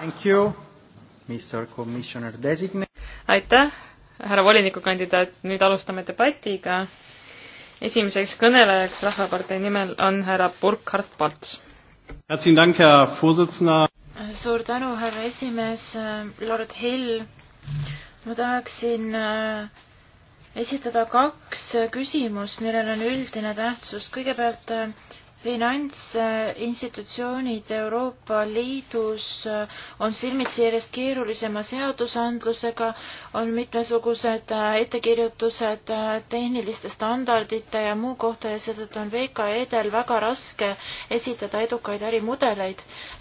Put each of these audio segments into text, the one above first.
Thank you, Mr Commissioner Designate. aitäh, härra volinikukandidaat, nüüd alustame debatiga. esimeseks kõnelejaks Rahvapartei nimel on härra Burkhard Palts. suur tänu, härra esimees, äh, lord Hill. ma tahaksin äh, esitada kaks äh, küsimust, millel on üldine tähtsus. kõigepealt finantsinstitutsioonid Euroopa Liidus äh, on silmitsi järjest keerulisema seadusandlusega, on mitmesugused äh, ettekirjutused äh, tehniliste standardite ja muu kohta ja seetõttu on VKE-del väga raske esitada edukaid ärimudeleid.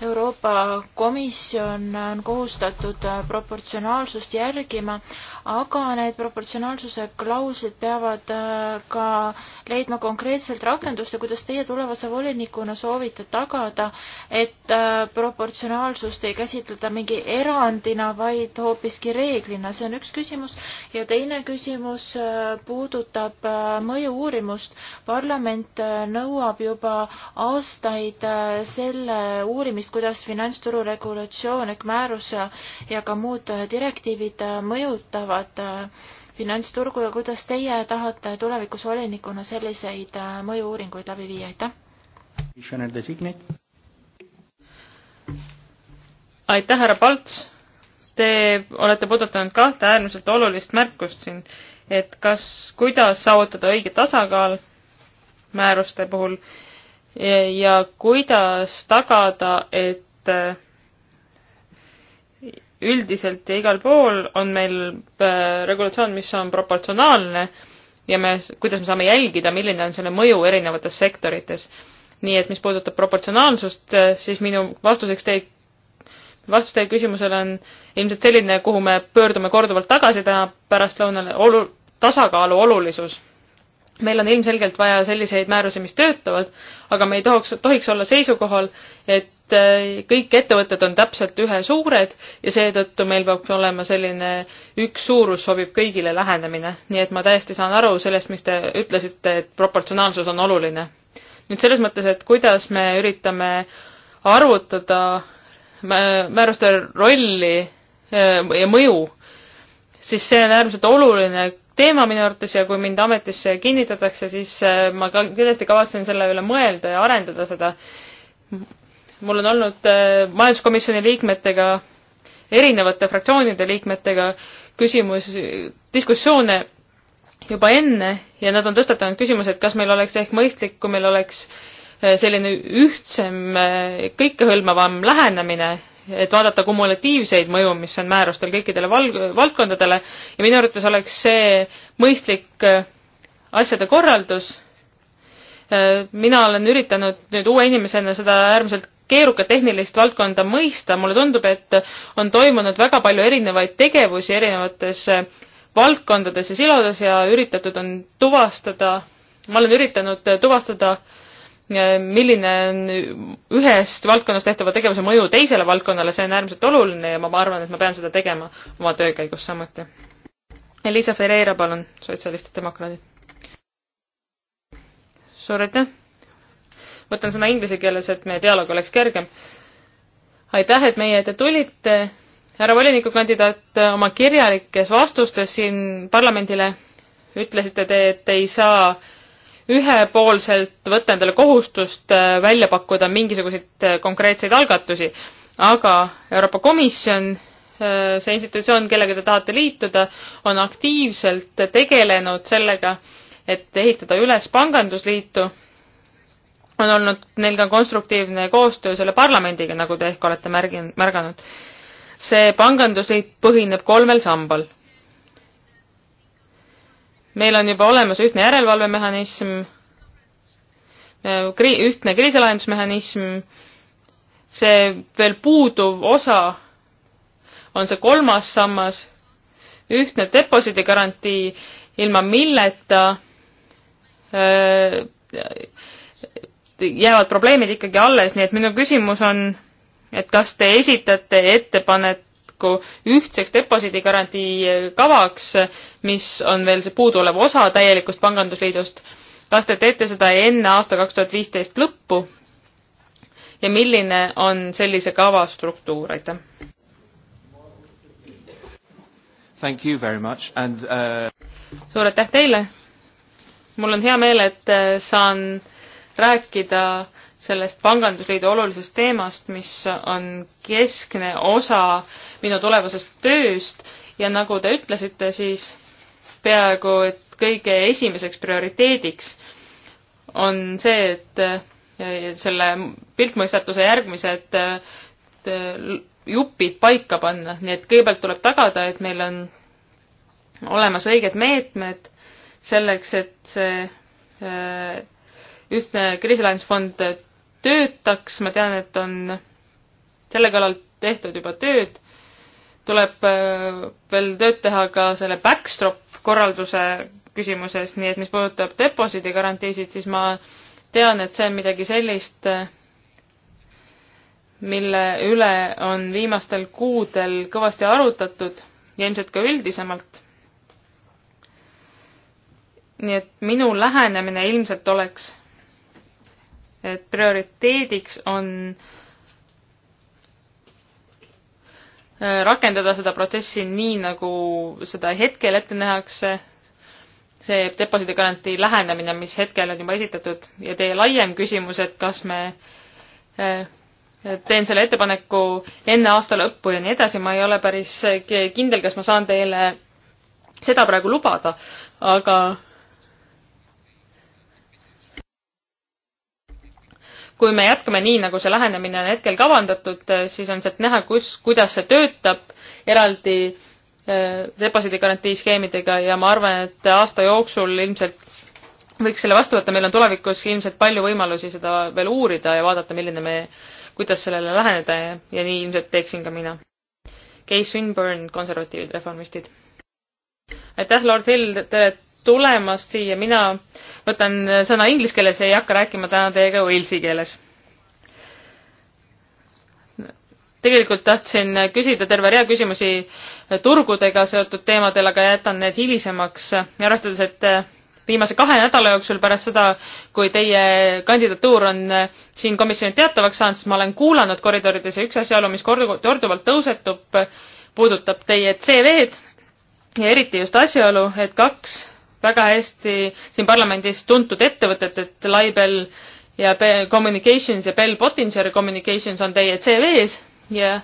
Euroopa Komisjon on kohustatud proportsionaalsust järgima, aga need proportsionaalsuse klauslid peavad äh, ka leidma konkreetselt rakendust ja kuidas teie tulevase volinikuna soovite tagada, et äh, proportsionaalsust ei käsitleta mingi erandina, vaid hoopiski reeglina, see on üks küsimus. ja teine küsimus äh, puudutab mõju-uurimust. parlament nõuab juba aastaid selle uurimist, kuidas finantsturu regulatsioon ehk määrus ja ka muud direktiivid mõjutavad mõjutavad äh, finantsturgu ja kuidas teie tahate tulevikus volinikuna selliseid äh, mõju-uuringuid läbi viia, aitäh! aitäh, härra Palts! Te olete puudutanud kahte äärmiselt olulist märkust siin, et kas, kuidas saavutada õige tasakaal määruste puhul ja, ja kuidas tagada, et äh, üldiselt ja igal pool on meil äh, regulatsioon, mis on proportsionaalne ja me, kuidas me saame jälgida, milline on selle mõju erinevates sektorites. nii et mis puudutab proportsionaalsust, äh, siis minu vastuseks teie, vastus teie küsimusele on ilmselt selline, kuhu me pöördume korduvalt tagasi täna pärastlõunale, olu-, tasakaalu olulisus meil on ilmselgelt vaja selliseid määrusi, mis töötavad, aga me ei tohiks, tohiks olla seisukohal, et Eh, kõik ettevõtted on täpselt ühesuured ja seetõttu meil peab olema selline üks suurus sobib kõigile lähenemine. nii et ma täiesti saan aru sellest, mis te ütlesite, et proportsionaalsus on oluline. nüüd selles mõttes, et kuidas me üritame arvutada määruste rolli eh, ja mõju, siis see on äärmiselt oluline teema minu arvates ja kui mind ametisse kinnitatakse, siis eh, ma ka kindlasti kavatsen selle üle mõelda ja arendada seda mul on olnud äh, majanduskomisjoni liikmetega, erinevate fraktsioonide liikmetega küsimus, diskussioone juba enne ja nad on tõstatanud küsimuse, et kas meil oleks ehk mõistlik, kui meil oleks äh, selline ühtsem, äh, kõikehõlmavam lähenemine, et vaadata kumulatiivseid mõju, mis on määrustel kõikidele val-, valdkondadele ja minu arvates oleks see mõistlik asjade korraldus mina olen üritanud nüüd uue inimesena seda äärmiselt keerukat tehnilist valdkonda mõista, mulle tundub, et on toimunud väga palju erinevaid tegevusi erinevates äh, valdkondades ja silodes ja üritatud on tuvastada, ma olen üritanud äh, tuvastada, äh, milline on ühest valdkonnast tehtava tegevuse mõju teisele valdkonnale, see on äärmiselt oluline ja ma arvan, et ma pean seda tegema oma töö käigus samuti. Elisa Ferreira, palun, sotsialistid, demokraadid. suur aitäh! võtan sõna inglise keeles, et meie dialoog oleks kergem. aitäh, et meie ette tulite, härra volinikukandidaat, oma kirjalikes vastustes siin parlamendile ütlesite te, et ei saa ühepoolselt võtta endale kohustust äh, välja pakkuda mingisuguseid äh, konkreetseid algatusi, aga Euroopa Komisjon äh, see institutsioon, kellega te tahate liituda, on aktiivselt tegelenud sellega, et ehitada üles pangandusliitu on olnud neil ka konstruktiivne koostöö selle parlamendiga, nagu te ehk olete märginud, märganud. see pangandusliit põhineb kolmel sambal. meil on juba olemas ühtne järelevalvemehhanism, kri-, ühtne kriisilahendusmehhanism, see veel puuduv osa on see kolmas sammas, ühtne deposiidigarantii, ilma milleta öö, äh, jäävad probleemid ikkagi alles, nii et minu küsimus on, et kas te esitate ettepaneku ühtseks deposiidigarantii kavaks, mis on veel see puuduolev osa täielikust pangandusliidust, kas te teete seda enne aasta kaks tuhat viisteist lõppu ja milline on sellise kava struktuur, aitäh? Thank you very much and uh... suur aitäh teile! mul on hea meel, et äh, saan rääkida sellest pangandusliidu olulisest teemast, mis on keskne osa minu tulevasest tööst ja nagu te ütlesite, siis peaaegu et kõige esimeseks prioriteediks on see, et selle piltmõistatuse järgmised jupid paika panna, nii et kõigepealt tuleb tagada, et meil on olemas õiged meetmed selleks, et see ühtne kriisilahendusfond töötaks, ma tean, et on selle kallal tehtud juba tööd, tuleb äh, veel tööd teha ka selle backstop korralduse küsimuses, nii et mis puudutab deposiidi garantiisid, siis ma tean, et see on midagi sellist, mille üle on viimastel kuudel kõvasti arutatud ja ilmselt ka üldisemalt. nii et minu lähenemine ilmselt oleks et prioriteediks on äh, rakendada seda protsessi nii, nagu seda hetkel ette nähakse, see deposiidi garantii lähenemine, mis hetkel on juba esitatud ja teie laiem küsimus, et kas me äh, teen selle ettepaneku enne aasta lõppu ja nii edasi, ma ei ole päris kindel, kas ma saan teile seda praegu lubada, aga kui me jätkame nii, nagu see lähenemine on hetkel kavandatud, äh, siis on sealt näha, kus, kuidas see töötab eraldi äh, deposiidigarantii skeemidega ja ma arvan, et aasta jooksul ilmselt võiks selle vastu võtta, meil on tulevikus ilmselt palju võimalusi seda veel uurida ja vaadata, milline me, kuidas sellele läheneda ja, ja nii ilmselt teeksin ka mina. Kay Swinburne, konservatiivid reformistid. aitäh, Lord Hill, tere tulemast siia, mina võtan sõna inglise keeles ja ei hakka rääkima täna teiega Walesi keeles. tegelikult tahtsin küsida terve rea küsimusi turgudega seotud teemadel, aga jätan need hilisemaks ja arvestades, et viimase kahe nädala jooksul pärast seda, kui teie kandidatuur on siin komisjoni teatavaks saanud, siis ma olen kuulanud koridorides ja üks asjaolu, mis korduvalt tõusetub, puudutab teie CV-d ja eriti just asjaolu, et kaks väga hästi siin parlamendis tuntud ettevõtet, et Laibel ja Bell Communications ja Bell Pottinger Communications on teie CV-s ja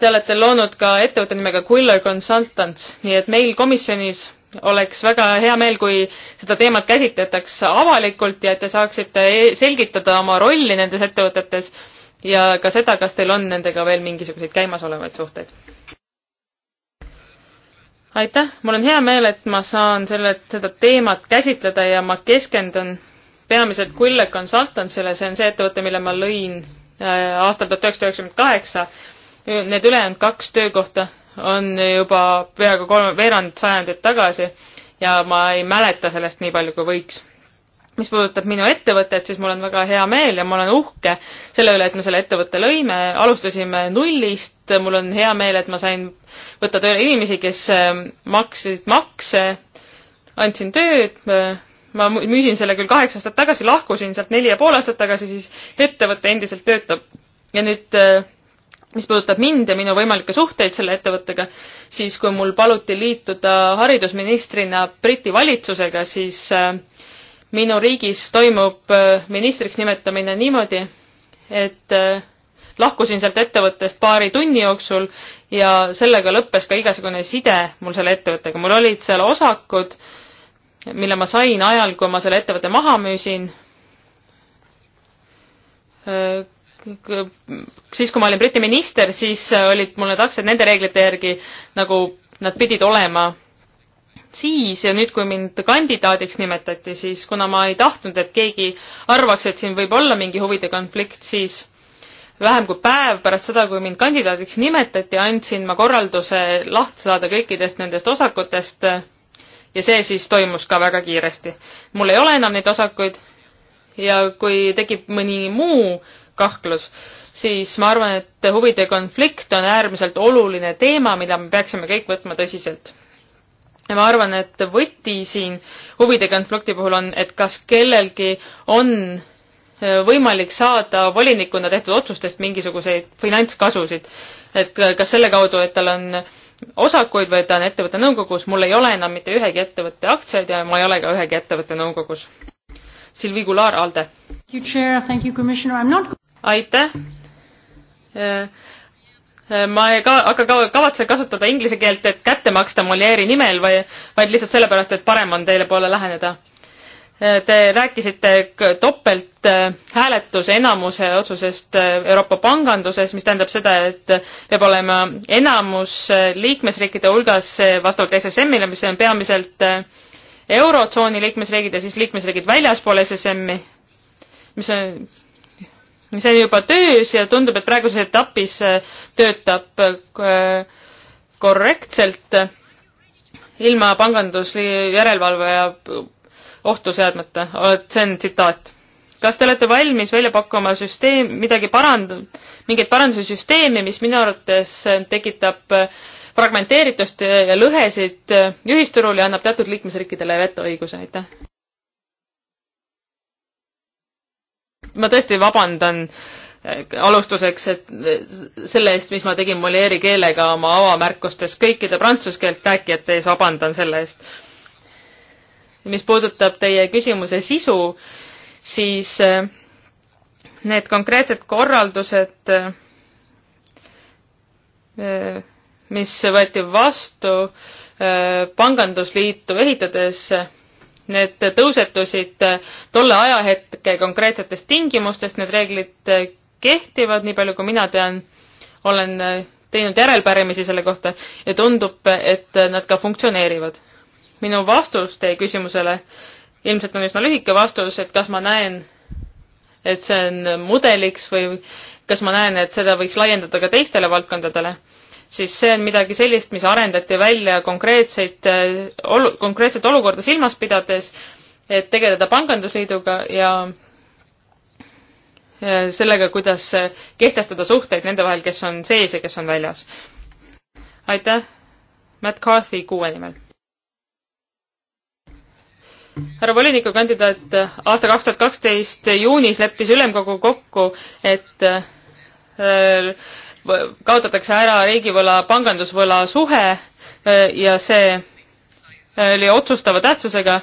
te olete loonud ka ettevõtte nimega Quiller Consultants, nii et meil komisjonis oleks väga hea meel, kui seda teemat käsitletaks avalikult ja et te saaksite e-, selgitada oma rolli nendes ettevõtetes ja ka seda, kas teil on nendega veel mingisuguseid käimasolevaid suhteid aitäh, mul on hea meel, et ma saan selle, seda teemat käsitleda ja ma keskendun peamiselt Quille Consultantsile, see on see ettevõte, mille ma lõin äh, aastal tuhat üheksasada üheksakümmend kaheksa. Need ülejäänud kaks töökohta on juba peaaegu kolm, veerand sajandit tagasi ja ma ei mäleta sellest nii palju, kui võiks mis puudutab minu ettevõtet, siis mul on väga hea meel ja ma olen uhke selle üle, et me selle ettevõtte lõime, alustasime nullist, mul on hea meel, et ma sain võtta tööle inimesi, kes ähm, maksid makse, andsin tööd, ma müüsin selle küll kaheksa aastat tagasi, lahkusin sealt neli ja pool aastat tagasi, siis ettevõte endiselt töötab. ja nüüd äh, mis puudutab mind ja minu võimalikke suhteid selle ettevõttega, siis kui mul paluti liituda haridusministrina Briti valitsusega, siis äh, minu riigis toimub äh, ministriks nimetamine niimoodi, et äh, lahkusin sealt ettevõttest paari tunni jooksul ja sellega lõppes ka igasugune side mul selle ettevõttega. mul olid seal osakud, mille ma sain ajal, kui ma selle ettevõtte maha müüsin. Äh, siis, kui ma olin Briti minister, siis olid mul need aktsiad nende reeglite järgi, nagu nad pidid olema siis ja nüüd, kui mind kandidaadiks nimetati, siis kuna ma ei tahtnud, et keegi arvaks, et siin võib olla mingi huvide konflikt, siis vähem kui päev pärast seda, kui mind kandidaadiks nimetati, andsin ma korralduse lahti saada kõikidest nendest osakutest ja see siis toimus ka väga kiiresti. mul ei ole enam neid osakuid ja kui tekib mõni muu kahtlus, siis ma arvan, et huvide konflikt on äärmiselt oluline teema, mida me peaksime kõik võtma tõsiselt ja ma arvan, et võti siin huvide konflikti puhul on, et kas kellelgi on äh, võimalik saada volinikuna tehtud otsustest mingisuguseid finantskasusid. et kas selle kaudu, et tal on osakuid või ta on ettevõtte nõukogus, mul ei ole enam mitte ühegi ettevõtte aktsiaid ja ma ei ole ka ühegi ettevõtte nõukogus. Silvi Kular, ALDE. aitäh äh, ma ei ka-, aga ka-, kavatsen kasutada inglise keelt, et kätte maksta Molieri nimel või vaid lihtsalt sellepärast, et parem on teile poole läheneda. Te rääkisite topelthääletuse äh, enamuse otsusest äh, Euroopa panganduses, mis tähendab seda, et peab olema enamus äh, liikmesriikide hulgas vastavalt SSM-ile, mis on peamiselt eurotsooni liikmesriigid ja siis liikmesriigid väljaspool SSM-i, mis on see on juba töös ja tundub, et praeguses etapis äh, töötab äh, korrektselt ilma pangandusjärelevalve ja ohtu seadmata. see on tsitaat. kas te olete valmis välja pakkuma süsteem, midagi parand-, mingeid paranduse süsteemi, mis minu arvates tekitab äh, fragmenteeritust ja lõhesid ühisturul ja annab teatud liikmesriikidele vetoõiguse, aitäh! ma tõesti vabandan eh, alustuseks, et eh, selle eest, mis ma tegin Molieri keelega oma avamärkustes kõikide prantsuse keelt rääkijate ees, vabandan selle eest. mis puudutab teie küsimuse sisu, siis eh, need konkreetsed korraldused, mis võeti vastu pangandusliitu ehitades, Need tõusetusid äh, tolle ajahetke konkreetsetest tingimustest, need reeglid äh, kehtivad, nii palju kui mina tean, olen äh, teinud järelpärimisi selle kohta ja tundub, et nad ka funktsioneerivad. minu vastus teie küsimusele ilmselt on üsna lühike vastus, et kas ma näen, et see on mudeliks või kas ma näen, et seda võiks laiendada ka teistele valdkondadele siis see on midagi sellist, mis arendati välja konkreetseid äh, olu-, konkreetset olukorda silmas pidades, et tegeleda pangandusliiduga ja sellega, kuidas äh, kehtestada suhteid nende vahel, kes on sees ja kes on väljas. aitäh, Matt Carthy kuue nimel. härra volinikukandidaat, aasta kaks tuhat kaksteist juunis leppis ülemkogu kokku, et äh, kaotatakse ära riigivõla, pangandusvõla suhe ja see oli otsustava tähtsusega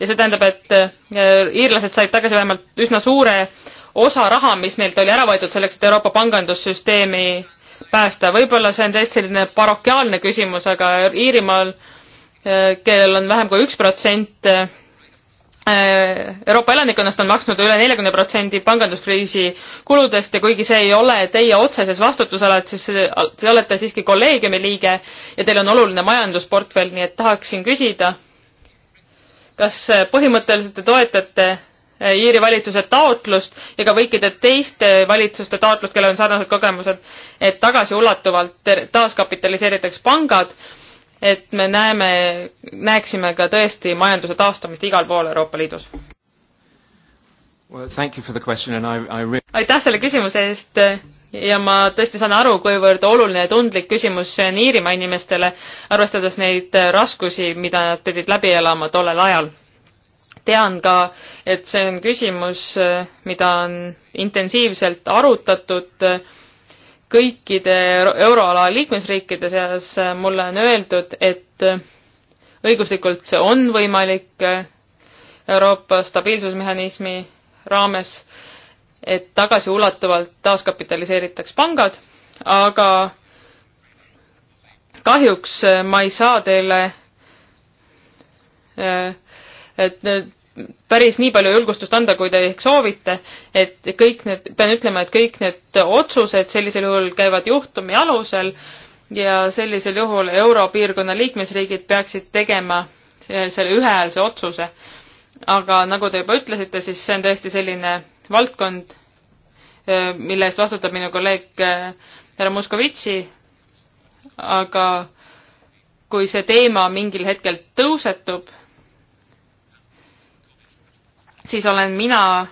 ja see tähendab, et iirlased said tagasi vähemalt üsna suure osa raha, mis neilt oli ära võetud selleks, et Euroopa pangandussüsteemi päästa. võib-olla see on täiesti selline barokiaalne küsimus, aga Iirimaal, kellel on vähem kui üks protsent Äh, Euroopa elanikkonnast on maksnud üle neljakümne protsendi panganduskriisi kuludest ja kuigi see ei ole teie otseses vastutusalad, siis te olete siiski kolleegiumi liige ja teil on oluline majandusportfell, nii et tahaksin küsida, kas äh, põhimõtteliselt te toetate äh, Iiri valitsuse taotlust ja ka kõikide teiste valitsuste taotlust, kellel on sarnased kogemused, et tagasiulatuvalt taaskapitaliseeritaks pangad et me näeme, näeksime ka tõesti majanduse taastumist igal pool Euroopa Liidus? Well, thank you for the question and I, I really... aitäh selle küsimuse eest ja ma tõesti saan aru, kuivõrd oluline ja tundlik küsimus see on Iirimaa inimestele, arvestades neid raskusi, mida nad pidid läbi elama tollel ajal. tean ka, et see on küsimus, mida on intensiivselt arutatud äh, kõikide euroala liikmesriikide seas äh, mulle on öeldud, et äh, õiguslikult see on võimalik äh, Euroopa stabiilsusmehhanismi raames, et tagasiulatuvalt taaskapitaliseeritaks pangad, aga kahjuks ma ei saa teile et päris nii palju julgustust anda, kui te ehk soovite, et kõik need, pean ütlema, et kõik need otsused sellisel juhul käivad juhtumi alusel ja sellisel juhul Europiirkonna liikmesriigid peaksid tegema selle ühehäälse otsuse. aga nagu te juba ütlesite, siis see on tõesti selline valdkond, mille eest vastutab minu kolleeg härra Moskovitši, aga kui see teema mingil hetkel tõusetub, siis olen mina äh,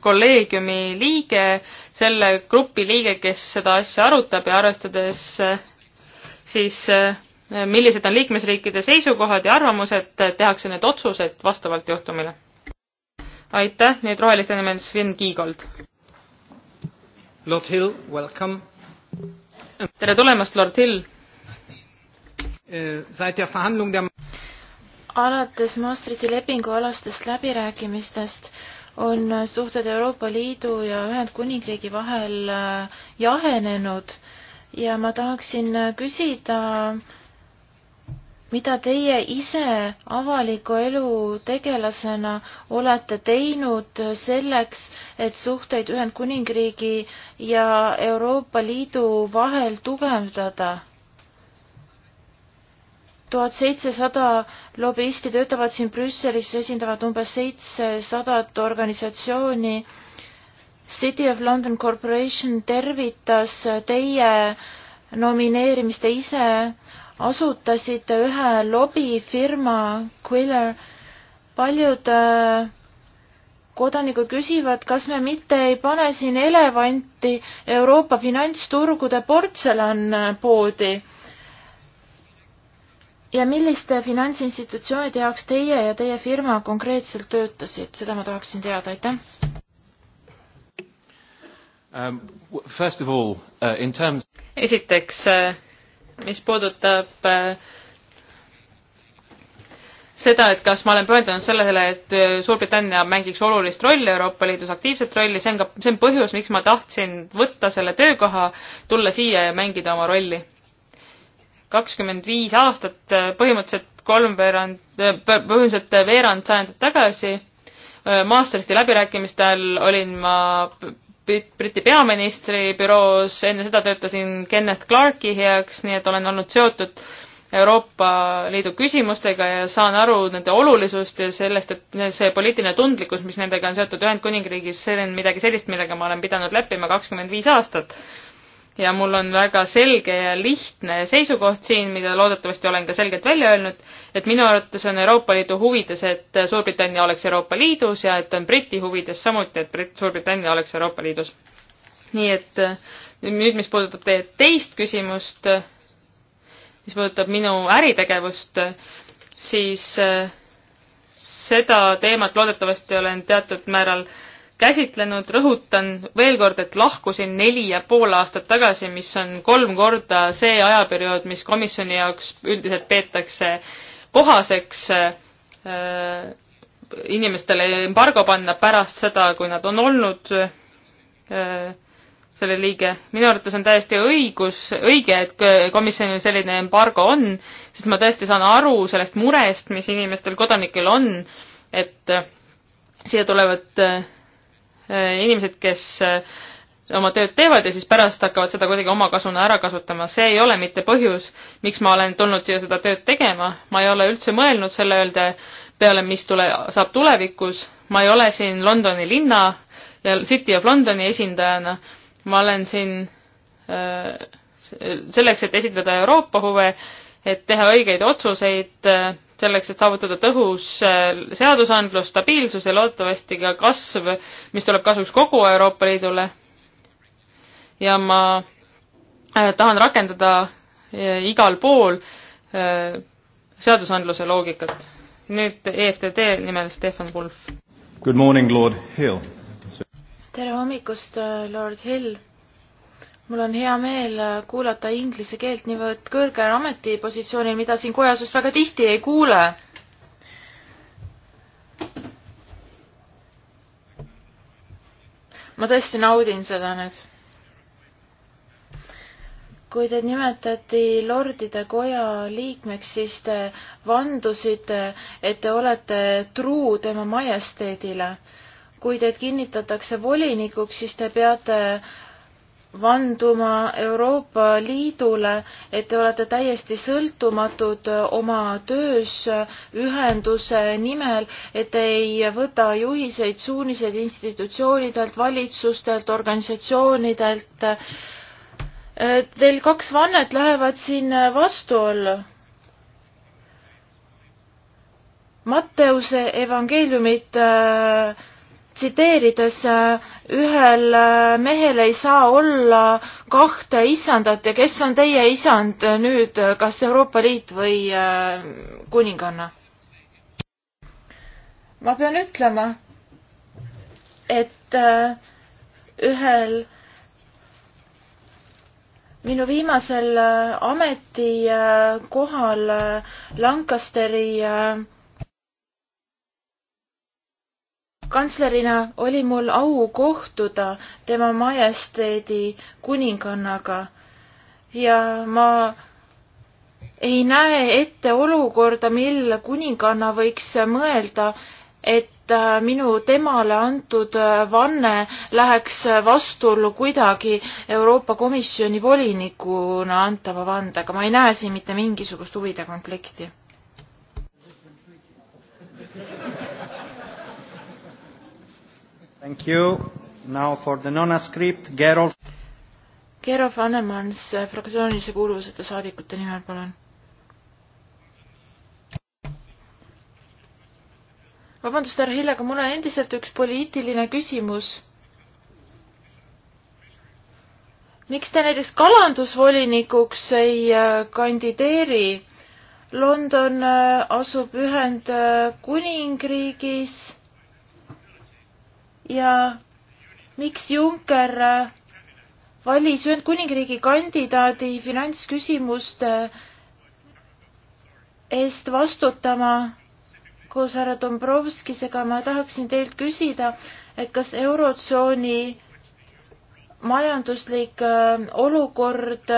kolleegiumi liige, selle grupi liige, kes seda asja arutab ja arvestades äh, siis äh, millised on liikmesriikide seisukohad ja arvamused, tehakse need otsused vastavalt juhtumile. aitäh, nüüd roheliste nimel Sven Kiigold. Lord Hill, welcome. tere tulemast, Lord Hill alates Maastrichti lepingu alastest läbirääkimistest on suhted Euroopa Liidu ja Ühendkuningriigi vahel äh, jahenenud ja ma tahaksin äh, küsida, mida teie ise avaliku elu tegelasena olete teinud selleks, et suhteid Ühendkuningriigi ja Euroopa Liidu vahel tugevdada? tuhat seitsesada lobiisti töötavad siin Brüsselis, esindavad umbes seitsesadat organisatsiooni. City of London Corporation tervitas teie nomineerimist, te ise asutasite ühe lobifirma, Quiller. paljud äh, kodanikud küsivad, kas me mitte ei pane siin elevanti Euroopa finantsturgude portselanpoodi ja milliste finantsinstitutsioonide jaoks teie ja teie firma konkreetselt töötasid, seda ma tahaksin teada, aitäh um,. First of all uh, in terms esiteks, uh, mis puudutab uh, seda, et kas ma olen pöördunud sellele, et uh, Suurbritannia mängiks olulist rolli Euroopa Liidus, aktiivset rolli, see on ka, see on põhjus, miks ma tahtsin võtta selle töökoha, tulla siia ja mängida oma rolli kakskümmend viis aastat, äh, põhimõtteliselt kolmveerand, äh, põhimõtteliselt äh, veerand sajandit tagasi. Maastrichti läbirääkimiste ajal olin ma Briti peaministri büroos, enne seda töötasin Kenneth Clarke'i heaks, nii et olen olnud seotud Euroopa Liidu küsimustega ja saan aru nende olulisust ja sellest, et see poliitiline tundlikkus, mis nendega on seotud Ühendkuningriigis, see on midagi sellist, millega ma olen pidanud leppima kakskümmend viis aastat ja mul on väga selge ja lihtne seisukoht siin, mida loodetavasti olen ka selgelt välja öelnud, et minu arvates on Euroopa Liidu huvides, et Suurbritannia oleks Euroopa Liidus ja et on Briti huvides samuti, et Brit-, Suurbritannia oleks Euroopa Liidus. nii et äh, nüüd, mis puudutab teie teist küsimust, mis puudutab minu äritegevust, siis äh, seda teemat loodetavasti olen teatud määral äh, käsitlenud, rõhutan veel kord, et lahkusin neli ja pool aastat tagasi, mis on kolm korda see ajaperiood, mis komisjoni jaoks üldiselt peetakse kohaseks äh, inimestele embargo panna pärast seda, kui nad on olnud äh, selle liige. minu arvates on täiesti õigus, õige, et komisjonil selline embargo on, sest ma tõesti saan aru sellest murest, mis inimestel, kodanikel on, et äh, siia tulevad äh, Äh, inimesed, kes äh, oma tööd teevad ja siis pärast hakkavad seda kuidagi omakasuna ära kasutama. see ei ole mitte põhjus, miks ma olen tulnud siia seda tööd tegema, ma ei ole üldse mõelnud selle öelda peale, mis tule, saab tulevikus, ma ei ole siin Londoni linna ja City of Londoni esindajana, ma olen siin äh, selleks, et esindada Euroopa huve, et teha õigeid otsuseid äh, selleks, et saavutada tõhus äh, seadusandlus, stabiilsus ja loodetavasti ka kasv, mis tuleb kasuks kogu Euroopa Liidule. ja ma äh, tahan rakendada äh, igal pool seadusandluse loogikat. nüüd EFTD nimel Stefan Wulf. Good morning, Lord Hill. tere hommikust, Lord Hill mul on hea meel äh, kuulata inglise keelt niivõrd kõrgel ametipositsioonil, mida siin kojas just väga tihti ei kuule. ma tõesti naudin seda nüüd. kui teid nimetati Lordide Koja liikmeks, siis te vandusite, et te olete truu tema majesteedile. kui teid kinnitatakse volinikuks, siis te peate vanduma Euroopa Liidule, et te olete täiesti sõltumatud oma töös ühenduse nimel, et te ei võta juhiseid, suuniseid institutsioonidelt, valitsustelt, organisatsioonidelt. Teil kaks vannet lähevad siin vastuollu. Matteuse evangeeliumit äh, tsiteerides, äh, ühel äh, mehel ei saa olla kahte isandat ja kes on teie isand äh, nüüd, kas Euroopa Liit või kuninganna? ma pean ütlema, et ühel minu viimasel ametikohal Lancasteri kantslerina oli mul au kohtuda tema majesteedi kuningannaga ja ma ei näe ette olukorda, mil kuninganna võiks mõelda, et äh, minu temale antud äh, vanne läheks vastuollu kuidagi Euroopa Komisjoni volinikuna antava vandega. ma ei näe siin mitte mingisugust huvide konflikti. Thank you. Now for the non-script, Gerolf. Gerolf Annemans eh, fraktsioonilise kuuluvuseta saadikute nimel, palun. vabandust, härra Hill, aga mul on endiselt üks poliitiline küsimus. miks te näiteks kalandusvolinikuks ei eh, kandideeri? London eh, asub Ühendkuningriigis ja miks Juncker äh, valis Ühendkuningriigi kandidaadi finantsküsimuste äh, eest vastutama koos härra Dombrovskisega, ma tahaksin teilt küsida, et kas Eurotsooni majanduslik äh, olukord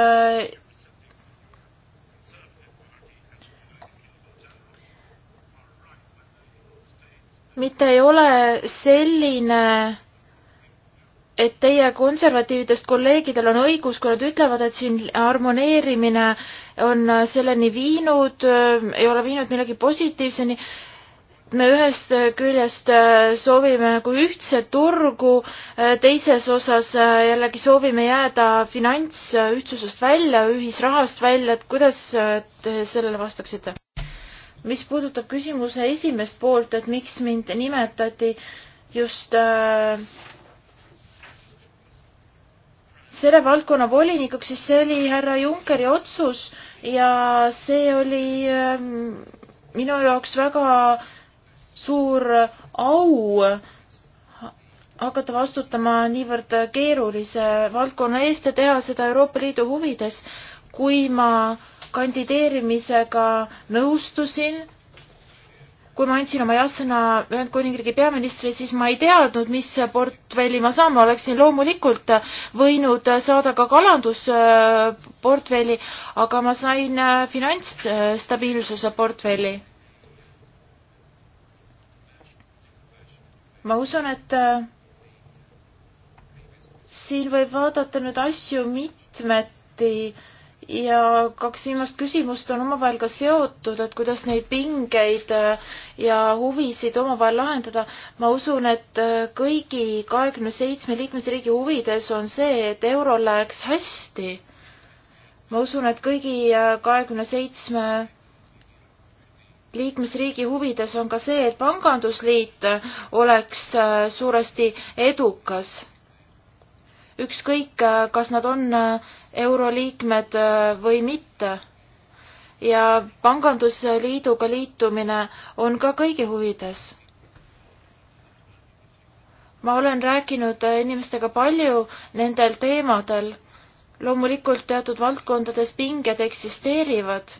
mitte ei ole selline, et teie konservatiividest kolleegidel on õigus, kui nad ütlevad, et siin harmoneerimine on selleni viinud, ei ole viinud millegi positiivseni me ühest küljest soovime nagu ühtset turgu, teises osas jällegi soovime jääda finantsühtsusest välja, ühisrahast välja, et kuidas te sellele vastaksite? mis puudutab küsimuse esimest poolt, et miks mind nimetati just äh, selle valdkonna volinikuks, siis see oli härra Junckeri otsus ja see oli äh, minu jaoks väga suur au hakata vastutama niivõrd keerulise valdkonna eest ja teha seda Euroopa Liidu huvides. kui ma äh, kandideerimisega nõustusin. kui ma andsin oma jah-sõna Ühendkuningriigi peaministrile, siis ma ei teadnud, mis portfelli ma saan, ma oleksin loomulikult võinud saada ka kalandusportfelli, aga ma sain finantsstabiilsuse portfelli. ma usun, et äh, siin võib vaadata nüüd asju mitmeti ja kaks viimast küsimust on omavahel ka seotud, et kuidas neid pingeid äh, ja huvisid omavahel lahendada. ma usun, et äh, kõigi kahekümne seitsme liikmesriigi huvides on see, et eurol läheks hästi. ma usun, et kõigi äh, kahekümne seitsme liikmesriigi huvides on ka see, et pangandusliit oleks suuresti edukas ükskõik, äh, kas nad on äh, euroliikmed äh, või mitte. ja pangandusliiduga liitumine on ka kõigi huvides. ma olen rääkinud inimestega palju nendel teemadel. loomulikult teatud valdkondades pinged eksisteerivad,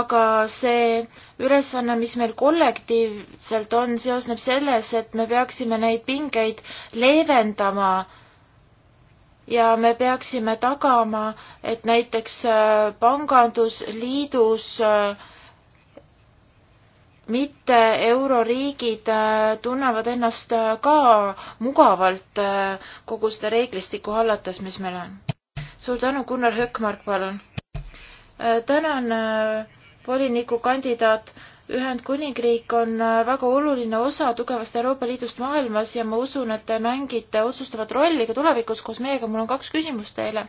aga see ülesanne, mis meil kollektiivselt on, seosneb selles, et me peaksime neid pingeid leevendama ja me peaksime tagama, et näiteks äh, pangandusliidus äh, mitte euroriigid äh, tunnevad ennast ka mugavalt kogu seda reeglistikku hallates, mis meil on. suur tänu, Gunnar Hökmark, palun. tänan, volinikukandidaat Ühendkuningriik on äh, väga oluline osa tugevast Euroopa Liidust maailmas ja ma usun, et te mängite otsustavat rolli ka tulevikus koos meiega. mul on kaks küsimust teile.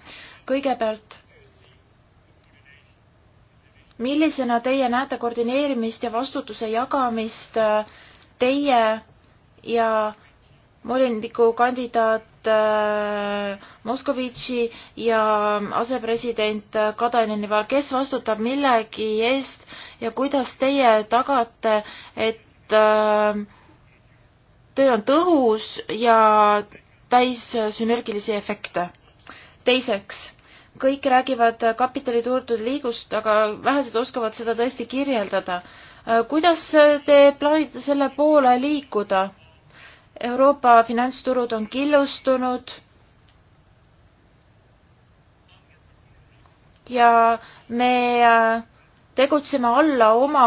kõigepealt, millisena teie näete koordineerimist ja vastutuse jagamist äh, teie ja volinikukandidaat nagu äh, Moskovitši ja asepresident Kadanini vahel, kes vastutab millegi eest ja kuidas teie tagate, et äh, töö on tõhus ja täis sünergilisi efekte? teiseks, kõik räägivad kapitaliturgude liigust, aga vähesed oskavad seda tõesti kirjeldada. Äh, kuidas te plaanite selle poole liikuda? Euroopa finantsturud on killustunud ja me äh, tegutseme alla oma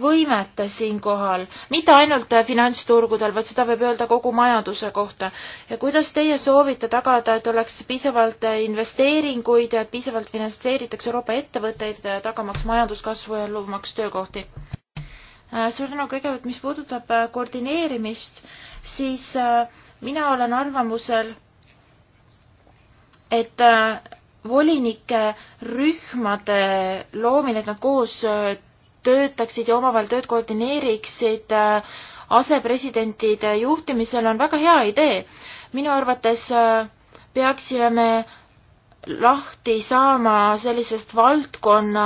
võimete siinkohal, mitte ainult äh, finantsturgudel, vaid seda võib öelda kogu majanduse kohta. ja kuidas teie soovite tagada, et oleks piisavalt äh, investeeringuid ja et piisavalt finantseeritakse Euroopa ettevõtteid, tagamaks majanduskasvu ja loomaks töökohti? suur tänu kõigepealt, mis puudutab koordineerimist, siis äh, mina olen arvamusel, et äh, volinike rühmade loomine, et nad koos äh, töötaksid ja omavahel tööd koordineeriksid asepresidentide juhtimisel, on väga hea idee. minu arvates peaksime me lahti saama sellisest valdkonna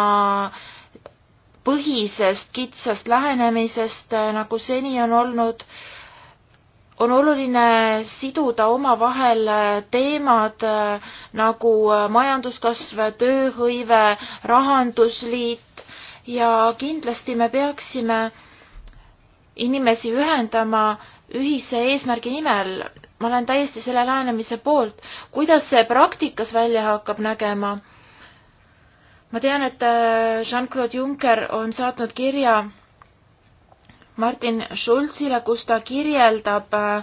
põhisest kitsast lähenemisest, nagu seni on olnud äh, on oluline siduda omavahel teemad äh, nagu äh, majanduskasv, tööhõive, rahandusliit ja kindlasti me peaksime inimesi ühendama ühise eesmärgi nimel. ma olen täiesti selle lähenemise poolt. kuidas see praktikas välja hakkab nägema? ma tean, et äh, Jean-Claude Juncker on saatnud kirja Martin Schulzile, kus ta kirjeldab äh,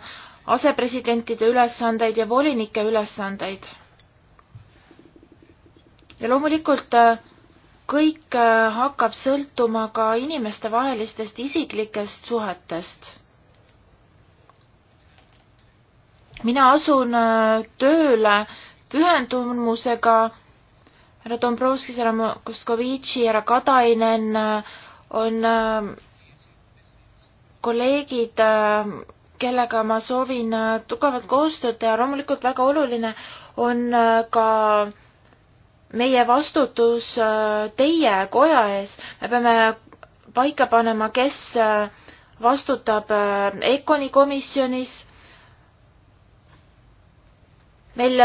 asepresidentide ülesandeid ja volinike ülesandeid. ja loomulikult äh, kõik äh, hakkab sõltuma ka inimestevahelistest isiklikest suhetest. mina asun tööle pühendumusega härra Dombrovskis, härra Moskovitši, härra Katainen on kolleegid, äh, kellega ma soovin äh, tugevat koostööd teha, loomulikult väga oluline on äh, ka meie vastutus teie koja ees, me peame paika panema, kes vastutab EKONi komisjonis. meil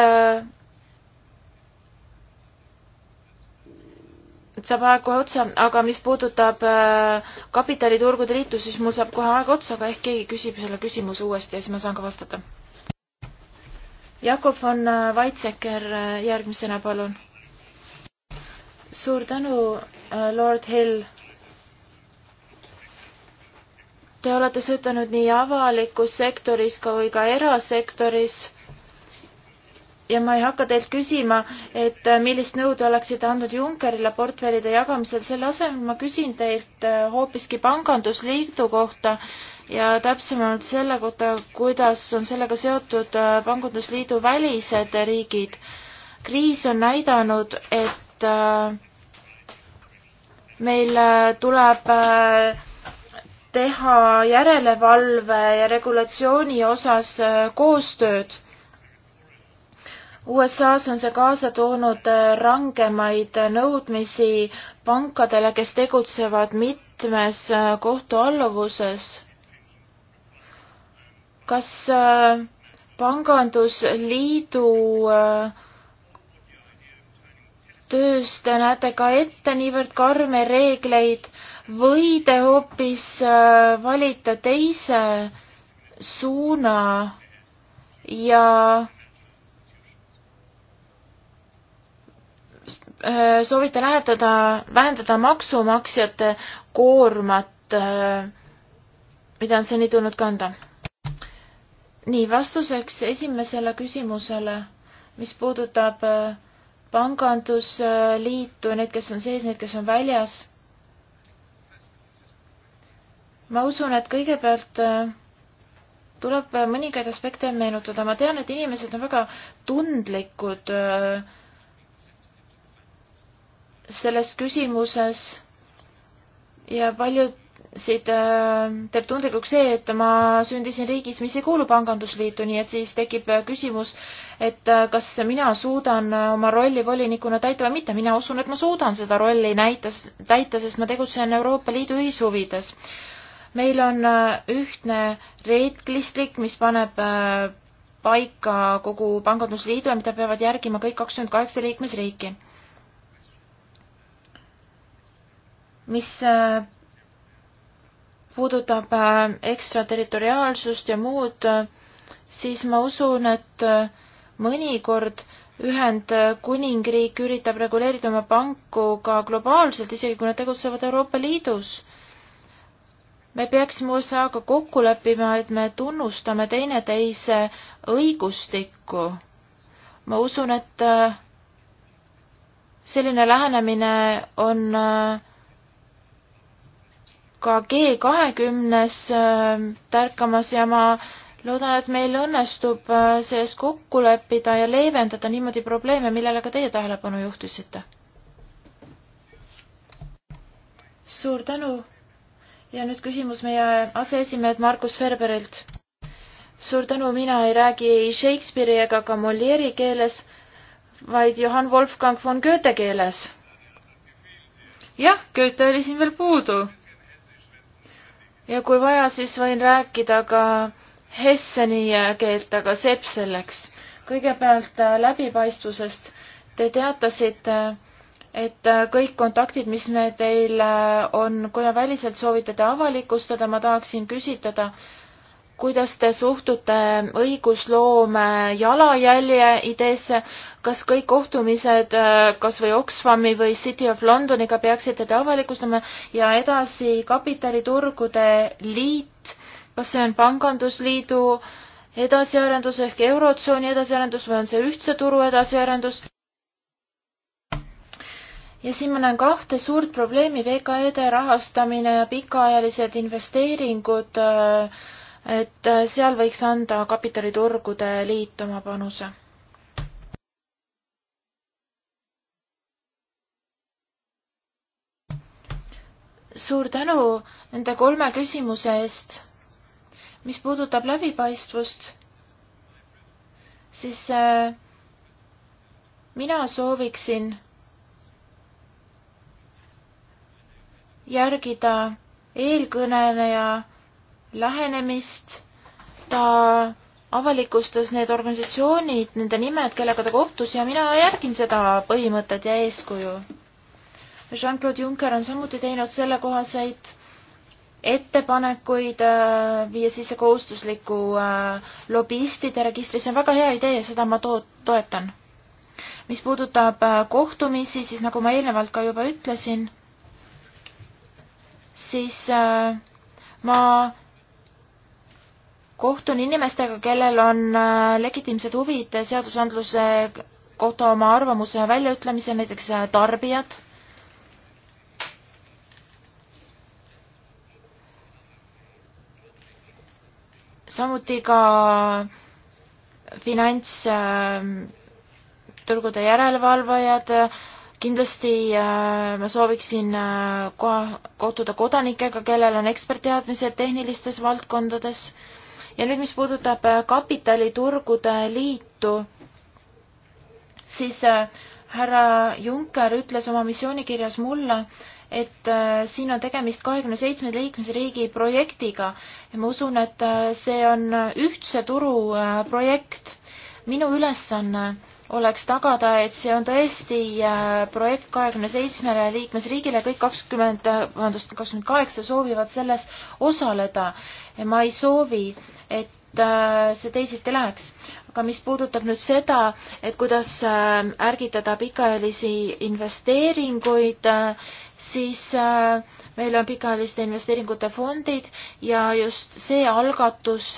nüüd saab aeg kohe otsa, aga mis puudutab äh, kapitaliturgude liitu, siis mul saab kohe aeg otsa, aga ehk keegi küsib selle küsimuse uuesti ja siis ma saan ka vastata. Jakob von äh, Weizsäcker äh, järgmisena, palun. suur tänu, Lord Hill. Te olete töötanud nii avalikus sektoris kui ka erasektoris ja ma ei hakka teilt küsima, et äh, millist nõu te oleksite andnud Junckerile portfellide jagamisel, selle asemel ma küsin teilt äh, hoopiski Pangandusliidu kohta ja täpsemalt selle kohta, kuidas on sellega seotud äh, Pangandusliidu välised riigid. kriis on näidanud, et meil tuleb teha järelevalve ja regulatsiooni osas koostööd USA-s on see kaasa toonud äh, rangemaid nõudmisi pankadele, kes tegutsevad mitmes äh, kohtualluvuses. kas äh, pangandusliidu töös te näete ka ette niivõrd karme reegleid või te hoopis valite teise suuna ja Äh, soovite lähetada, vähendada maksumaksjate koormat, äh, mida on seni tulnud kanda? nii, vastuseks esimesele küsimusele, mis puudutab äh, pangandusliitu, need, kes on sees, need, kes on väljas. ma usun, et kõigepealt tuleb mõningaid aspekte meenutada, ma tean, et inimesed on väga tundlikud äh, selles küsimuses ja paljusid äh, teeb tundlikuks see, et ma sündisin riigis, mis ei kuulu pangandusliitu, nii et siis tekib äh, küsimus, et äh, kas mina suudan oma rolli volinikuna täita või mitte. mina usun, et ma suudan seda rolli näitas, täita, sest ma tegutsen Euroopa Liidu ühishuvides. meil on ühtne reeglistik, mis paneb paika kogu pangandusliidu ja mida peavad järgima kõik kakskümmend kaheksa liikmesriiki mis äh, puudutab äh, ekstraterritoriaalsust ja muud, äh, siis ma usun, et mõnikord Ühendkuningriik üritab reguleerida oma panku ka globaalselt, isegi kui nad tegutsevad Euroopa Liidus. me peaksime USA-ga kokku leppima, et me tunnustame teineteise õigustikku. ma usun, et selline lähenemine on äh, ka G kahekümnes äh, tärkamas ja ma loodan, et meil õnnestub äh, selles kokku leppida ja leevendada niimoodi probleeme, millele ka teie tähelepanu juhtisite. suur tänu ja nüüd küsimus meie aseesimehelt Markus Ferberilt. suur tänu, mina ei räägi ei Shakespeare'i ega ka Molieri keeles, vaid Johann Wolfgang von Goethe keeles. jah, Goethe oli siin veel puudu ja kui vaja, siis võin rääkida ka Hesseni keelt, aga sepp selleks. kõigepealt äh, läbipaistvusest. Te teatasite, et äh, kõik kontaktid, mis me teil äh, on, kuna väliselt soovite te avalikustada, ma tahaksin küsitleda, kuidas te suhtute õigusloome jalajälje ideesse, kas kõik kohtumised äh, kas või Oxfami või City of Londoniga peaksite te avalikustama ja edasi kapitaliturgude liit, kas see on pangandusliidu edasiarendus ehk Eurotsooni edasiarendus või on see ühtse turu edasiarendus? ja siin ma näen kahte suurt probleemi, VKE-de rahastamine ja pikaajalised investeeringud äh, et äh, seal võiks anda kapitaliturgude liit oma panuse. suur tänu nende kolme küsimuse eest. mis puudutab läbipaistvust, siis äh, mina sooviksin järgida eelkõneleja lähenemist. ta avalikustas need organisatsioonid, nende nimed, kellega ta kohtus ja mina järgin seda põhimõtet ja eeskuju. Jean-Claude Juncker on samuti teinud sellekohaseid ettepanekuid äh, viia sisse kohustusliku äh, lobistide registri, see on väga hea idee, seda ma to-, toetan. mis puudutab äh, kohtumisi, siis nagu ma eelnevalt ka juba ütlesin, siis äh, ma kohtun inimestega, kellel on äh, legitiimsed huvid seadusandluse kohta oma arvamuse väljaütlemisel, näiteks äh, tarbijad. samuti ka finantsturgude äh, järelevalvajad. kindlasti ma sooviksin koha, kohtuda kodanikega, kellel on ekspertteadmised tehnilistes valdkondades ja nüüd, mis puudutab äh, kapitaliturgude liitu, siis äh, härra Juncker ütles oma missioonikirjas mulle, et äh, siin on tegemist kahekümne seitsme liikmesriigi projektiga ja ma usun, et see on ühtse turu projekt. minu ülesanne oleks tagada, et see on tõesti projekt kahekümne seitsmele liikmesriigile, kõik kakskümmend, vabandust, kakskümmend kaheksa soovivad selles osaleda. ma ei soovi, et äh, see teisiti läheks. aga mis puudutab nüüd seda, et kuidas äh, ärgitada pikaajalisi investeeringuid, äh, siis meil on pikaajaliste investeeringute fondid ja just see algatus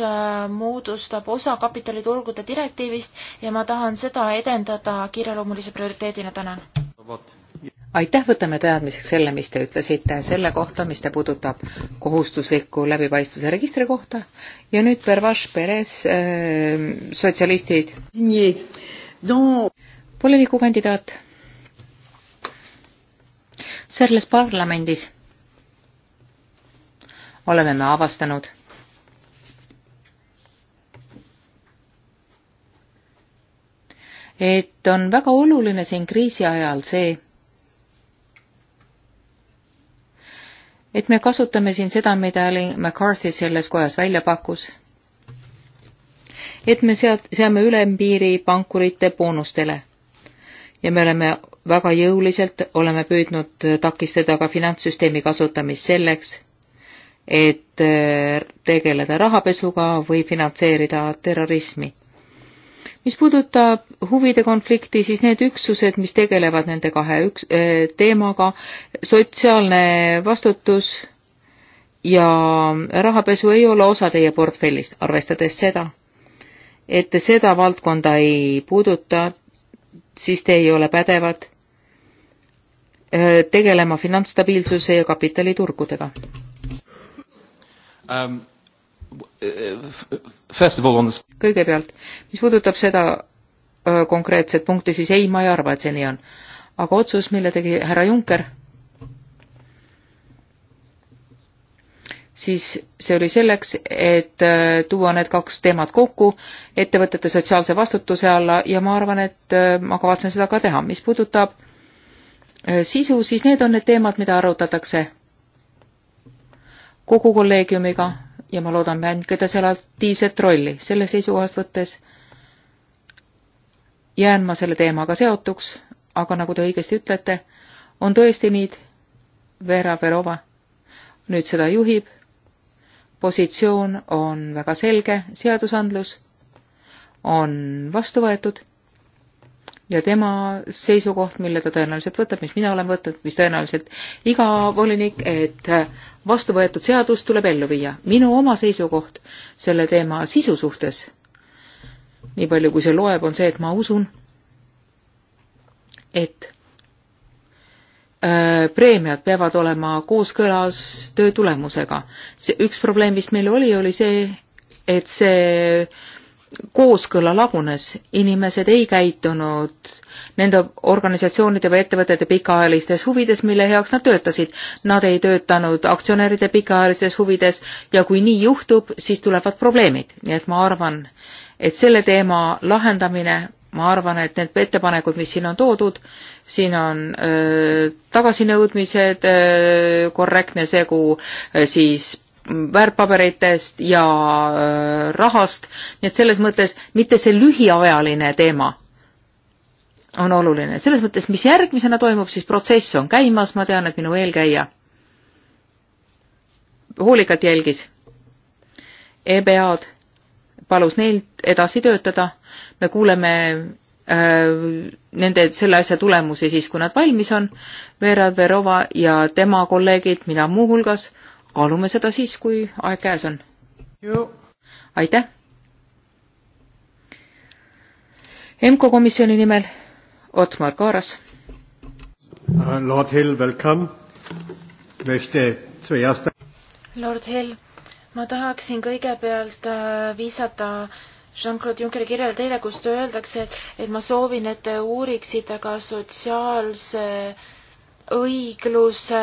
moodustab osa kapitaliturgude direktiivist ja ma tahan seda edendada kiireloomulise prioriteedina, tänan. vot aitäh, võtame teadmiseks selle, mis te ütlesite selle kohta, mis te puudutab kohustusliku läbipaistvuse registri kohta ja nüüd Pervaš Perez äh,, sotsialistid. volinikukandidaat. selles parlamendis oleme me avastanud, et on väga oluline siin kriisi ajal see et me kasutame siin seda, mida Ellen McCarthy selles kojas välja pakkus, et me sealt, seame ülempiiri pankurite boonustele ja me oleme väga jõuliselt, oleme püüdnud takistada ka finantssüsteemi kasutamist selleks, et äh, tegeleda rahapesuga või finantseerida terrorismi mis puudutab huvide konflikti, siis need üksused, mis tegelevad nende kahe üks, äh, teemaga, sotsiaalne vastutus ja rahapesu ei ole osa teie portfellist, arvestades seda, et te seda valdkonda ei puuduta, siis te ei ole pädevad äh, tegelema finantsstabiilsuse ja kapitaliturgudega um kõigepealt, mis puudutab seda öö, konkreetset punkti, siis ei, ma ei arva, et see nii on. aga otsus, mille tegi härra Juncker, siis see oli selleks, et öö, tuua need kaks teemat kokku ettevõtete sotsiaalse vastutuse alla ja ma arvan, et öö, ma kavatsen seda ka teha. mis puudutab sisu, siis need on need teemad, mida arutatakse kogu kolleegiumiga ja ma loodan mängida seal aktiivset rolli. selle seisukohast võttes jään ma selle teemaga seotuks, aga nagu te õigesti ütlete, on tõesti nii, Vera Verova nüüd seda juhib, positsioon on väga selge, seadusandlus on vastu võetud ja tema seisukoht, mille ta tõenäoliselt võtab, mis mina olen võtnud, mis tõenäoliselt iga volinik, et vastu võetud seadus tuleb ellu viia. minu oma seisukoht selle teema sisu suhtes, nii palju kui see loeb, on see, et ma usun, et äh, preemiad peavad olema kooskõlas töö tulemusega. see üks probleem, mis meil oli, oli see, et see kooskõla lagunes, inimesed ei käitunud nende organisatsioonide või ettevõtete pikaajalistes huvides, mille heaks nad töötasid. Nad ei töötanud aktsionäride pikaajalistes huvides ja kui nii juhtub, siis tulevad probleemid. nii et ma arvan, et selle teema lahendamine, ma arvan, et need ettepanekud, mis siin on toodud, siin on öö, äh, tagasinõudmised, äh, korrektne segu öö, äh, siis väärtpaberitest ja äh, rahast, nii et selles mõttes mitte see lühiajaline teema on oluline. selles mõttes, mis järgmisena toimub, siis protsess on käimas, ma tean, et minu eelkäija hoolikalt jälgis EBA-d, palus neil edasi töötada, me kuuleme äh, nende selle asja tulemusi siis, kui nad valmis on, Vera Verova ja tema kolleegid, mina muuhulgas, kaalume seda siis, kui aeg käes on. aitäh. EMKO komisjoni nimel Otmar Kaaras. Lord Hill, welcome. Lord Hill, ma tahaksin kõigepealt äh, viisata Jean-Claude Junckeri kirjale teile, kus öeldakse, et, et ma soovin, et te uuriksite ka sotsiaalse äh, õigluse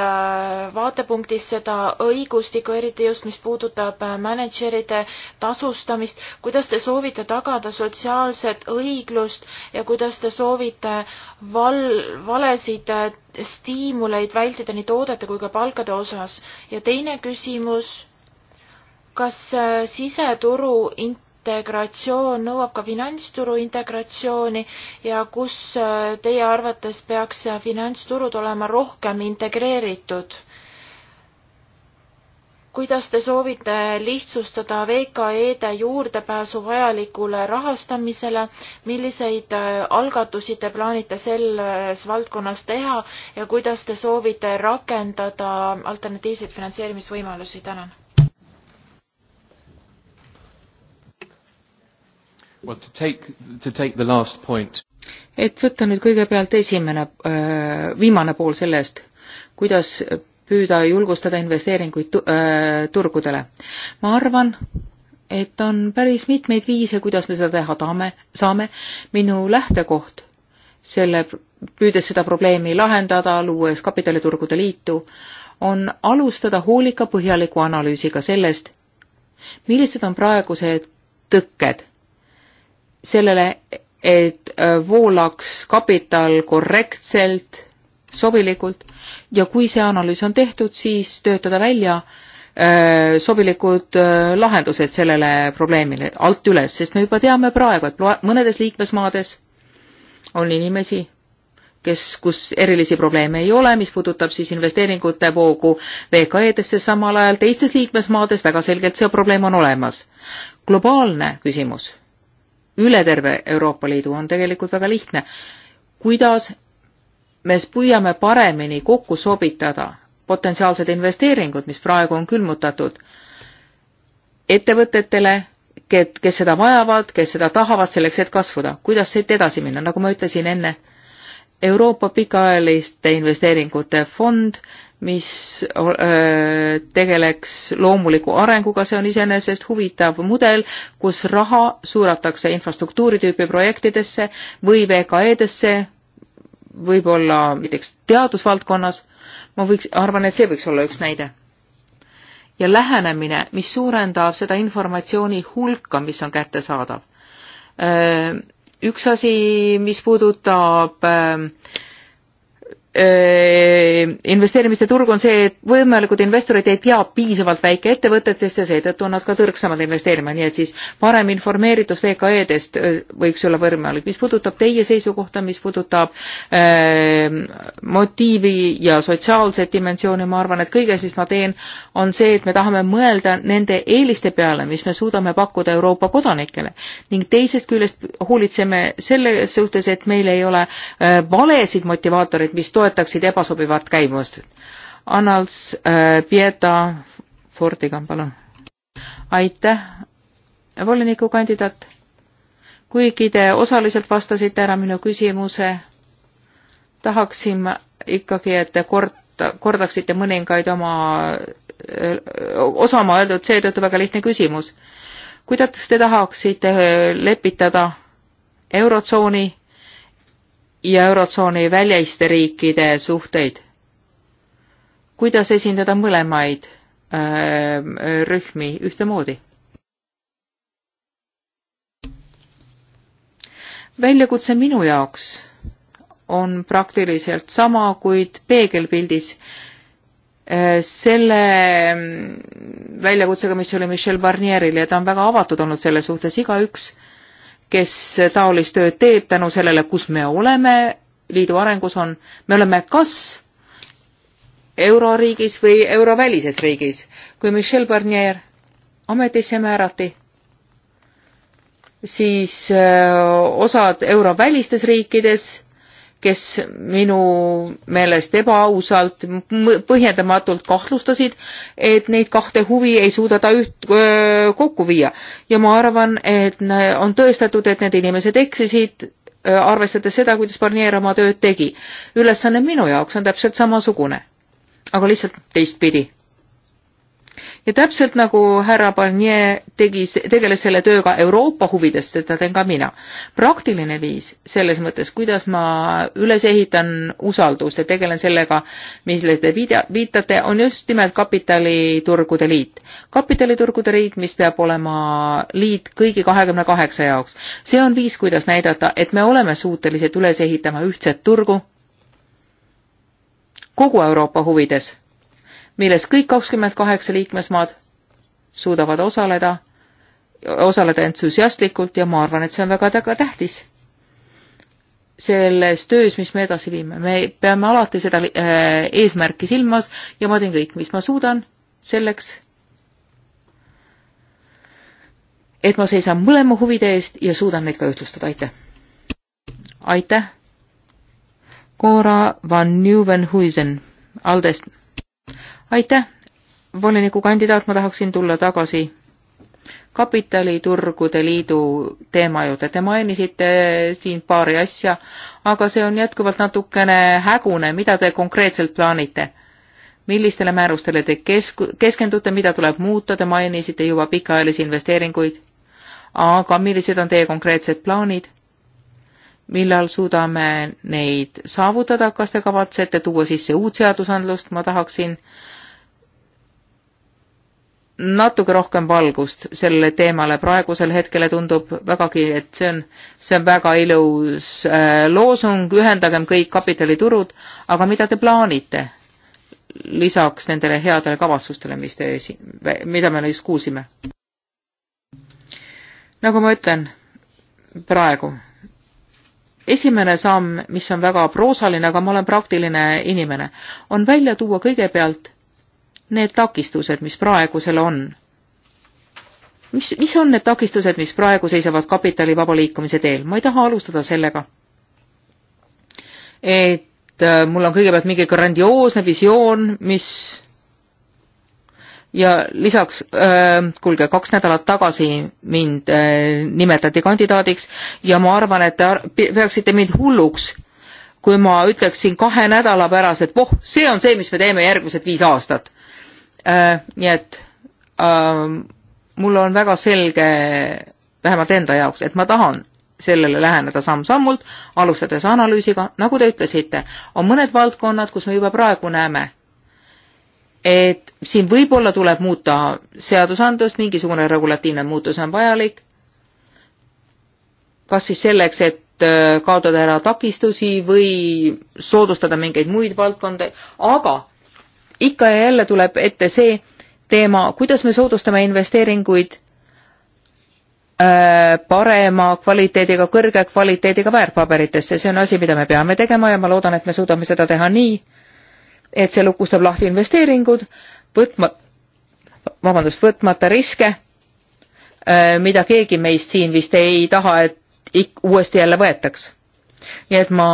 äh, vaatepunktis seda õigustikku, eriti just, mis puudutab äh, mänedžeride tasustamist, kuidas te soovite tagada sotsiaalset õiglust ja kuidas te soovite val-, valesid äh, stiimuleid vältida nii toodete kui ka palkade osas? ja teine küsimus, kas siseturu int-, integratsioon nõuab ka finantsturu integratsiooni ja kus äh, teie arvates peaks finantsturud olema rohkem integreeritud? kuidas te soovite lihtsustada VKE-de juurdepääsu vajalikule rahastamisele, milliseid äh, algatusi te plaanite selles valdkonnas teha ja kuidas te soovite rakendada alternatiivseid finantseerimisvõimalusi, tänan Well, to take, to take the last point. et võtta nüüd kõigepealt esimene, viimane pool sellest, kuidas püüda julgustada investeeringuid turgudele. ma arvan, et on päris mitmeid viise, kuidas me seda teha tahame, saame. minu lähtekoht selle, püüdes seda probleemi lahendada, luues kapitaliturgude liitu, on alustada hoolika põhjaliku analüüsiga sellest, millised on praegused tõkked sellele, et äh, voolaks kapital korrektselt, sobilikult ja kui see analüüs on tehtud, siis töötada välja äh, sobilikud äh, lahendused sellele probleemile alt üles, sest me juba teame praegu, et mõnedes liikmesmaades on inimesi, kes, kus erilisi probleeme ei ole, mis puudutab siis investeeringute voogu VKE-desse samal ajal, teistes liikmesmaades väga selgelt see probleem on olemas. globaalne küsimus üle terve Euroopa Liidu on tegelikult väga lihtne. kuidas me püüame paremini kokku sobitada potentsiaalsed investeeringud, mis praegu on külmutatud, ettevõtetele, kes seda vajavad, kes seda tahavad selleks, et kasvada, kuidas siit edasi minna, nagu ma ütlesin enne Euroopa pikaajaliste investeeringute fond, mis tegeleks loomuliku arenguga, see on iseenesest huvitav mudel, kus raha suunatakse infrastruktuuri tüüpi projektidesse või VKE-desse, võib-olla näiteks teadusvaldkonnas, ma võiks, arvan, et see võiks olla üks näide. ja lähenemine, mis suurendab seda informatsiooni hulka, mis on kättesaadav üks asi, mis puudutab äh, Äh, investeerimiste turg on see, et võimalikud investorid ei tea piisavalt väikeettevõtetest ja seetõttu on nad ka tõrksamad investeerima, nii et siis parem informeeritus VKE-dest äh, võiks olla võimalik. mis puudutab teie seisukohta, mis puudutab äh, motiivi ja sotsiaalset dimensiooni, ma arvan, et kõiges, mis ma teen, on see, et me tahame mõelda nende eeliste peale, mis me suudame pakkuda Euroopa kodanikele ning teisest küljest hoolitseme selle suhtes, et meil ei ole äh, valesid motivaatoreid, mis toetaksid ebasobivat käimust. Annals äh, Pieta Fordiga, palun. aitäh, volinikukandidaat. kuigi te osaliselt vastasite ära minu küsimuse, tahaksin ma ikkagi, et te korda, kordaksite mõningaid oma, osa oma öeldud, seetõttu väga lihtne küsimus. kuidas te tahaksite lepitada Eurotsooni ja Eurotsooni väljaiste riikide suhteid. kuidas esindada mõlemaid öö, äh, rühmi ühtemoodi? väljakutse minu jaoks on praktiliselt sama, kuid peegelpildis äh, selle mm, väljakutsega, mis oli Michel Barnieril ja ta on väga avatud olnud selle suhtes, igaüks äh, kes taolist tööd teeb tänu sellele, kus me oleme, liidu arengus on, me oleme kas euroriigis või eurovälises riigis. kui Michel Barnier ametisse määrati, siis äh, osad eurovälistes riikides kes minu meelest ebaausalt, põhjendamatult kahtlustasid, et neid kahte huvi ei suuda ta üht öö, kokku viia. ja ma arvan, et on tõestatud, et need inimesed eksisid, arvestades seda, kuidas Barnier oma tööd tegi. ülesanne minu jaoks on täpselt samasugune, aga lihtsalt teistpidi ja täpselt nagu härra Barnier tegi, tegeles selle tööga Euroopa huvides, seda teen ka mina. praktiline viis selles mõttes, kuidas ma üles ehitan usaldust ja tegelen sellega, millele te viitate, on just nimelt kapitaliturgude liit. kapitaliturgude liit, mis peab olema liit kõigi kahekümne kaheksa jaoks. see on viis, kuidas näidata, et me oleme suutelised üles ehitama ühtset turgu kogu Euroopa huvides milles kõik kakskümmend kaheksa liikmesmaad suudavad osaleda, osaleda entusiastlikult ja ma arvan, et see on väga-väga tähtis selles töös, mis me edasi viime. me peame alati seda äh, eesmärki silmas ja ma teen kõik, mis ma suudan selleks, et ma seisan mõlema huvide eest ja suudan neid ka ühtlustada, aitäh! aitäh! Cora van Nieuwenhuisen Aldest aitäh, volinikukandidaat, ma tahaksin tulla tagasi kapitaliturgude liidu teema juurde. Te mainisite siin paari asja, aga see on jätkuvalt natukene hägune, mida te konkreetselt plaanite? millistele määrustele te kesk-, keskendute, mida tuleb muuta, te mainisite juba pikaajalisi investeeringuid, aga millised on teie konkreetsed plaanid? millal suudame neid saavutada, kas te kavatsete tuua sisse uut seadusandlust, ma tahaksin äh, natuke rohkem valgust sellele teemale. praegusel hetkel tundub vägagi, et see on, see on väga ilus äh, loosung, ühendagem kõik kapitaliturud, aga mida te plaanite lisaks nendele headele kavatsustele, mis te, mida me just kuulsime? nagu ma ütlen praegu, esimene samm, mis on väga proosaline, aga ma olen praktiline inimene, on välja tuua kõigepealt need takistused, mis praegusel on? mis, mis on need takistused, mis praegu seisavad kapitali vaba liikumise teel? ma ei taha alustada sellega, et äh, mul on kõigepealt mingi grandioosne visioon, mis ja lisaks, äh, kuulge, kaks nädalat tagasi mind äh, nimetati kandidaadiks ja ma arvan, et te peaksite mind hulluks, kui ma ütleksin kahe nädala pärast, et voh, see on see, mis me teeme järgmised viis aastat. Äh, nii et ähm, mul on väga selge, vähemalt enda jaoks, et ma tahan sellele läheneda samm-sammult, alustades analüüsiga, nagu te ütlesite, on mõned valdkonnad, kus me juba praegu näeme, et siin võib-olla tuleb muuta seadusandlust, mingisugune regulatiivne muutus on vajalik, kas siis selleks, et äh, kaotada ära takistusi või soodustada mingeid muid valdkondi, aga ikka ja jälle tuleb ette see teema, kuidas me soodustame investeeringuid äh, parema kvaliteediga, kõrge kvaliteediga väärtpaberitesse, see on asi, mida me peame tegema ja ma loodan, et me suudame seda teha nii, et see lukustab lahti investeeringud, võtma, vabandust, võtmata riske, äh, mida keegi meist siin vist ei taha, et ik-, uuesti jälle võetaks. nii et ma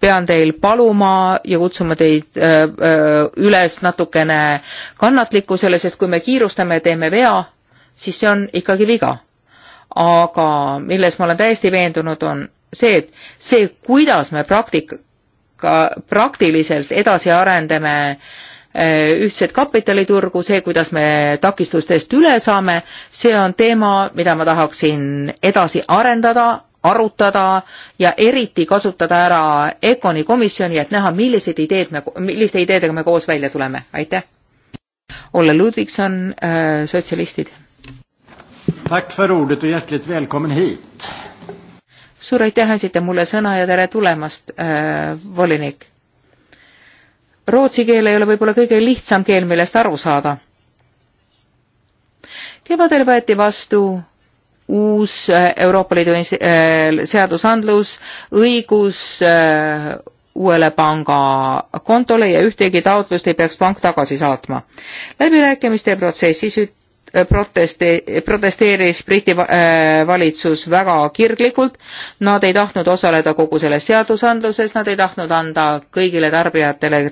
pean teil paluma ja kutsuma teid äh, äh, üles natukene kannatlikkusele, sest kui me kiirustame ja teeme vea, siis see on ikkagi viga. aga milles ma olen täiesti veendunud, on see, et see, kuidas me praktika, praktiliselt edasi arendame äh, ühtset kapitaliturgu, see, kuidas me takistustest üle saame, see on teema, mida ma tahaksin edasi arendada arutada ja eriti kasutada ära ECONi komisjoni, et näha, millised ideed me, milliste ideedega me koos välja tuleme. aitäh! Olle Ludvigson, äh, sotsialistid. suur aitäh, andsite mulle sõna ja tere tulemast äh,, volinik. Rootsi keel ei ole võib-olla kõige lihtsam keel, millest aru saada. kevadel võeti vastu uus eh, Euroopa Liidu eh, seadusandlus, õigus eh, uuele pangakontole ja ühtegi taotlust ei peaks pank tagasi saatma. läbirääkimiste protsessis proteste, protesteeris Briti valitsus väga kirglikult, nad ei tahtnud osaleda kogu selles seadusandluses, nad ei tahtnud anda kõigile tarbijatele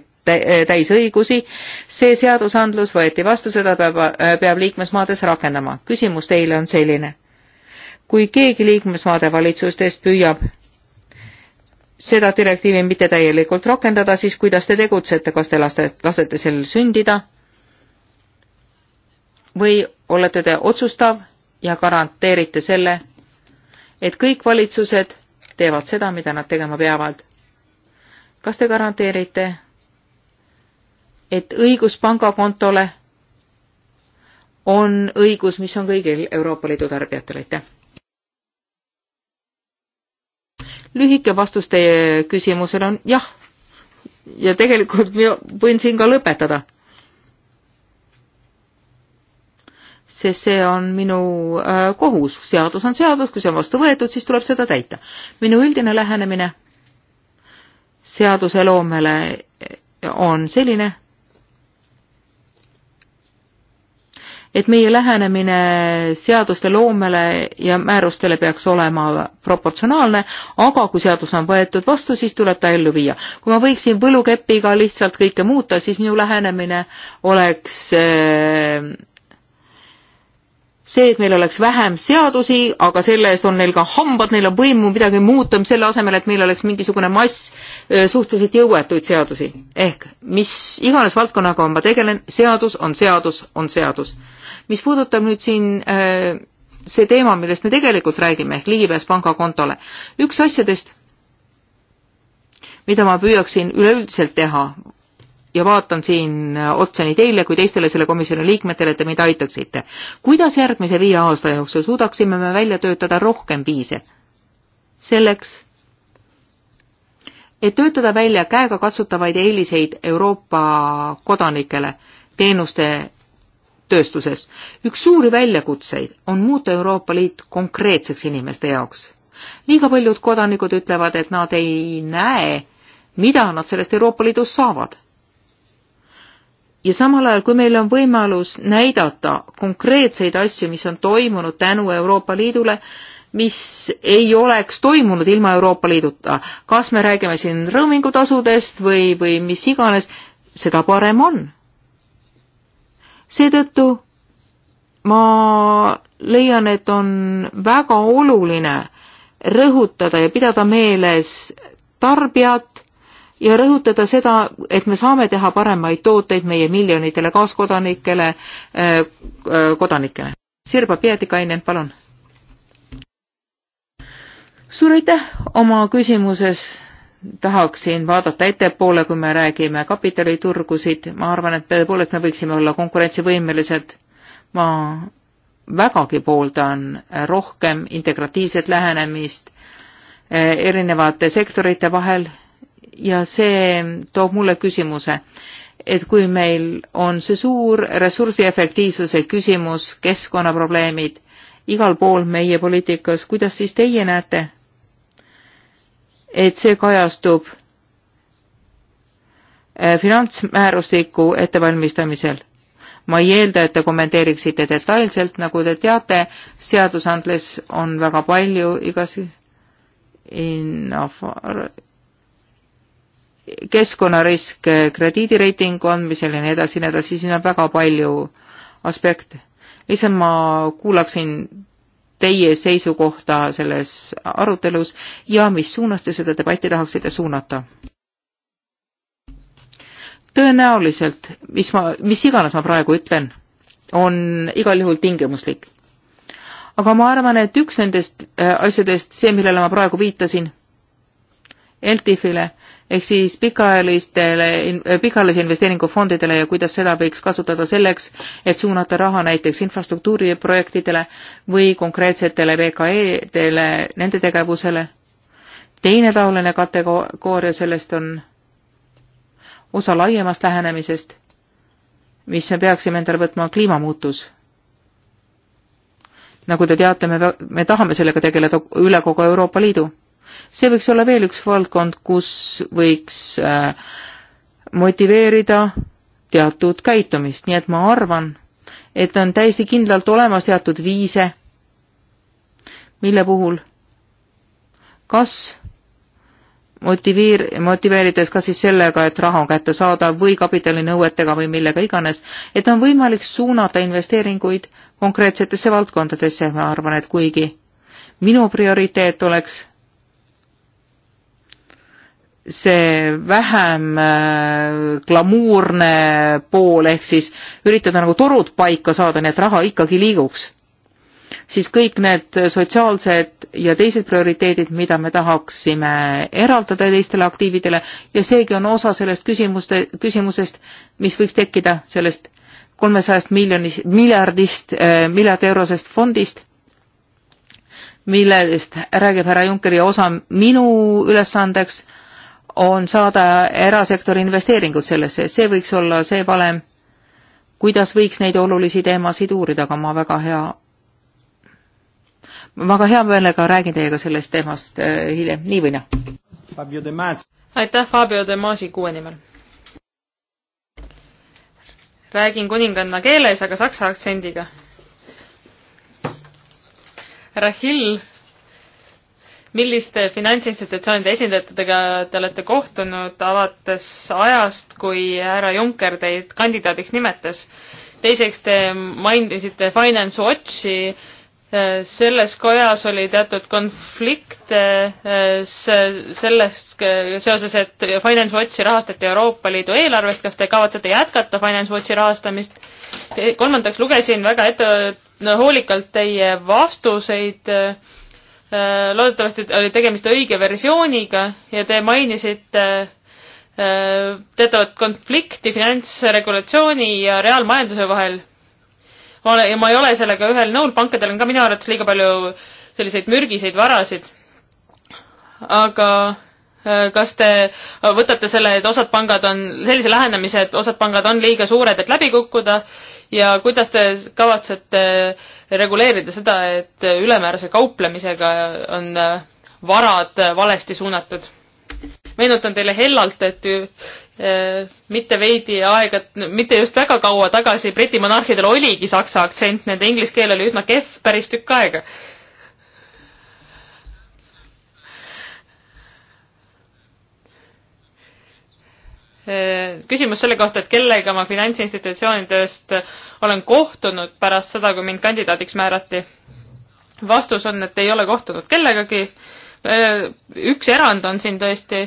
täisõigusi. see seadusandlus võeti vastu, seda peab, peab liikmesmaades rakendama. küsimus teile on selline kui keegi liikmesmaade valitsustest püüab seda direktiivi mitte täielikult rakendada, siis kuidas te tegutsete, kas te laste, lasete sellel sündida või olete te otsustav ja garanteerite selle, et kõik valitsused teevad seda, mida nad tegema peavad? kas te garanteerite, et õigus pangakontole on õigus, mis on kõigil Euroopa Liidu tarbijatel, aitäh? lühike vastus teie küsimusele on jah. ja tegelikult mina võin siin ka lõpetada. sest see on minu äh, kohus, seadus on seadus, kui see on vastu võetud, siis tuleb seda täita. minu üldine lähenemine seaduseloomele on selline et meie lähenemine seaduste loomele ja määrustele peaks olema proportsionaalne, aga kui seadus on võetud vastu, siis tuleb ta ellu viia. kui ma võiksin võlukepiga lihtsalt kõike muuta, siis minu lähenemine oleks äh, see, et meil oleks vähem seadusi, aga selle eest on neil ka hambad, neil on võimu midagi muuta, selle asemel, et meil oleks mingisugune mass äh, suhteliselt jõuetuid seadusi. ehk mis iganes valdkonnaga ma tegelen, seadus on seadus, on seadus mis puudutab nüüd siin äh, see teema, millest me tegelikult räägime ehk ligipääs pangakontole. üks asjadest, mida ma püüaksin üleüldiselt teha ja vaatan siin äh, otsa nii teile kui teistele selle komisjoni liikmetele, et te mind aitaksite. kuidas järgmise viie aasta jooksul suudaksime me välja töötada rohkem viise selleks, et töötada välja käegakatsutavaid eeliseid Euroopa kodanikele teenuste tööstuses. üks suuri väljakutseid on muuta Euroopa Liit konkreetseks inimeste jaoks. liiga paljud kodanikud ütlevad, et nad ei näe, mida nad sellest Euroopa Liidust saavad. ja samal ajal, kui meil on võimalus näidata konkreetseid asju, mis on toimunud tänu Euroopa Liidule, mis ei oleks toimunud ilma Euroopa Liiduta, kas me räägime siin roamingu tasudest või, või mis iganes, seda parem on seetõttu ma leian, et on väga oluline rõhutada ja pidada meeles tarbijat ja rõhutada seda, et me saame teha paremaid tooteid meie miljonitele kaaskodanikele, eh, eh, kodanikele. Sirba Pietikainen, palun. suur aitäh oma küsimuses tahaksin vaadata ettepoole, kui me räägime kapitaliturgusid, ma arvan, et tõepoolest me võiksime olla konkurentsivõimelised. ma vägagi pooldan rohkem integratiivset lähenemist eh, erinevate sektorite vahel ja see toob mulle küsimuse, et kui meil on see suur ressursi efektiivsuse küsimus, keskkonnaprobleemid igal pool meie poliitikas, kuidas siis teie näete et see kajastub äh, finantsmäärustiku ettevalmistamisel. ma ei eelda, et te kommenteeriksite detailselt, nagu te teate, seadusandles on väga palju igasugu keskkonnarisk krediidireitingu andmisel ja nii edasi, nii edasi, siin on väga palju aspekte. lihtsalt ma kuulaksin teie seisukohta selles arutelus ja mis suunas te seda debatti tahaksite suunata? tõenäoliselt, mis ma, mis iganes ma praegu ütlen, on igal juhul tingimuslik. aga ma arvan, et üks nendest äh, asjadest, see, millele ma praegu viitasin, LTIF-ile ehk siis pikaajalistele, eh, pikaajalise investeeringufondidele ja kuidas seda võiks kasutada selleks, et suunata raha näiteks infrastruktuuriprojektidele või konkreetsetele VKE-dele, nende tegevusele. teine taoline kategooria sellest on osa laiemast lähenemisest, mis me peaksime endale võtma, on kliimamuutus. nagu te teate, me, me tahame sellega tegeleda üle kogu Euroopa Liidu see võiks olla veel üks valdkond, kus võiks äh, motiveerida teatud käitumist, nii et ma arvan, et on täiesti kindlalt olemas teatud viise, mille puhul kas motiveer-, motiveerides kas siis sellega, et raha on kättesaadav või kapitalinõuetega või millega iganes, et on võimalik suunata investeeringuid konkreetsetesse valdkondadesse, ma arvan, et kuigi minu prioriteet oleks see vähem äh, glamuurne pool ehk siis üritada nagu torud paika saada, nii et raha ikkagi liiguks, siis kõik need sotsiaalsed ja teised prioriteedid, mida me tahaksime eraldada teistele aktiividele ja seegi on osa sellest küsimuste, küsimusest, mis võiks tekkida sellest kolmesajast miljonist, miljardist, äh, miljardi eurosest fondist millest räägib härra Junckeri osa minu ülesandeks on saada erasektori investeeringud sellesse, see võiks olla see valem, kuidas võiks neid olulisi teemasid uurida, aga ma väga hea, väga hea meelega räägin teiega sellest teemast äh, hiljem, nii või naa. aitäh, Fabio De Masi kuue nimel. räägin kuninganna keeles, aga saksa aktsendiga. Rahil milliste finantsinstitutsioonide esindajatega te olete kohtunud alates ajast, kui härra Juncker teid kandidaadiks nimetas? teiseks, te mainisite Finance Watchi, selles kojas oli teatud konflikt eh, sellest eh, seoses, et Finance Watchi rahastati Euroopa Liidu eelarvest, kas te kavatsete jätkata Finance Watchi rahastamist? kolmandaks lugesin väga ette no,, hoolikalt teie vastuseid äh, Äh, loodetavasti oli tegemist õige versiooniga ja te mainisite äh, teatavat konflikti finantsregulatsiooni ja reaalmajanduse vahel. ma olen, ja ma ei ole sellega ühel nõul, pankadel on ka minu arvates liiga palju selliseid mürgiseid varasid. aga äh, kas te võtate selle, et osad pangad on, sellise lähenemise, et osad pangad on liiga suured, et läbi kukkuda ja kuidas te kavatsete äh, reguleerida seda, et ülemäärase kauplemisega on äh, varad äh, valesti suunatud. meenutan teile hellalt, et äh, mitte veidi aega, mitte just väga kaua tagasi Briti monarhidel oligi saksa aktsent, nende inglise keel oli üsna kehv päris tükk aega. küsimus selle kohta, et kellega ma finantsinstitutsioonidest olen kohtunud pärast seda, kui mind kandidaadiks määrati. vastus on, et ei ole kohtunud kellegagi. üks erand on siin tõesti,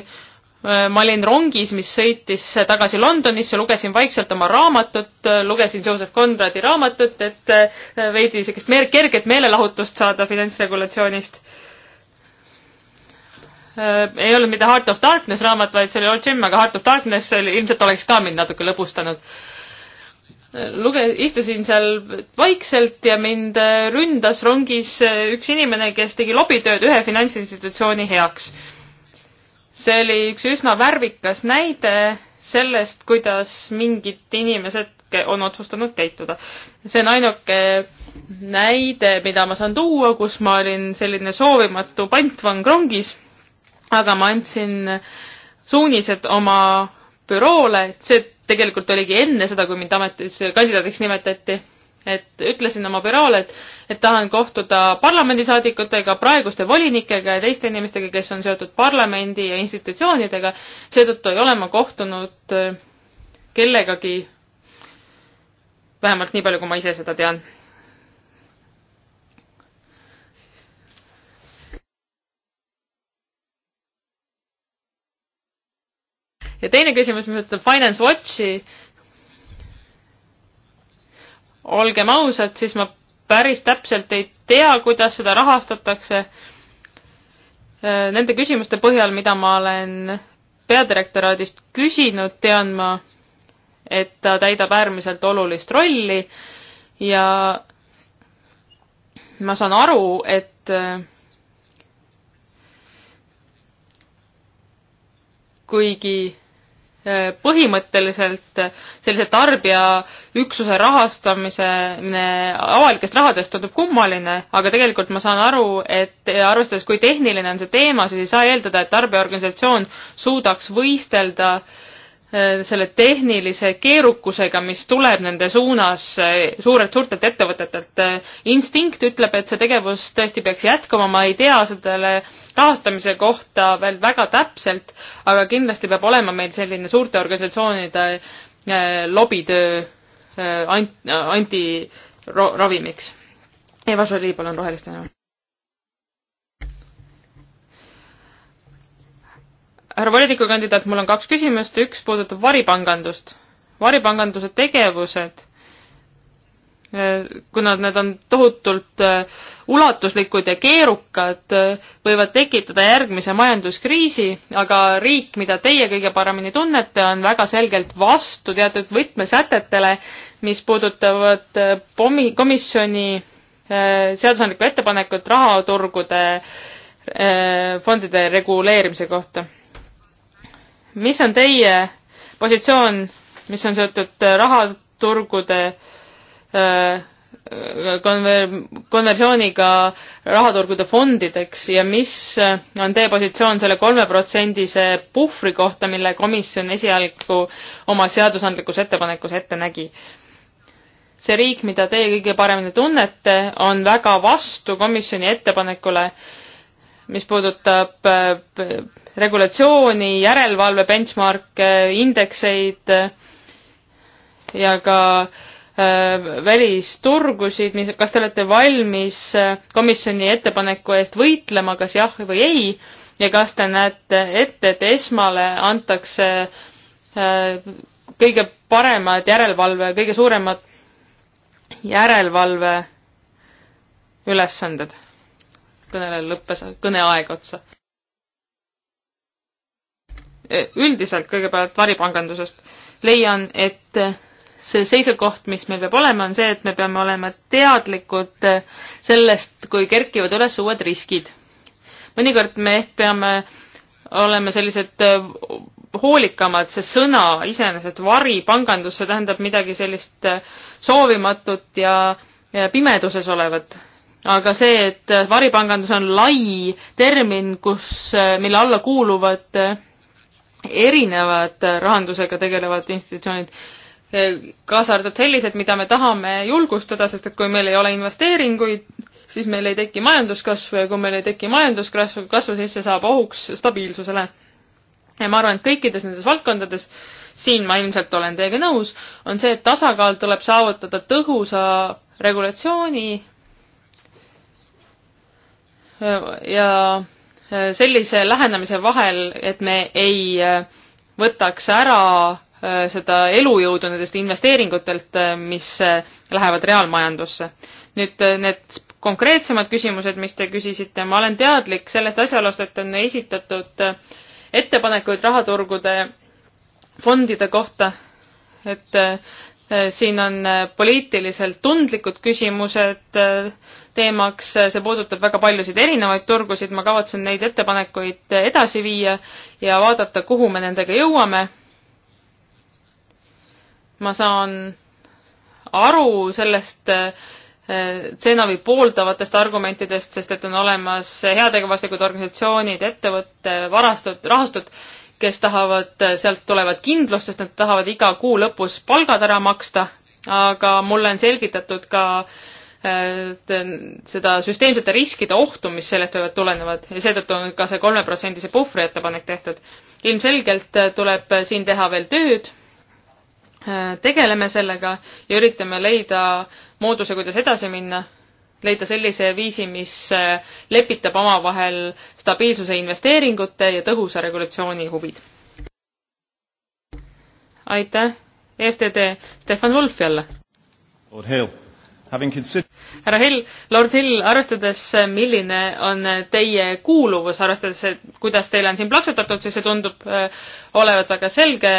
ma olin rongis, mis sõitis tagasi Londonisse, lugesin vaikselt oma raamatut, lugesin Joseph Conradi raamatut, et veidi sellist meer-, kerget meelelahutust saada finantsregulatsioonist ei olnud mitte Heart of Darkness raamat, vaid see oli Old Jim, aga Heart of Darkness oli, ilmselt oleks ka mind natuke lõbustanud luge-, istusin seal vaikselt ja mind ründas rongis üks inimene, kes tegi lobitööd ühe finantsinstitutsiooni heaks. see oli üks üsna värvikas näide sellest, kuidas mingid inimesed on otsustanud käituda. see on ainuke näide, mida ma saan tuua, kus ma olin selline soovimatu pantvang rongis, aga ma andsin suunised oma büroole, et see tegelikult oligi enne seda, kui mind ametis kandidaadiks nimetati, et ütlesin oma büroole, et, et tahan kohtuda parlamendisaadikutega, praeguste volinikega ja teiste inimestega, kes on seotud parlamendi ja institutsioonidega. seetõttu ei ole ma kohtunud äh, kellegagi, vähemalt nii palju, kui ma ise seda tean ja teine küsimus, mis puudutab Finance Watchi, olgem ausad, siis ma päris täpselt ei tea, kuidas seda rahastatakse äh, nende küsimuste põhjal, mida ma olen peadirektoraadist küsinud, tean ma, et ta täidab äärmiselt olulist rolli ja ma saan aru, et äh, kuigi põhimõtteliselt sellise tarbijaüksuse rahastamine avalikest rahadest tundub kummaline, aga tegelikult ma saan aru, et arvestades, kui tehniline on see teema, siis ei saa eeldada, et tarbijaorganisatsioon suudaks võistelda äh, Äh, selle tehnilise keerukusega, mis tuleb nende suunas äh, suurelt, suurtelt ettevõtetelt. Äh, instinkt ütleb, et see tegevus tõesti peaks jätkuma, ma ei tea selle rahastamise kohta veel väga täpselt, aga kindlasti peab olema meil selline suurte organisatsioonide lobitöö ant-, antiravimiks. Eva Žoli, palun, Roheliste nimel. härra volinikukandidaat, mul on kaks küsimust, üks puudutab varipangandust. varipanganduse tegevused, eh, kuna need on tohutult eh, ulatuslikud ja keerukad, eh, võivad tekitada järgmise majanduskriisi, aga riik, mida teie kõige paremini tunnete, on väga selgelt vastu teatud võtmesätetele, mis puudutavad pommi, komisjoni seadusandlikku ettepanekut rahaturgude fondide reguleerimise kohta mis on teie positsioon, mis on seotud äh, rahaturgude äh, konver-, konversiooniga rahaturgude fondideks ja mis äh, on teie positsioon selle kolmeprotsendise puhvri kohta, mille komisjon esialgu oma seadusandlikus ettepanekus ette nägi? see riik, mida teie kõige paremini tunnete, on väga vastu komisjoni ettepanekule äh, mis puudutab äh, regulatsiooni, järelevalve benchmark'e, indekseid äh, ja ka äh, välisturgusid, mis, kas te olete valmis komisjoni ettepaneku eest võitlema, kas jah või ei, ja kas te näete ette, et esmale antakse kõige paremad järelevalve, kõige suuremad järelevalve ülesanded? kõnelejal lõppes kõneaeg otsa. üldiselt kõigepealt varipangandusest leian, et see seisukoht, mis meil peab olema, on see, et me peame olema teadlikud sellest, kui kerkivad üles uued riskid. mõnikord me ehk peame olema sellised hoolikamad, see sõna iseenesest, varipangandus, see tähendab midagi sellist soovimatut ja, ja pimeduses olevat aga see, et varipangandus on lai termin, kus, mille alla kuuluvad erinevad rahandusega tegelevad institutsioonid, kaasa arvatud sellised, mida me tahame julgustada, sest et kui meil ei ole investeeringuid, siis meil ei teki majanduskasvu ja kui meil ei teki majanduskasvu, kasvu sisse saab ohuks stabiilsusele. ja ma arvan, et kõikides nendes valdkondades, siin ma ilmselt olen teiega nõus, on see, et tasakaal tuleb saavutada tõhusa regulatsiooni ja äh, sellise lähenemise vahel, et me ei äh, võtaks ära äh, seda elujõudu nendest investeeringutelt, mis lähevad reaalmajandusse. nüüd need konkreetsemad küsimused, mis te küsisite, ma olen teadlik sellest asjaolust, et on esitatud ettepanekuid rahaturgude fondide kohta, et siin on poliitiliselt tundlikud küsimused, teemaks, see puudutab väga paljusid erinevaid turgusid, ma kavatsen neid ettepanekuid edasi viia ja vaadata, kuhu me nendega jõuame. ma saan aru sellest eh, Zenovi pooldavatest argumentidest, sest et on olemas heategevuslikud organisatsioonid, ettevõtte, varastud, rahastud, kes tahavad, sealt tulevad kindlust, sest nad tahavad iga kuu lõpus palgad ära maksta, aga mulle on selgitatud ka äh, Äh, seda süsteemsete riskide ohtu, mis sellest võivad tulenevad ja seetõttu on ka see kolmeprotsendise puhvri ettepanek tehtud. ilmselgelt äh, tuleb äh, siin teha veel tööd, tegeleme sellega ja üritame leida mooduse, kuidas edasi minna, leida sellise viisi, mis lepitab omavahel stabiilsuse investeeringute ja tõhusa regulatsiooni huvid. aitäh, EFTD, Stefan Wolf jälle. Lord Hill, having considered härra Hill, lord Hill, arvestades, milline on teie kuuluvus, arvestades, et kuidas teile on siin plaksutatud, siis see tundub äh, olevat väga selge.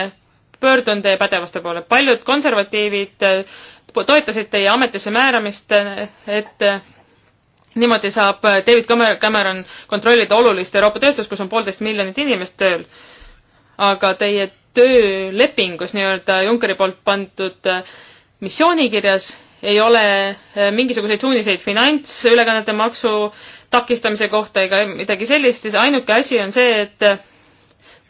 pöördun teie pädevuste poole. paljud konservatiivid äh, toetasid teie ametisse määramist, äh, et niimoodi saab David Cameron kontrollida olulist Euroopa tööstust, kus on poolteist miljonit inimest tööl. aga teie töölepingus nii-öelda Junckeri poolt pandud missioonikirjas ei ole eh, mingisuguseid suuniseid finantsülekannete maksu takistamise kohta ega midagi sellist, siis ainuke asi on see, et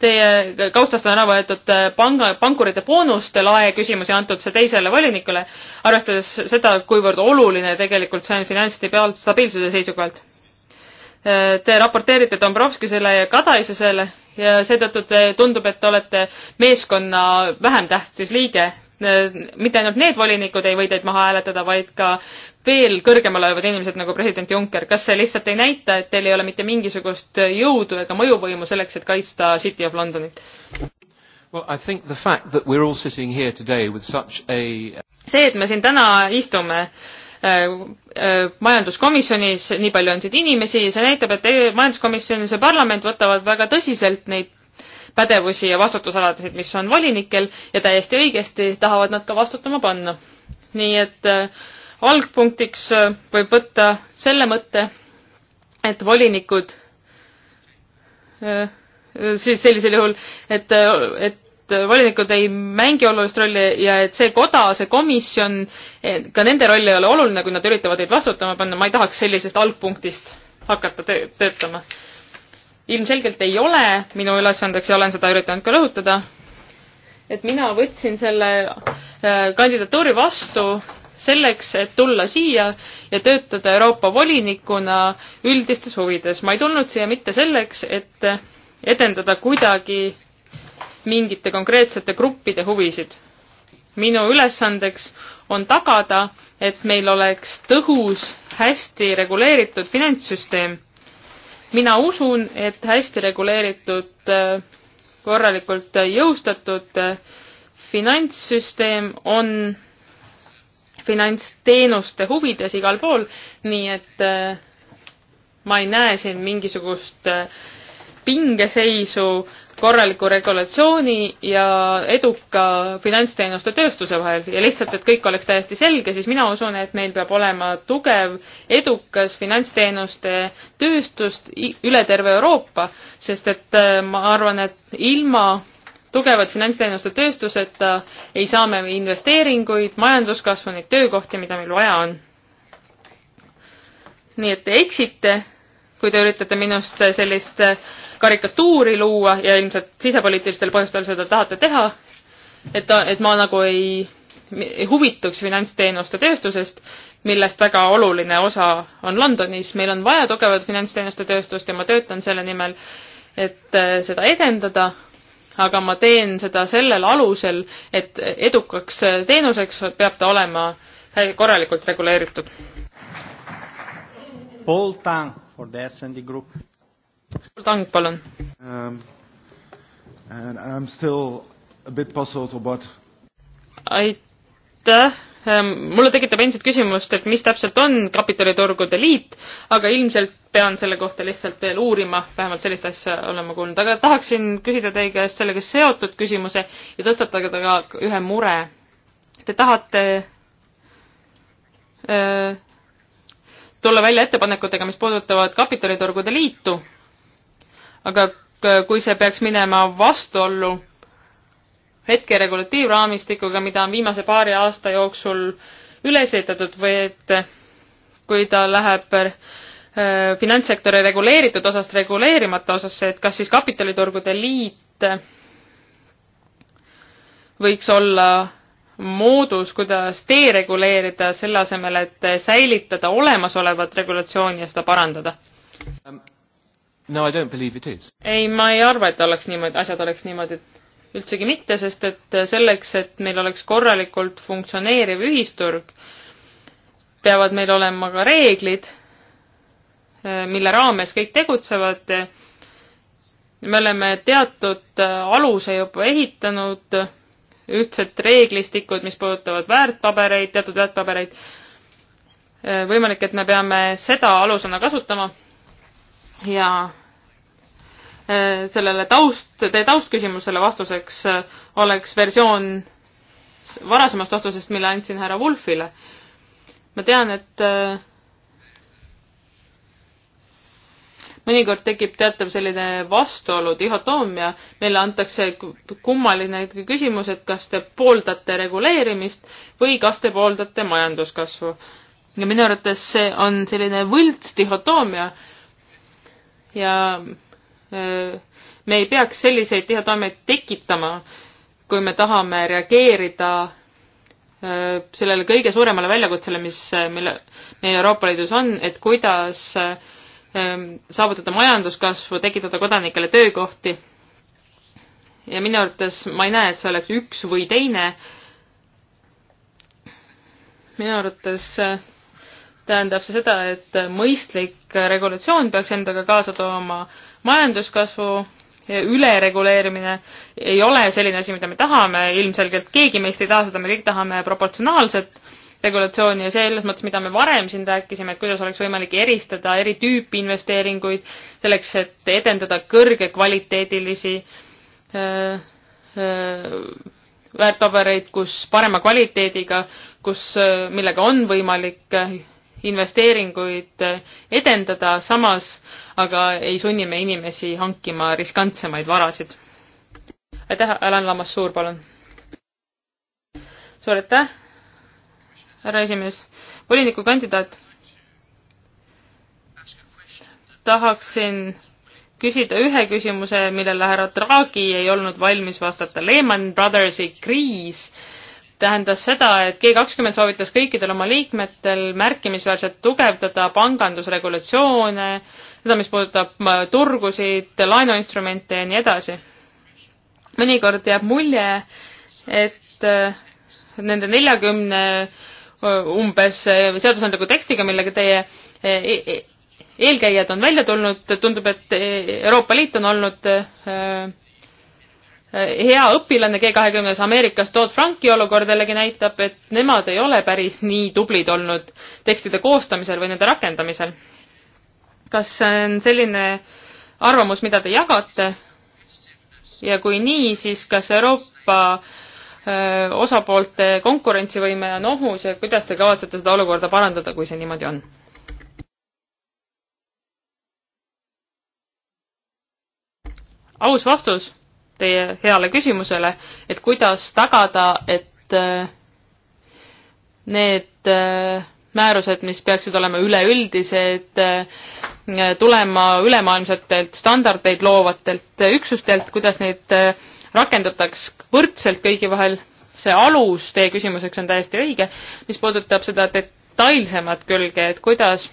teie kaustast on ära võetud eh, panga, pankurite boonuste lae küsimus ja antud see teisele volinikule, arvestades seda, kuivõrd oluline tegelikult see on finantsstabiilsuse seisukohalt. Eh, te raporteerite Dombrovskisele ja Kadaisusele ja seetõttu tundub, et te olete meeskonna vähem tähtis liige mitte ainult need volinikud ei või teid maha hääletada, vaid ka veel kõrgemal olevad inimesed nagu president Juncker, kas see lihtsalt ei näita, et teil ei ole mitte mingisugust jõudu ega mõjuvõimu selleks, et kaitsta City of Londonit? Well, I think the fact that we're all sitting here today with such a see, et me siin täna istume äh, äh, majanduskomisjonis, nii palju on siin inimesi, see näitab, et majanduskomisjon ja see parlament võtavad väga tõsiselt neid pädevusi ja vastutusalasid, mis on volinikel ja täiesti õigesti tahavad nad ka vastutama panna. nii et äh, algpunktiks äh, võib võtta selle mõtte, et volinikud äh, siis sellisel juhul, et, äh, et volinikud ei mängi olulist rolli ja et see koda, see komisjon, ka nende roll ei ole oluline, kui nad üritavad teid vastutama panna, ma ei tahaks sellisest algpunktist hakata töö, töötama ilmselgelt ei ole minu ülesandeks ja olen seda üritanud ka rõhutada, et mina võtsin selle äh, kandidatuuri vastu selleks, et tulla siia ja töötada Euroopa volinikuna üldistes huvides. ma ei tulnud siia mitte selleks, et edendada kuidagi mingite konkreetsete gruppide huvisid. minu ülesandeks on tagada, et meil oleks tõhus, hästi reguleeritud finantssüsteem mina usun, et hästi reguleeritud, äh, korralikult äh, jõustatud äh, finantssüsteem on finantsteenuste huvides igal pool, nii et ma ei näe siin mingisugust pingeseisu korraliku regulatsiooni ja eduka finantsteenuste tööstuse vahel ja lihtsalt, et kõik oleks täiesti selge, siis mina usun, et meil peab olema tugev, edukas finantsteenuste tööstust üle terve Euroopa, sest et äh, ma arvan, et ilma tugevat finantsteenuste tööstuseta ei saa me investeeringuid, majanduskasvu, neid töökohti, mida meil vaja on. nii et te eksite kui te üritate minust sellist äh, karikatuuri luua ja ilmselt sisepoliitilistel põhjustel seda tahate teha, et, et ma nagu ei, ei huvituks finantsteenuste tööstusest, millest väga oluline osa on Londonis, meil on vaja tugevat finantsteenuste tööstust ja ma töötan selle nimel, et äh, seda edendada, aga ma teen seda sellel alusel, et edukaks teenuseks peab ta olema äh, korralikult reguleeritud. Paul Tang for the SND Group. Paul Tang, palun um,. And I am still a bit puzzled about. aitäh um, mulle tekitab endiselt küsimust, et mis täpselt on kapitaliturgude liit, aga ilmselt pean selle kohta lihtsalt veel uurima, vähemalt sellist asja olen ma kuulnud, aga tahaksin küsida teie käest sellega seotud küsimuse ja tõstatada ka ühe mure. Te tahate öö, äh, tulla välja ettepanekutega, mis puudutavad kapitaliturgude liitu, aga kui see peaks minema vastuollu hetke regulatiivraamistikuga, mida on viimase paari aasta jooksul üles ehitatud või et kui ta läheb äh, finantssektori reguleeritud osast reguleerimata osasse, et kas siis kapitaliturgude liit võiks olla moodus, kuidas dereguleerida, selle asemel, et säilitada olemasolevat regulatsiooni ja seda parandada um,? No I don't believe it is. ei, ma ei arva, et oleks niimoodi, asjad oleks niimoodi, üldsegi mitte, sest et selleks, et meil oleks korralikult funktsioneeriv ühisturg, peavad meil olema ka reeglid, eh, mille raames kõik tegutsevad. me oleme teatud aluse juba ehitanud ühtsed reeglistikud, mis puudutavad väärtpabereid, teatud väärtpabereid. Äh, võimalik, et me peame seda alusena kasutama ja äh, sellele taust, teie taustküsimusele vastuseks äh, oleks versioon varasemast vastusest, mille andsin härra Wulfile. ma tean, et mõnikord tekib teatav selline vastuolu, dihhotoomia, meile antakse kummaline küsimus, et kas te pooldate reguleerimist või kas te pooldate majanduskasvu. ja minu arvates see on selline võlts dihhotoomia ja öö, me ei peaks selliseid dihhotoomiaid tekitama, kui me tahame reageerida sellele kõige suuremale väljakutsele, mis, mille meil Euroopa Liidus on, et kuidas Ähm, saavutada majanduskasvu, tekitada kodanikele töökohti. ja minu arvates ma ei näe, et see oleks üks või teine. minu arvates äh, tähendab see seda, et mõistlik regulatsioon peaks endaga kaasa tooma majanduskasvu, ülereguleerimine ei ole selline asi, mida me tahame, ilmselgelt keegi meist ei taha seda, me kõik tahame proportsionaalset regulatsiooni ja selles mõttes, mida me varem siin rääkisime, et kuidas oleks võimalik eristada eri tüüpi investeeringuid selleks, et edendada kõrgekvaliteedilisi äh, äh, väärtpabereid, kus parema kvaliteediga, kus, äh, millega on võimalik investeeringuid edendada, samas aga ei sunni me inimesi hankima riskantsemaid varasid. aitäh, Alan Lammas, suur palun! suur aitäh! härra esimees, volinikukandidaat. tahaksin küsida ühe küsimuse, millele härra Draghi ei olnud valmis vastata. Lehman Brothersi kriis tähendas seda, et G kakskümmend soovitas kõikidel oma liikmetel märkimisväärselt tugevdada pangandusregulatsioone, seda, mis puudutab äh, turgusid, laenuinstrumente ja nii edasi. mõnikord jääb mulje, et äh, nende neljakümne 40 Äh, umbes äh, seadusandliku tekstiga, millega teie äh, e, e, eelkäijad on välja tulnud, tundub, et Euroopa Liit on olnud hea õpilane G20-s Ameerikas, Todd Franki olukord jällegi näitab, et nemad ei ole päris nii tublid olnud tekstide koostamisel või nende rakendamisel. kas see on selline arvamus, mida te jagate ja kui nii, siis kas Euroopa osapoolte konkurentsivõime on ohus ja kuidas te kavatsete seda olukorda parandada, kui see niimoodi on? aus vastus teie heale küsimusele, et kuidas tagada, et need määrused, mis peaksid olema üleüldised, tulema ülemaailmsetelt standardeid loovatelt üksustelt, kuidas neid rakendataks võrdselt kõigi vahel. see alus teie küsimuseks on täiesti õige, mis puudutab seda detailsemat külge, et kuidas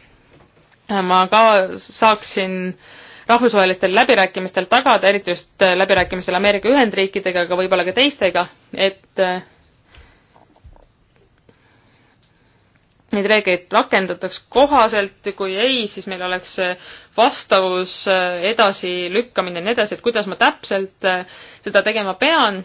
ma ka saaksin rahvusvahelistel läbirääkimistel tagada, eriti just läbirääkimistel Ameerika Ühendriikidega, aga võib-olla ka teistega, et neid reegleid rakendataks kohaselt, kui ei, siis meil oleks äh, vastavus, äh, edasilükkamine ja nii edasi, et kuidas ma täpselt äh, seda tegema pean.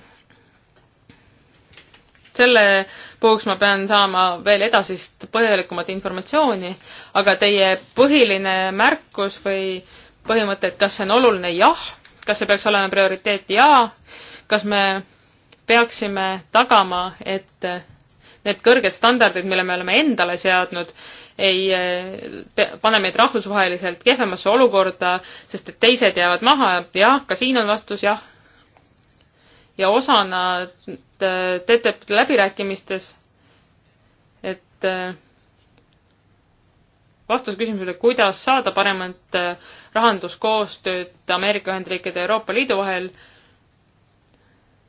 selle puhuks ma pean saama veel edasist põhjalikumat informatsiooni, aga teie põhiline märkus või põhimõte, et kas see on oluline, jah, kas see peaks olema prioriteet, jaa, kas me peaksime tagama, et need kõrged standardid, mille me oleme endale seadnud, ei eh, pane meid rahvusvaheliselt kehvemasse olukorda, sest et teised jäävad maha ja jah, ka siin on vastus jah. ja osana eh, TTIP läbirääkimistes, et eh, vastus küsimusele, kuidas saada paremat rahanduskoostööd Ameerika Ühendriikide ja Euroopa Liidu vahel,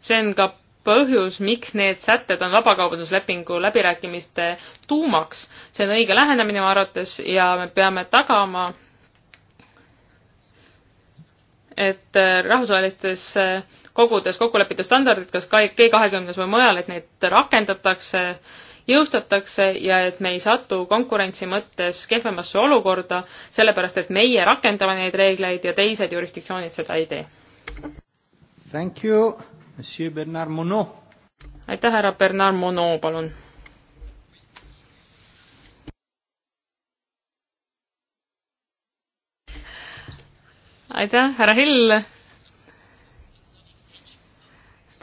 see on ka põhjus, miks need sätted on vabakaubanduslepingu läbirääkimiste tuumaks. see on õige lähenemine oma arvates ja me peame tagama, et äh, rahvusvahelistes äh, kogudes kokku lepitud standardid, kas G kahekümnes või mujal, et neid rakendatakse, jõustatakse ja et me ei satu konkurentsi mõttes kehvemasse olukorda, sellepärast et meie rakendame neid reegleid ja teised jurisdiktsioonid seda ei tee. Thank you. Monsieur Bernard Monod. aitäh, härra Bernard Monod, palun. aitäh, härra Hill.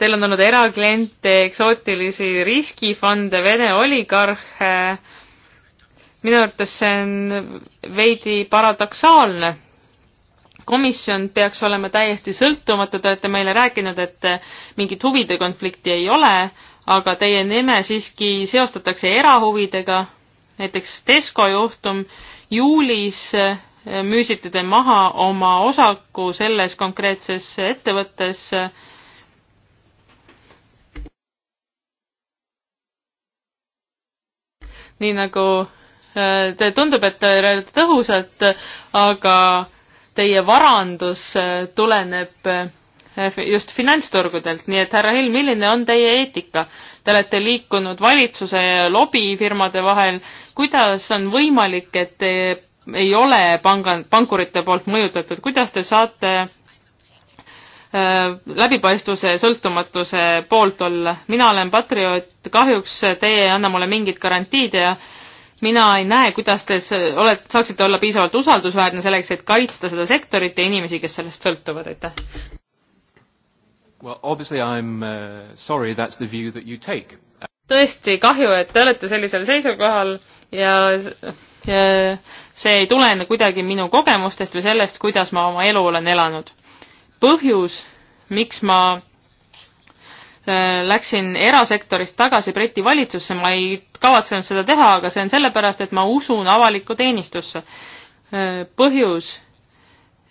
Teil on olnud erakliente, eksootilisi riskifonde, Vene oligarhe. minu arvates see on veidi paradoksaalne komisjon peaks olema täiesti sõltumatu, te olete meile rääkinud, et eh, mingit huvide konflikti ei ole, aga teie nime siiski seostatakse erahuvidega. näiteks Tesco juhtum juulis eh, müüsite te maha oma osaku selles konkreetses ettevõttes. nii nagu eh, te tundub, et te olete tõhusad, aga teie varandus äh, tuleneb äh, just finantsturgudelt, nii et härra Hill, milline on teie eetika? Te olete liikunud valitsuse ja lobifirmade vahel, kuidas on võimalik, et te ei ole panga, pankurite poolt mõjutatud, kuidas te saate äh, läbipaistvuse ja sõltumatuse poolt olla. mina olen patrioot, kahjuks teie ei anna mulle mingit garantiid ja äh, mina ei näe, kuidas te olete, saaksite olla piisavalt usaldusväärne selleks, et kaitsta seda sektorit ja inimesi, kes sellest sõltuvad, aitäh. Well, obviously I'm uh, sorry that's the view that you take. tõesti kahju, et te olete sellisel seisukohal ja, ja see ei tulene kuidagi minu kogemustest või sellest, kuidas ma oma elu olen elanud. põhjus, miks ma Äh, läksin erasektorist tagasi Briti valitsusse, ma ei kavatsenud seda teha, aga see on sellepärast, et ma usun avalikku teenistusse. Äh, põhjus,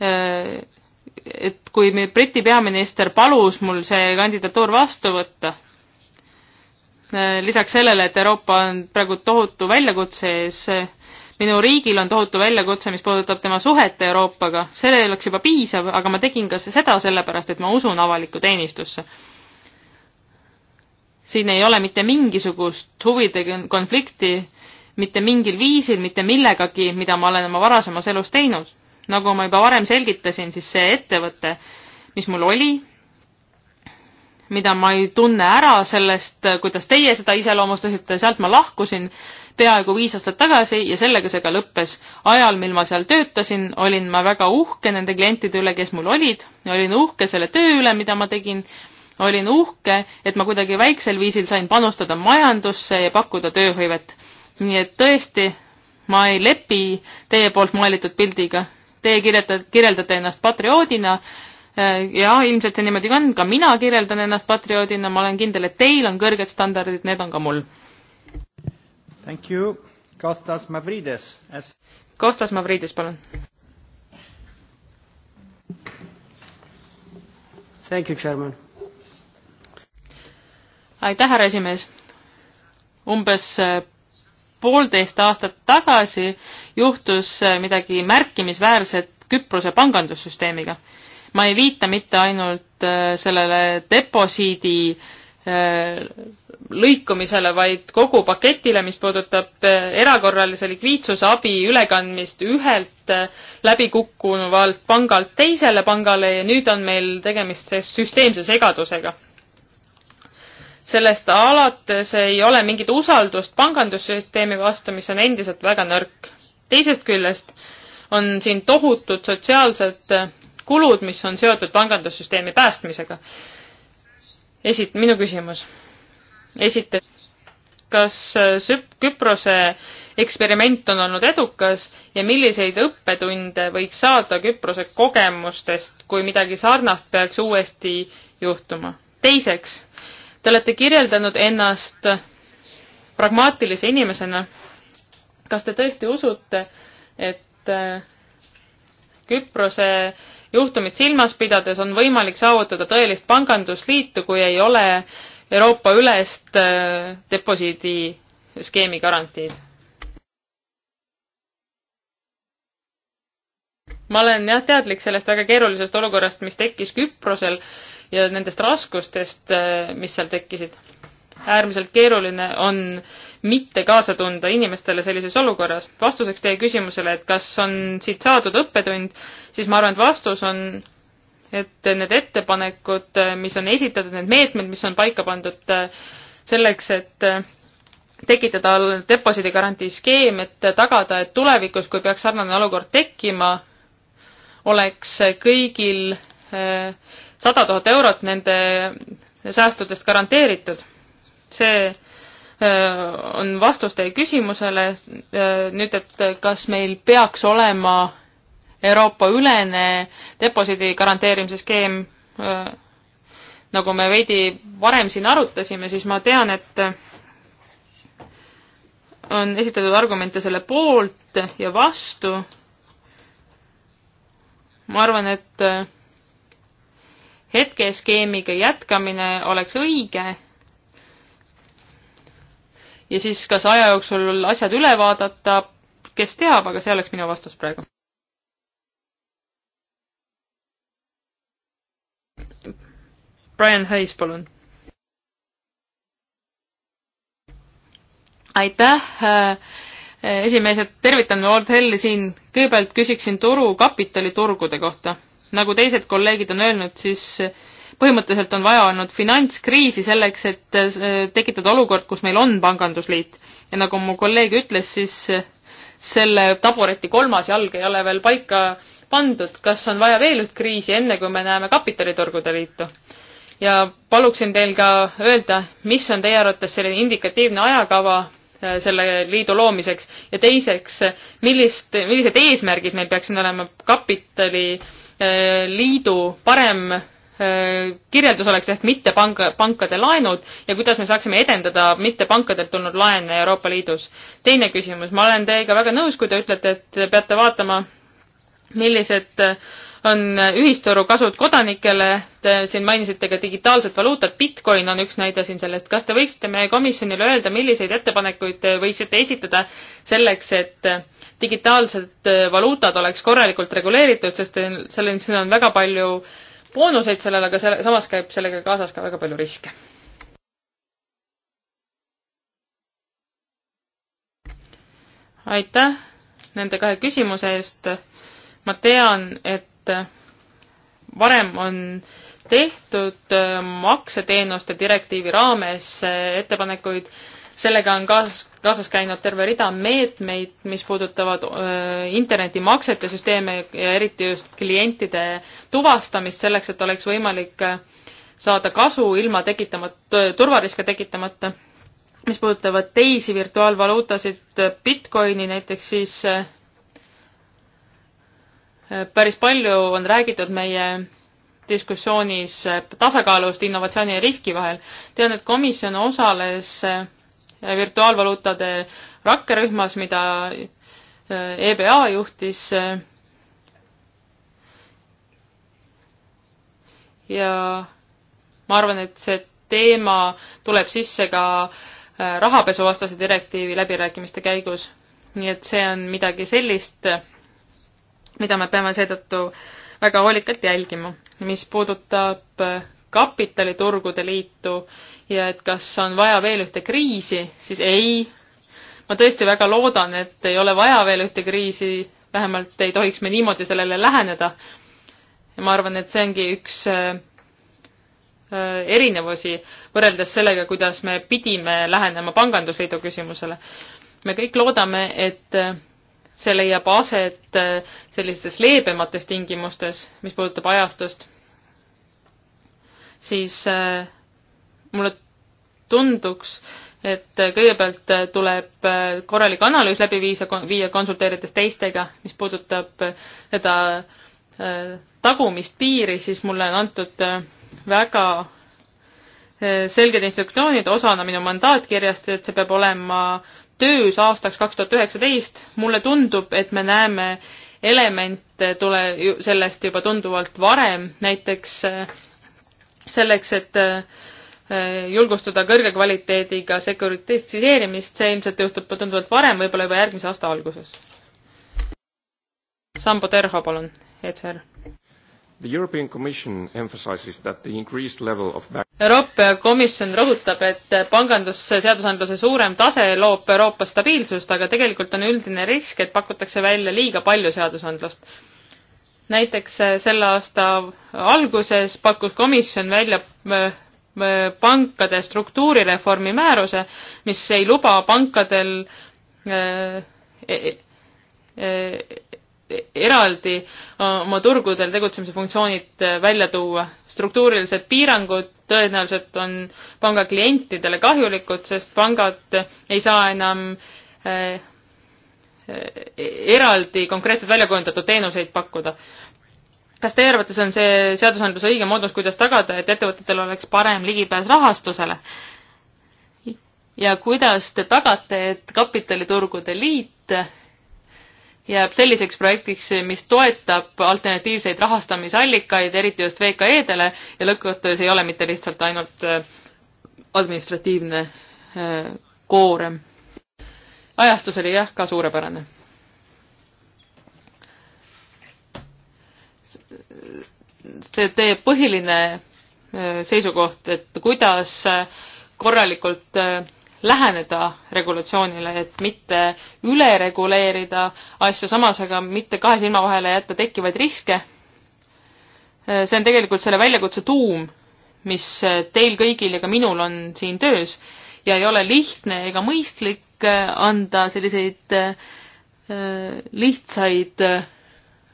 äh, et kui Briti peaminister palus mul see kandidatuur vastu võtta, lisaks sellele, et Euroopa on praegu tohutu väljakutse ees, minu riigil on tohutu väljakutse, mis puudutab tema suhet Euroopaga, see oleks juba piisav, aga ma tegin ka seda sellepärast, et ma usun avalikku teenistusse siin ei ole mitte mingisugust huvide konflikti mitte mingil viisil, mitte millegagi, mida ma olen oma varasemas elus teinud. nagu ma juba varem selgitasin, siis see ettevõte, mis mul oli, mida ma ei tunne ära sellest, kuidas teie seda iseloomustasite, sealt ma lahkusin peaaegu viis aastat tagasi ja sellega see ka lõppes. ajal, mil ma seal töötasin, olin ma väga uhke nende klientide üle, kes mul olid, olin uhke selle töö üle, mida ma tegin ma olin uhke, et ma kuidagi väiksel viisil sain panustada majandusse ja pakkuda tööhõivet. nii et tõesti, ma ei lepi teie poolt maalitud pildiga. Teie kirjeldate, kirjeldate ennast patrioodina äh, ja ilmselt see niimoodi on, ka mina kirjeldan ennast patrioodina, ma olen kindel, et teil on kõrged standardid, need on ka mul. Thank you, Kostas Mavrides As.... Kostas Mavrides, palun. Thank you, Chairman aitäh, härra esimees. umbes äh, poolteist aastat tagasi juhtus äh, midagi märkimisväärset Küprose pangandussüsteemiga. ma ei viita mitte ainult äh, sellele deposiidi lõikumisele, vaid kogu paketile, mis puudutab erakorralise likviidsusabi ülekandmist ühelt läbikukkunuvalt pangalt teisele pangale ja nüüd on meil tegemist süsteemse segadusega sellest alates ei ole mingit usaldust pangandussüsteemi vastu, mis on endiselt väga nõrk. teisest küljest on siin tohutud sotsiaalsed kulud, mis on seotud pangandussüsteemi päästmisega. esit-, minu küsimus. esiteks, kas äh, Süp-, Küprose eksperiment on olnud edukas ja milliseid õppetunde võiks saada Küprose kogemustest, kui midagi sarnast peaks uuesti juhtuma? teiseks Te olete kirjeldanud ennast pragmaatilise inimesena. kas te tõesti usute, et äh, Küprose juhtumit silmas pidades on võimalik saavutada tõelist pangandusliitu, kui ei ole Euroopa ülest äh, deposiidiskeemi garantiid? ma olen jah teadlik sellest väga keerulisest olukorrast, mis tekkis Küprosel ja nendest raskustest, eh, mis seal tekkisid. äärmiselt keeruline on mitte kaasa tunda inimestele sellises olukorras. vastuseks teie küsimusele, et kas on siit saadud õppetund, siis ma arvan, et vastus on, et need ettepanekud, eh, mis on esitatud, need meetmed, mis on paika pandud eh, selleks, et tekitada deposiidi garantii skeem, et tagada, et tulevikus, kui peaks sarnane olukord tekkima, oleks kõigil sada tuhat eurot nende säästudest garanteeritud. see äh, on vastus teie küsimusele äh, nüüd, et kas meil peaks olema Euroopa-ülene deposiidi garanteerimise skeem, äh, nagu me veidi varem siin arutasime, siis ma tean, et on esitatud argumente selle poolt ja vastu. ma arvan, et hetkeskeemiga jätkamine oleks õige ja siis kas aja jooksul asjad üle vaadata, kes teab, aga see oleks minu vastus praegu. Brian Hayes, palun. aitäh, äh, esimees, et tervitan Lord Helli siin. kõigepealt küsiksin turu kapitaliturgude kohta nagu teised kolleegid on öelnud, siis põhimõtteliselt on vaja olnud finantskriisi selleks, et äh, tekitada olukord, kus meil on pangandusliit. ja nagu mu kolleeg ütles, siis selle tabureti kolmas jalg ei ole veel paika pandud, kas on vaja veel üht kriisi, enne kui me näeme kapitaliturgude liitu? ja paluksin teil ka öelda, mis on teie arvates selline indikatiivne ajakava äh, selle liidu loomiseks ja teiseks, millist, millised eesmärgid meil peaksid olema kapitali äh, Eh, liidu parem eh, kirjeldus oleks ehk mittepanga, pankade laenud ja kuidas me saaksime edendada mittepankadelt tulnud laene Euroopa Liidus. teine küsimus, ma olen teiega väga nõus, kui te ütlete, et te peate vaatama, millised eh, on ühisturu kasud kodanikele, te siin mainisite ka digitaalset valuutat, Bitcoin on üks näide siin sellest, kas te võiksite meie komisjonile öelda, milliseid ettepanekuid te võiksite esitada selleks, et digitaalsed äh, valuutad oleks korralikult reguleeritud, sest sellel, siin on väga palju boonuseid sellele, aga selle, samas käib sellega kaasas ka väga palju riske. aitäh nende kahe küsimuse eest. ma tean, et varem on tehtud äh, makseteenuste direktiivi raames äh, ettepanekuid sellega on kaasas, kaasas käinud terve rida meetmeid, mis puudutavad internetimaksete süsteeme ja eriti just klientide tuvastamist selleks, et oleks võimalik saada kasu ilma tekitamata, turvariske tekitamata. mis puudutavad teisi virtuaalvaluutasid, Bitcoini näiteks, siis päris palju on räägitud meie diskussioonis tasakaalust innovatsiooni ja riski vahel. tean, et komisjon osales virtuaalvaluutade rakkerühmas, mida äh, EBA juhtis. Äh, ja ma arvan, et see teema tuleb sisse ka äh, rahapesuvastase direktiivi läbirääkimiste käigus. nii et see on midagi sellist, mida me peame seetõttu väga hoolikalt jälgima. mis puudutab kapitaliturgude liitu ja et kas on vaja veel ühte kriisi, siis ei. ma tõesti väga loodan, et ei ole vaja veel ühte kriisi, vähemalt ei tohiks me niimoodi sellele läheneda. ja ma arvan, et see ongi üks äh, äh, erinevusi võrreldes sellega, kuidas me pidime lähenema pangandusliidu küsimusele. me kõik loodame, et äh, see leiab aset sellistes leebemates tingimustes, mis puudutab ajastust siis äh, mulle tunduks, et kõigepealt äh, tuleb äh, korralik analüüs läbi viisa, viia konsulteerides teistega, mis puudutab seda tagumist piiri, siis mulle on antud väga selged instruktsioonid osana minu mandaatkirjast, et see peab olema töös aastaks kaks tuhat üheksateist. mulle tundub, et me näeme elemente tule, sellest juba tunduvalt varem, näiteks selleks, et äh, äh, julgustada kõrge kvaliteediga sekuritiseerimist, see ilmselt juhtub tunduvalt varem, võib-olla juba järgmise aasta alguses. Sambo Terho, palun, ECR. The European Commission emphasizes that the increased level of back Euroopa Komisjon rõhutab, et pangandusseadusandluse suurem tase loob Euroopas stabiilsust, aga tegelikult on üldine risk, et pakutakse välja liiga palju seadusandlust näiteks äh, selle aasta alguses pakkus komisjon välja äh, äh, pankade struktuurireformi määruse, mis ei luba pankadel e, e, e, eraldi oma turgudel tegutsemise funktsioonid välja tuua. struktuurilised piirangud tõenäoliselt on panga klientidele kahjulikud, sest pangad ei saa enam eraldi konkreetselt välja kujundatud teenuseid pakkuda. kas teie arvates on see seadusandluse õige moodus, kuidas tagada, et ettevõtetel oleks parem ligipääs rahastusele? ja kuidas te tagate, et kapitaliturgude liit jääb selliseks projektiks, mis toetab alternatiivseid rahastamisallikaid, eriti just VKE-dele ja lõppkokkuvõttes ei ole mitte lihtsalt ainult äh, administratiivne äh, koorem ajastus oli jah ka suurepärane. see teie põhiline äh, seisukoht, et kuidas äh, korralikult äh, läheneda regulatsioonile, et mitte üle reguleerida asju, samas aga mitte kahe silma vahele jätta tekkivaid riske. see on tegelikult selle väljakutse tuum, mis teil kõigil ja ka minul on siin töös ja ei ole lihtne ega mõistlik Äh, anda selliseid äh, lihtsaid äh,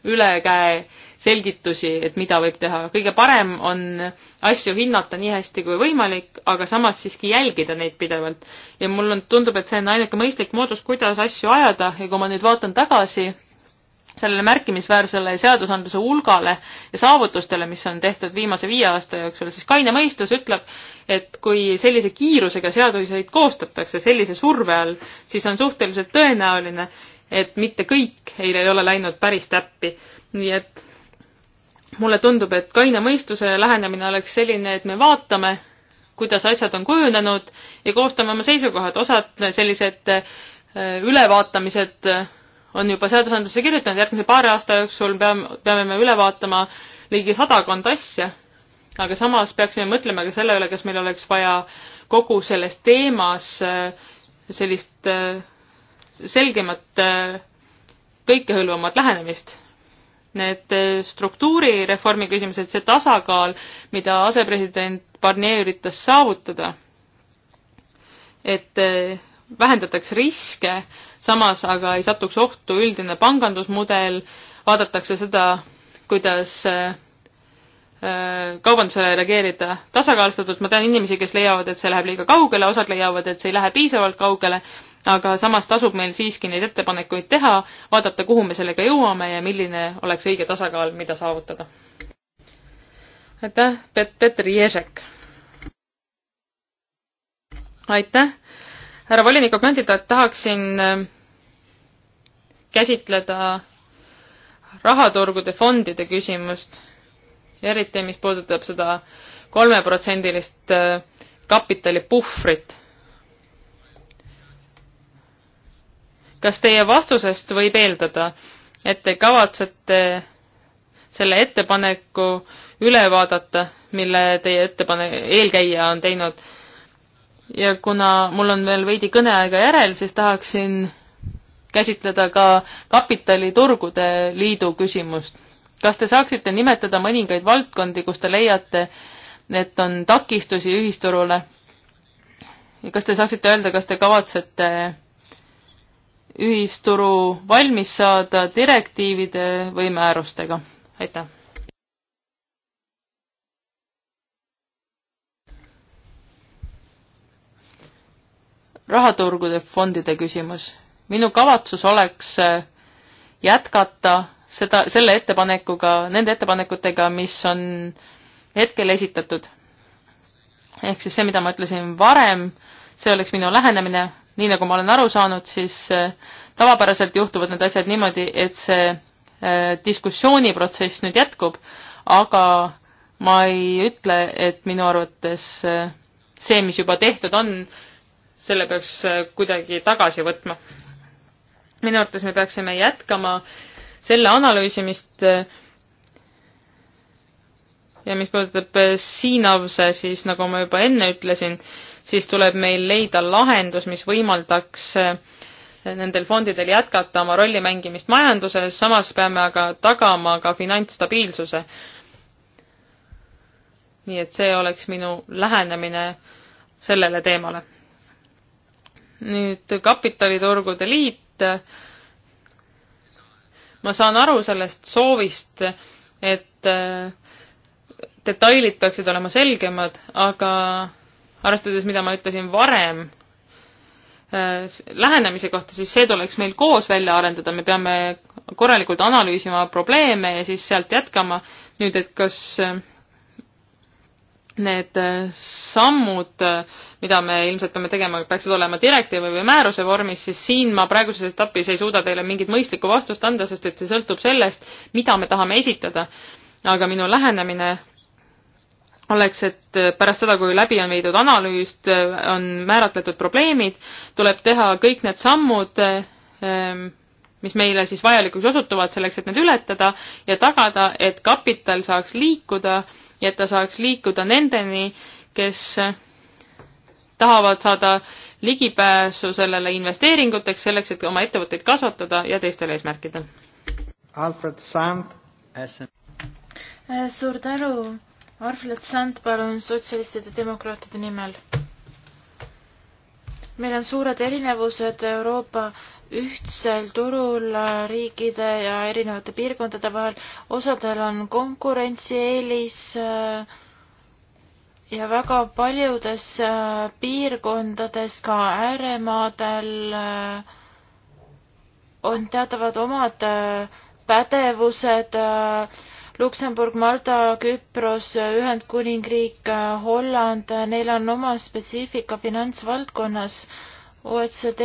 ülekäe selgitusi, et mida võib teha. kõige parem on asju hinnata nii hästi kui võimalik, aga samas siiski jälgida neid pidevalt. ja mul on, tundub, et see on ainuke mõistlik moodus, kuidas asju ajada ja kui ma nüüd vaatan tagasi sellele märkimisväärsele seadusandluse hulgale ja saavutustele, mis on tehtud viimase viie aasta jooksul, siis kaine mõistus ütleb, et kui sellise kiirusega seaduseid koostatakse sellise surve all, siis on suhteliselt tõenäoline, et mitte kõik ei ole läinud päris täppi. nii et mulle tundub, et kaine mõistuse lähenemine oleks selline, et me vaatame, kuidas asjad on kujunenud ja koostame oma seisukohad, osad sellised äh, ülevaatamised äh, on juba seadusandlusse kirjutanud, järgmise paari aasta jooksul peame, peame me üle vaatama ligi sadakond asja, aga samas peaksime mõtlema ka selle üle, kas meil oleks vaja kogu selles teemas äh, sellist äh, selgemat, äh, kõikehõlvamat lähenemist. Need struktuurireformi küsimused, see tasakaal, mida asepresident Barnier üritas saavutada, et vähendataks riske, samas aga ei satuks ohtu üldine pangandusmudel, vaadatakse seda, kuidas äh, äh, kaubandusele reageerida tasakaalustatult, ma tean inimesi, kes leiavad, et see läheb liiga kaugele, osad leiavad, et see ei lähe piisavalt kaugele, aga samas tasub meil siiski neid ettepanekuid teha, vaadata, kuhu me sellega jõuame ja milline oleks õige tasakaal, mida saavutada. aitäh, Pet-, Peeter Ježek. aitäh härra volinikukandidaat, tahaksin äh, käsitleda rahaturgude fondide küsimust, eriti mis puudutab seda kolmeprotsendilist äh, kapitalipuhvrit. kas teie vastusest võib eeldada, et te kavatsete selle ettepaneku üle vaadata, mille teie ettepane-, eelkäija on teinud ja kuna mul on veel veidi kõneaega järel, siis tahaksin käsitleda ka kapitaliturgude liidu küsimust. kas te saaksite nimetada mõningaid valdkondi, kus te leiate, et on takistusi ühisturule? ja kas te saaksite öelda, kas te kavatsete ühisturu valmis saada direktiivide või määrustega? aitäh! rahaturgude fondide küsimus. minu kavatsus oleks äh, jätkata seda, selle ettepanekuga, nende ettepanekutega, mis on hetkel esitatud. ehk siis see, mida ma ütlesin varem, see oleks minu lähenemine, nii nagu ma olen aru saanud, siis äh, tavapäraselt juhtuvad need asjad niimoodi, et see äh, diskussiooniprotsess nüüd jätkub, aga ma ei ütle, et minu arvates see, mis juba tehtud on, selle peaks äh, kuidagi tagasi võtma. minu arvates me peaksime jätkama selle analüüsimist äh, ja mis puudutab äh, siinavse, siis nagu ma juba enne ütlesin, siis tuleb meil leida lahendus, mis võimaldaks nendel fondidel jätkata oma rolli mängimist majanduses, samas peame aga tagama ka finantsstabiilsuse. nii et see oleks minu lähenemine sellele teemale nüüd kapitaliturgude liit, ma saan aru sellest soovist, et äh, detailid peaksid olema selgemad, aga arvestades, mida ma ütlesin varem äh, lähenemise kohta, siis see tuleks meil koos välja arendada, me peame korralikult analüüsima probleeme ja siis sealt jätkama. nüüd, et kas äh, need äh, sammud, äh, mida me ilmselt peame tegema, peaksid olema direktiivi või määruse vormis, siis siin ma praeguses etapis ei suuda teile mingit mõistlikku vastust anda, sest et see sõltub sellest, mida me tahame esitada. aga minu lähenemine oleks, et äh, pärast seda, kui läbi on viidud analüüs, on määratletud probleemid, tuleb teha kõik need sammud, ähm, mis meile siis vajalikuks osutuvad selleks, et need ületada ja tagada, et kapital saaks liikuda äh, ja et ta saaks liikuda nendeni, kes tahavad saada ligipääsu sellele investeeringuteks, selleks, et oma ettevõtteid kasvatada ja teistel eesmärkidel. Alfred Sand, SM. Äh, suur tänu, Alfred Sand, palun sotsialistide demokraatide nimel meil on suured erinevused Euroopa ühtsel turul riikide ja erinevate piirkondade vahel, osadel on konkurentsieelis äh, ja väga paljudes äh, piirkondades, ka ääremaadel, äh, on teatavad omad pädevused äh, Luksemburg, Malta, Küpros, Ühendkuningriik, Holland, neil on oma spetsiifika finantsvaldkonnas. OECD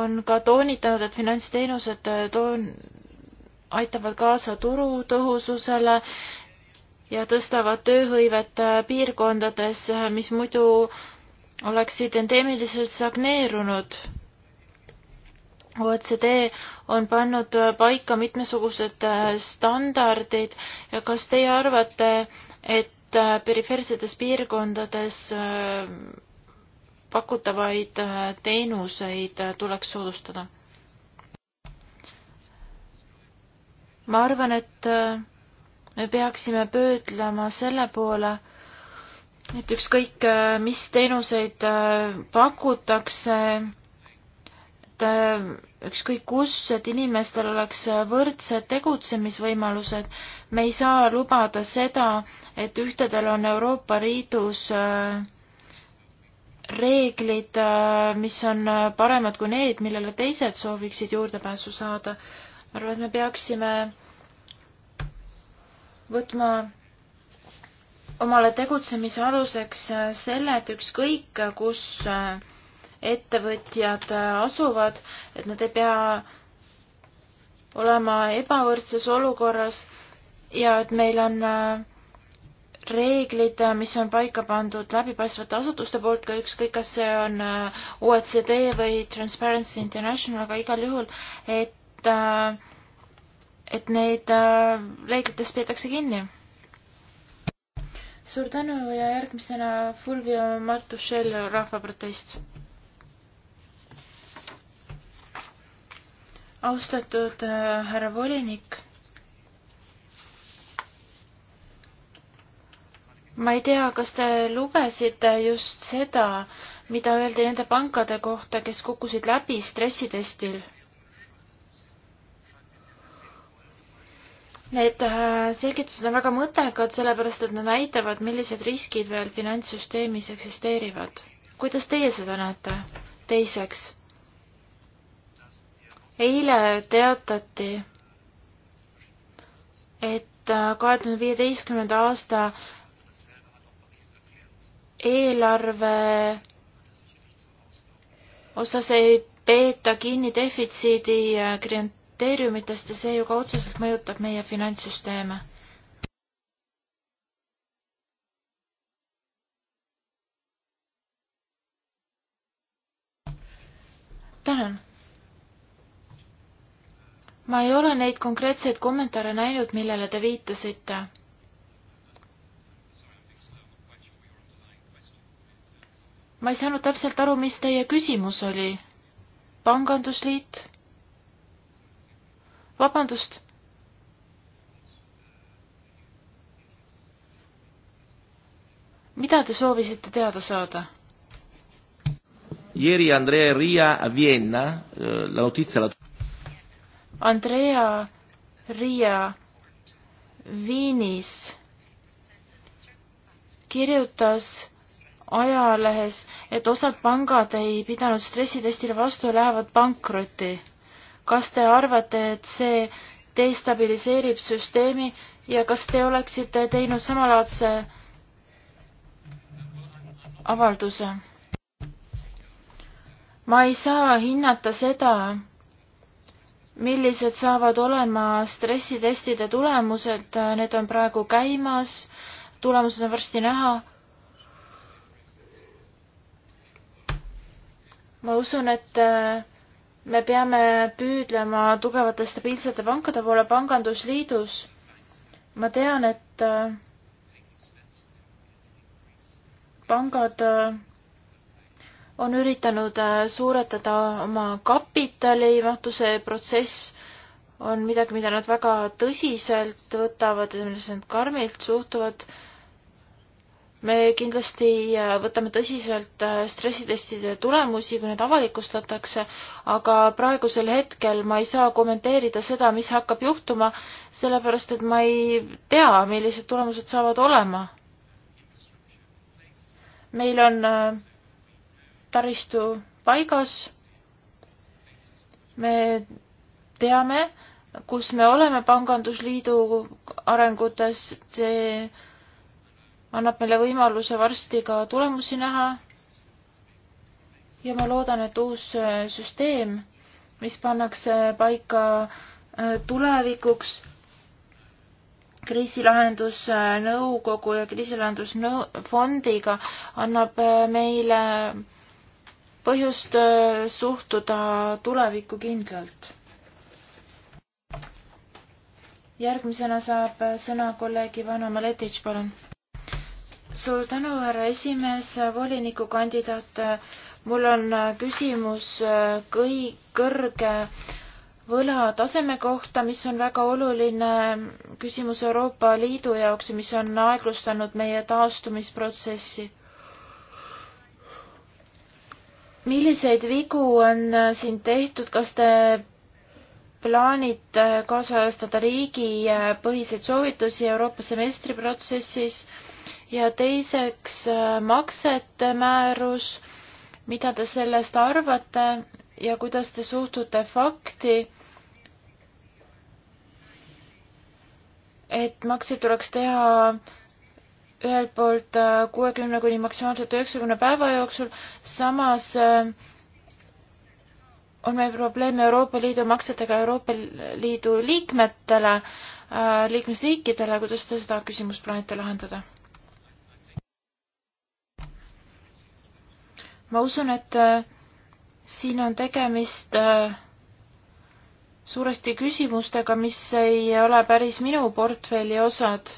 on ka toonitanud, et finantsteenused toon-, aitavad kaasa turu tõhususele ja tõstavad tööhõivet piirkondades, mis muidu oleksid endeemiliselt stagneerunud OECD on pannud paika mitmesugused äh, standardid ja kas teie arvate, et äh, perifeersetes piirkondades äh, pakutavaid teenuseid tuleks soodustada? ma arvan, et me peaksime pöödlema selle poole, et ükskõik, mis teenuseid pakutakse, Äh, ükskõik kus, et inimestel oleks võrdsed tegutsemisvõimalused. me ei saa lubada seda, et ühtedel on Euroopa Liidus äh, reeglid, äh, mis on paremad kui need, millele teised sooviksid juurdepääsu saada. ma arvan, et me peaksime võtma omale tegutsemise aluseks selle, et ükskõik, kus ettevõtjad äh, asuvad, et nad ei pea olema ebavõrdses olukorras ja et meil on äh, reeglid, äh, mis on paika pandud läbipaistvate asutuste poolt ka ükskõik, kas see on OECD või Transparency International, aga igal juhul, et, et neid reeglitest peetakse kinni. suur tänu ja järgmisena Fulvio Martušel, Rahvaprotest austatud äh, härra volinik. ma ei tea, kas te lugesite just seda, mida öeldi nende pankade kohta, kes kukkusid läbi stressitestil. Need äh, selgitused on väga mõttekad, sellepärast et nad näitavad, millised riskid veel finantssüsteemis eksisteerivad. kuidas teie seda näete? teiseks eile teatati, et äh, kahe tuhande viieteistkümnenda aasta eelarve osas ei peeta kinni defitsiidi äh, kriteeriumitest ja see ju ka otseselt mõjutab meie finantssüsteeme tänan ma ei ole neid konkreetseid kommentaare näinud, millele te viitasite. ma ei saanud täpselt aru, mis teie küsimus oli. pangandusliit? vabandust mida te soovisite teada saada? Ieri Andrea Ria a Vienna eh, la notizia la... Andrea Riia Viinis kirjutas ajalehes, et osad pangad ei pidanud stressitestile vastu ja lähevad pankrotti. kas te arvate, et see destabiliseerib süsteemi ja kas te oleksite teinud samalaadse avalduse? ma ei saa hinnata seda, millised saavad olema stressitestide tulemused, need on praegu käimas, tulemused on varsti näha. ma usun, et äh, me peame püüdlema tugevate stabiilsete pankade poole pangandusliidus. ma tean, et äh, pangad äh, on üritanud äh, suuretada oma kapitali, noh, see protsess on midagi, mida nad väga tõsiselt võtavad ja millesse nad karmilt suhtuvad. me kindlasti äh, võtame tõsiselt äh, stressitestide tulemusi, kui need avalikustatakse, aga praegusel hetkel ma ei saa kommenteerida seda, mis hakkab juhtuma, sellepärast et ma ei tea, millised tulemused saavad olema. meil on äh, taristu paigas. me teame, kus me oleme pangandusliidu arengutes, see annab meile võimaluse varsti ka tulemusi näha. ja ma loodan, et uus äh, süsteem, mis pannakse paika äh, tulevikuks, kriisilahendusnõukogu äh, ja kriisilahendusnõu-, fondiga annab meile põhjust äh, suhtuda tulevikku kindlalt. järgmisena saab sõna kolleeg Ivana Maletitš, palun. suur tänu, härra esimees, volinikukandidaat. mul on äh, küsimus äh, kõi-, kõrge võlataseme kohta, mis on väga oluline küsimus Euroopa Liidu jaoks ja mis on aeglustanud meie taastumisprotsessi milliseid vigu on äh, siin tehtud, kas te plaanite äh, kaasajastada riigipõhiseid äh, soovitusi Euroopa semestri protsessis ja teiseks maksete määrus, mida te sellest arvate ja kuidas te suhtute fakti, et makseid tuleks teha ühelt poolt äh, kuuekümne kuni maksimaalselt üheksakümne päeva jooksul, samas äh, on meil probleem Euroopa Liidu maksetega Euroopa Liidu liikmetele, äh, liikmesriikidele, kuidas te seda küsimust plaanite lahendada? ma usun, et siin on tegemist suuresti küsimustega, mis ei ole päris minu portfelli osad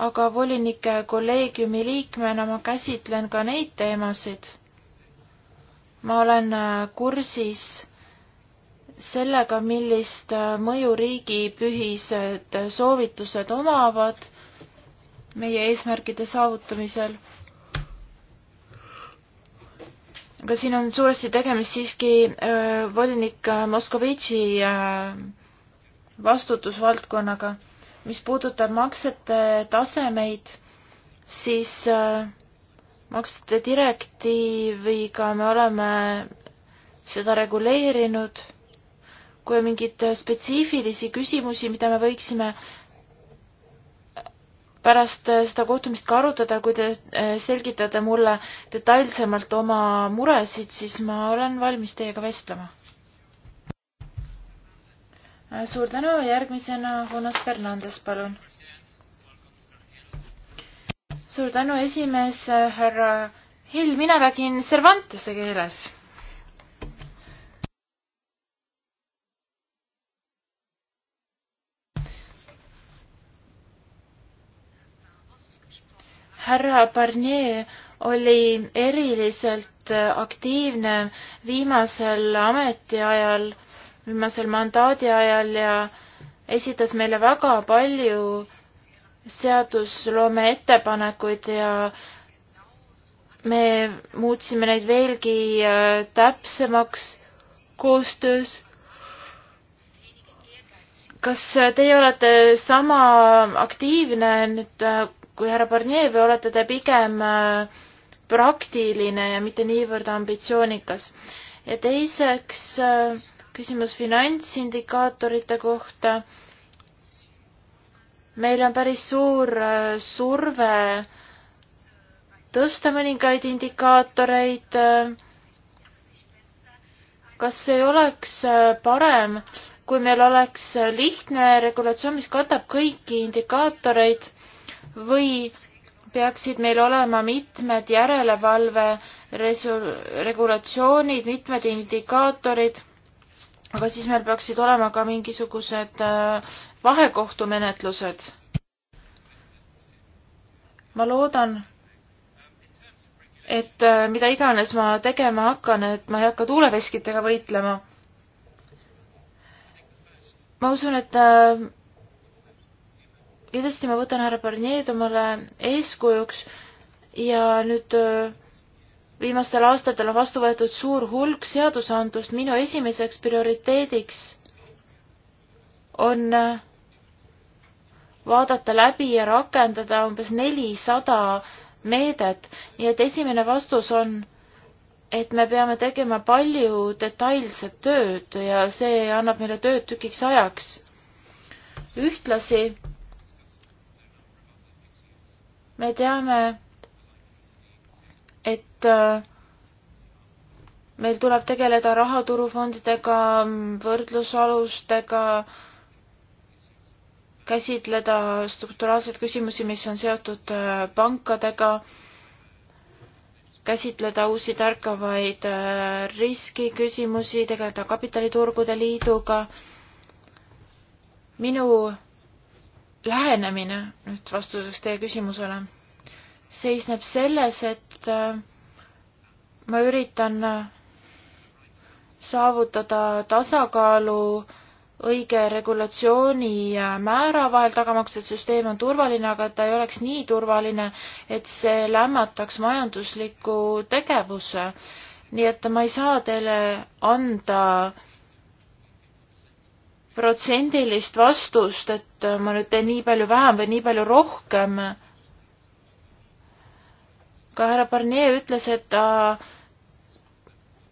aga volinike kolleegiumi liikmena ma käsitlen ka neid teemasid. ma olen äh, kursis sellega, millist äh, mõju riigipühised soovitused omavad meie eesmärkide saavutamisel. aga siin on suuresti tegemist siiski äh, volinik Moskovitši äh, vastutusvaldkonnaga mis puudutab maksete tasemeid, siis äh, maksete direktiiviga me oleme seda reguleerinud. kui on mingeid äh, spetsiifilisi küsimusi, mida me võiksime äh, pärast seda kohtumist ka arutada, kui te selgitate mulle detailsemalt oma muresid, siis ma olen valmis teiega vestlema Äh, suur tänu, järgmisena Jonas Fernandes, palun. suur tänu, esimees äh, härra Hill, mina räägin Cervantese keeles. härra Barnier oli eriliselt aktiivne viimasel ametiajal viimasel mandaadi ajal ja esitas meile väga palju seadusloome ettepanekuid ja me muutsime neid veelgi äh, täpsemaks koostöös. kas äh, teie olete sama aktiivne nüüd äh, kui härra Barnier või olete te pigem praktiline ja mitte niivõrd ambitsioonikas? ja teiseks äh, küsimus finantsindikaatorite kohta. meil on päris suur äh, surve tõsta mõningaid indikaatoreid. kas ei oleks äh, parem, kui meil oleks lihtne regulatsioon, mis katab kõiki indikaatoreid või peaksid meil olema mitmed järelevalve regulatsioonid, mitmed indikaatorid aga siis meil peaksid olema ka mingisugused äh, vahekohtumenetlused. ma loodan, et äh, mida iganes ma tegema hakkan, et ma ei hakka tuuleveskitega võitlema. ma usun, et äh, kindlasti ma võtan härra Barnier omale eeskujuks ja nüüd öö, viimastel aastatel on vastu võetud suur hulk seadusandlust, minu esimeseks prioriteediks on äh, vaadata läbi ja rakendada umbes nelisada meedet, nii et esimene vastus on, et me peame tegema palju detailset tööd ja see annab meile tööd tükiks ajaks. ühtlasi me teame, et äh, meil tuleb tegeleda rahaturufondidega, võrdlusalustega, käsitleda strukturaalseid küsimusi, mis on seotud äh, pankadega, käsitleda uusi tärkavaid äh, riskiküsimusi, tegeleda kapitaliturgude liiduga. minu lähenemine nüüd vastuseks teie küsimusele seisneb selles, et äh, ma üritan äh, saavutada tasakaalu õige regulatsiooni äh, määra vahel, tagamaks, et süsteem on turvaline, aga et ta ei oleks nii turvaline, et see lämmataks majandusliku tegevuse. nii et ma ei saa teile anda protsendilist vastust, et ma nüüd teen nii palju vähem või nii palju rohkem ka härra Barnier ütles, et ta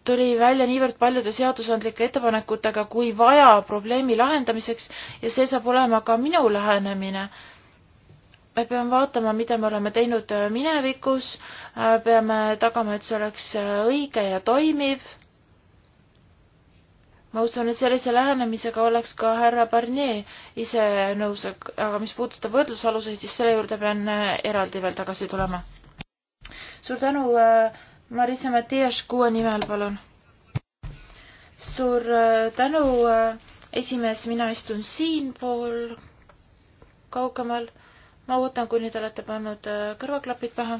tuli välja niivõrd paljude seadusandlike ettepanekutega kui vaja probleemi lahendamiseks ja see saab olema ka minu lähenemine. me peame vaatama, mida me oleme teinud minevikus, peame tagama, et see oleks õige ja toimiv. ma usun, et sellise lähenemisega oleks ka härra Barnier ise nõus, aga mis puudutab võrdlusaluseid, siis selle juurde pean eraldi veel tagasi tulema suur tänu, äh, Marissa Matias Kuue nimel, palun. suur äh, tänu, äh, esimees, mina istun siinpool kaugemal. ma ootan, kuni te olete pannud kõrvaklapid pähe.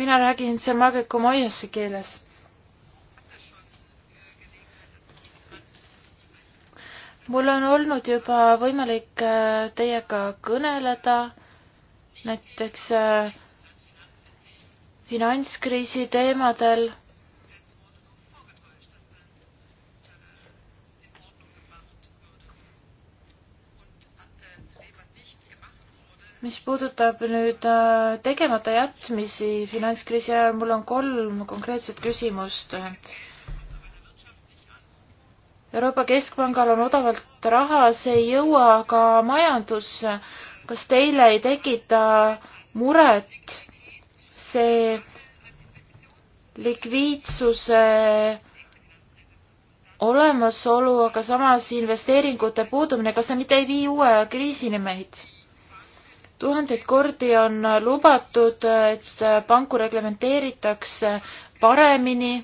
mina räägin Semageku Moiase keeles mul on olnud juba võimalik äh, teiega kõneleda näiteks äh, finantskriisi teemadel. mis puudutab nüüd äh, tegemata jätmisi finantskriisi ajal, mul on kolm konkreetset küsimust. Euroopa Keskpangal on odavalt raha, see ei jõua ka majandusse. kas teile ei tekita muret see likviidsuse olemasolu, aga samas investeeringute puudumine, kas see mitte ei vii uue kriisini meid? tuhandeid kordi on lubatud, et panku reglementeeritakse paremini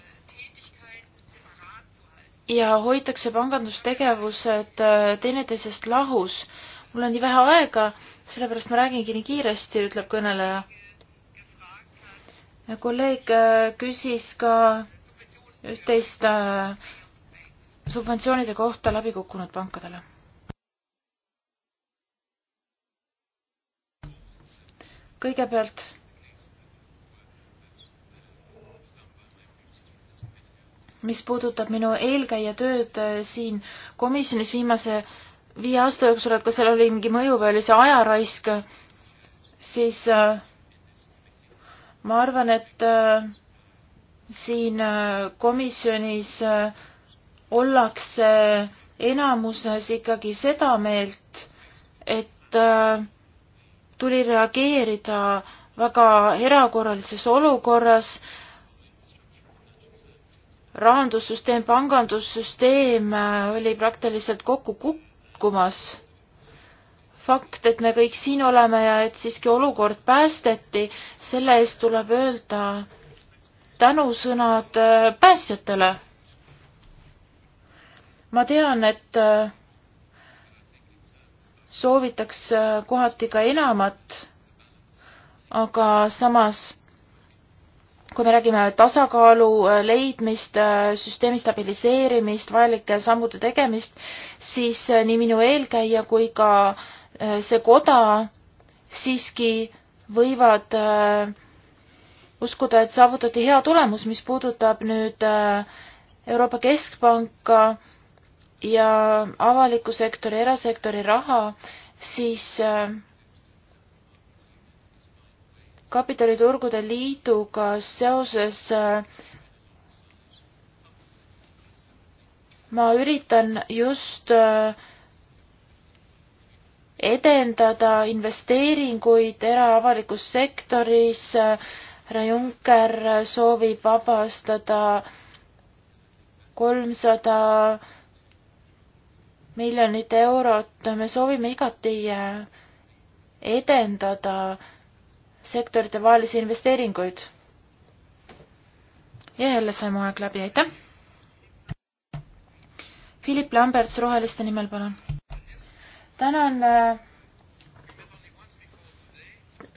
ja hoitakse pangandustegevused äh, teineteisest lahus. mul on nii vähe aega, sellepärast ma räägingi nii kiiresti, ütleb kõneleja. kolleeg äh, küsis ka üht-teist äh, subventsioonide kohta läbi kukkunud pankadele. kõigepealt mis puudutab minu eelkäija tööd äh, siin komisjonis viimase viie aasta jooksul, et kas seal oli mingi mõju või oli see ajaraisk, siis äh, ma arvan, et äh, siin komisjonis ollakse enamuses ikkagi seda meelt, et tuli reageerida väga erakorralises olukorras rahandussüsteem, pangandussüsteem äh, oli praktiliselt kokku kukkumas. fakt, et me kõik siin oleme ja et siiski olukord päästeti, selle eest tuleb öelda tänusõnad äh, päästjatele. ma tean, et äh, soovitaks kohati ka enamat, aga samas kui me räägime tasakaalu äh, leidmist, äh, süsteemi stabiliseerimist, vajalike sammude tegemist, siis äh, nii minu eelkäija kui ka see koda siiski võivad uskuda, et saavutati hea tulemus, mis puudutab nüüd Euroopa Keskpanka ja avaliku sektori, erasektori raha, siis äh, kapitaliturgude liiduga seoses äh, ma üritan just äh, edendada investeeringuid era- avalikus sektoris. härra Juncker soovib vabastada kolmsada miljonit eurot, me soovime igati äh, edendada sektorite vahelisi investeeringuid. ja jälle sai mu aeg läbi, aitäh! Philip Lamberts Roheliste nimel, palun. tänan äh,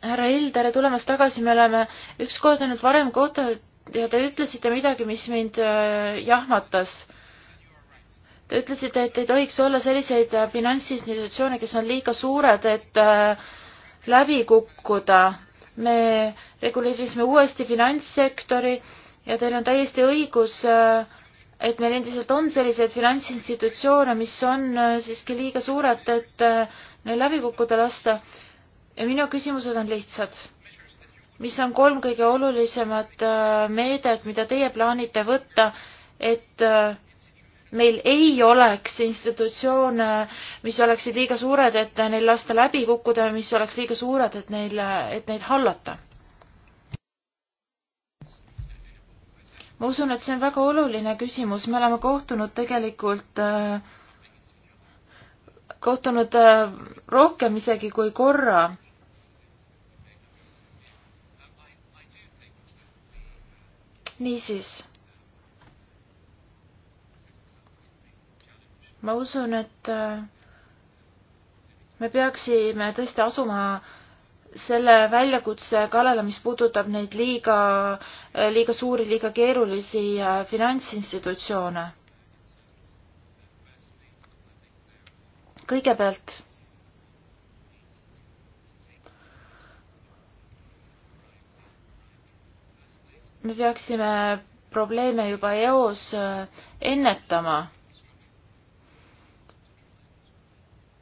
härra Ill, tere tulemast tagasi, me oleme ükskord ainult varem kohtunud ja te ütlesite midagi, mis mind äh, jahmatas. Te ütlesite, et ei tohiks olla selliseid äh, finantsinstitutsioone, kes on liiga suured, et äh, läbi kukkuda me reguleerisime uuesti finantssektori ja teil on täiesti õigus, äh, et meil endiselt on selliseid finantsinstitutsioone, mis on äh, siiski liiga suured, et äh, neil läbi kukkuda lasta. ja minu küsimused on lihtsad. mis on kolm kõige olulisemat meedet, mida teie plaanite võtta, et äh, meil ei oleks institutsioone, mis oleksid liiga suured, et neil lasta läbi kukkuda, mis oleks liiga suured, et neil, et neid hallata. ma usun, et see on väga oluline küsimus, me oleme kohtunud tegelikult, äh, kohtunud äh, rohkem isegi kui korra niisiis, ma usun, et äh, me peaksime tõesti asuma selle väljakutse kallale, mis puudutab neid liiga, liiga suuri, liiga keerulisi äh, finantsinstitutsioone. kõigepealt me peaksime probleeme juba eos äh, ennetama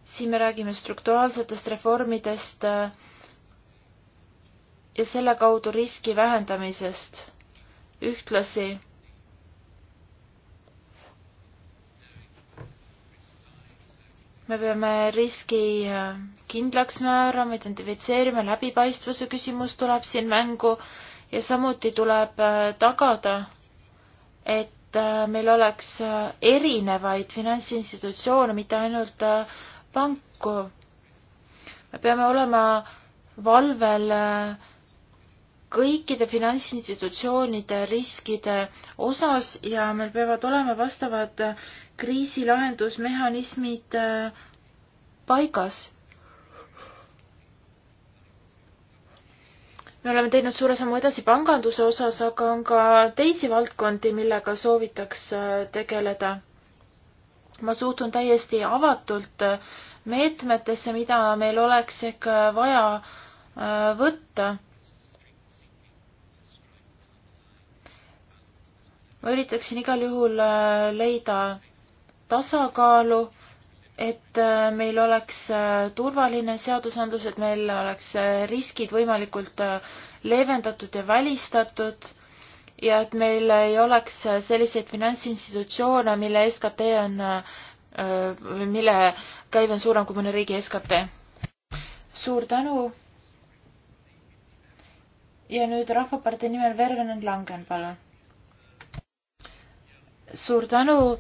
siin me räägime strukturaalsetest reformidest äh, ja selle kaudu riski vähendamisest. ühtlasi me peame riski äh, kindlaks määrama, identifitseerima, läbipaistvuse küsimus tuleb siin mängu ja samuti tuleb äh, tagada, et meil oleks erinevaid finantsinstitutsioone, mitte ainult panku. me peame olema valvel äh, kõikide finantsinstitutsioonide riskide osas ja meil peavad olema vastavad äh, kriisilahendusmehhanismid äh, paigas me oleme teinud suure sammu edasi panganduse osas, aga on ka teisi valdkondi, millega soovitaks tegeleda ma suhtun täiesti avatult äh, meetmetesse, mida meil oleks ehk äh, vaja äh, võtta. ma üritaksin igal juhul leida tasakaalu, et meil oleks turvaline seadusandlus, et meil oleks riskid võimalikult leevendatud ja välistatud ja et meil ei oleks selliseid finantsinstitutsioone, mille SKT on, äh, mille käive on suurem kui mõne riigi SKT. suur tänu. ja nüüd Rahvapartei nimel Vervenen Langen, palun. suur tänu,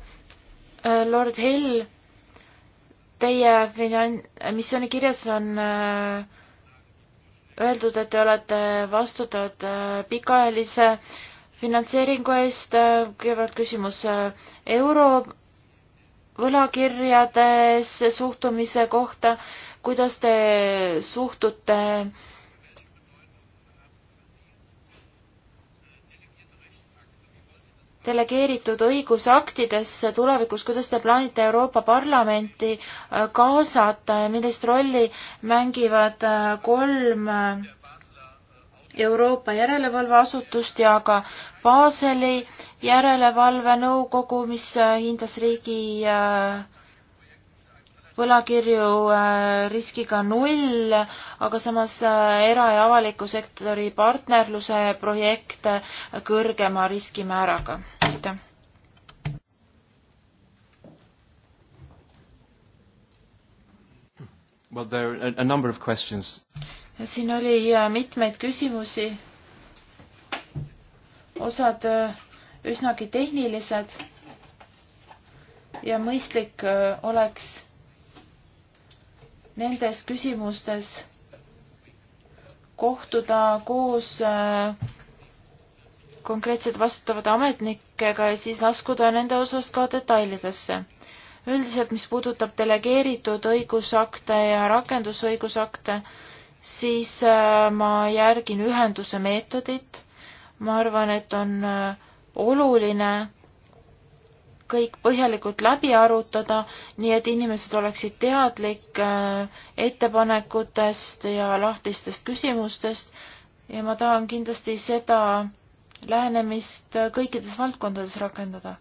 äh, Lord Hill. Teie finan-, missioonikirjas on äh, öeldud, et te olete vastutavad äh, pikaajalise finantseeringu eest, äh, kõigepealt küsimus äh, euro võlakirjades suhtumise kohta, kuidas te suhtute delegeeritud õigusaktidesse tulevikus, kuidas te plaanite Euroopa Parlamenti äh, kaasata ja millist rolli mängivad kolm Euroopa järelevalveasutust ja ka Baseli järelevalvenõukogu, mis äh, hindas riigi äh, võlakirju äh, riskiga null, aga samas era- ja avaliku sektori partnerluse projekte kõrgema riskimääraga. aitäh! Well, there are a number of questions siin oli äh, mitmeid küsimusi, osad äh, üsnagi tehnilised ja mõistlik äh, oleks nendes küsimustes kohtuda koos konkreetselt vastutavate ametnikega ja siis laskuda nende osas ka detailidesse. üldiselt, mis puudutab delegeeritud õigusakte ja rakendusõigusakte, siis äh, ma järgin ühenduse meetodit. ma arvan, et on äh, oluline kõik põhjalikult läbi arutada, nii et inimesed oleksid teadlik äh, ettepanekutest ja lahtistest küsimustest ja ma tahan kindlasti seda lähenemist kõikides valdkondades rakendada.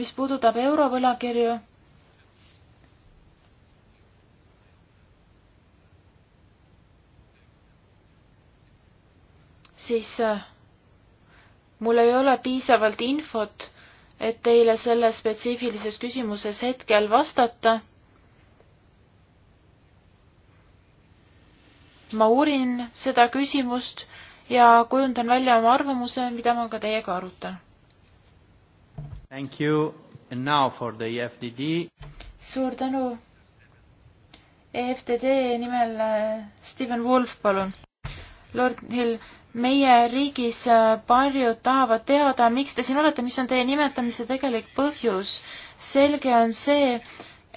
mis puudutab eurovõlakirju siis äh, mul ei ole piisavalt infot, et teile selles spetsiifilises küsimuses hetkel vastata. ma uurin seda küsimust ja kujundan välja oma arvamuse, mida ma ka teiega arutan. Thank you and now for the EFDD. suur tänu. EFTD nimel äh, Steven Wolf, palun. Lord Hill, meie riigis äh, paljud tahavad teada, miks te siin olete, mis on teie nimetamise tegelik põhjus. selge on see,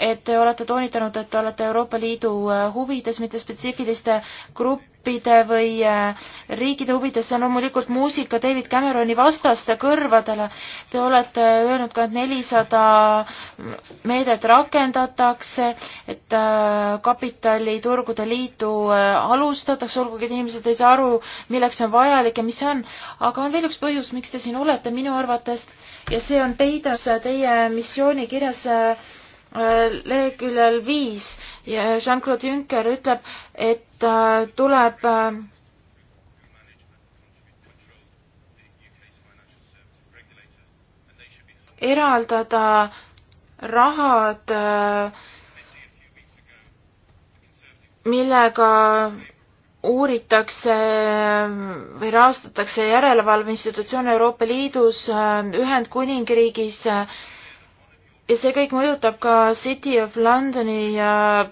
et te olete toonitanud, et te olete Euroopa Liidu äh, huvides, mitte spetsiifiliste grupp-, gruppide või äh, riikide huvides on loomulikult muusika David Cameroni vastaste kõrvadele. Te olete öelnud ka, et nelisada meedet rakendatakse, et äh, kapitaliturgude liitu äh, alustatakse, olgugi et inimesed ei saa aru, milleks see on vajalik ja mis see on. aga on veel üks põhjus, miks te siin olete minu arvates ja see on peidus teie missioonikirjas leheküljel viis Jean-Claude Juncker ütleb, et äh, tuleb äh, eraldada rahad, äh, millega uuritakse või rahastatakse järelevalveinstitutsioone Euroopa Liidus, Ühendkuningriigis ja see kõik mõjutab ka City of Londoni äh,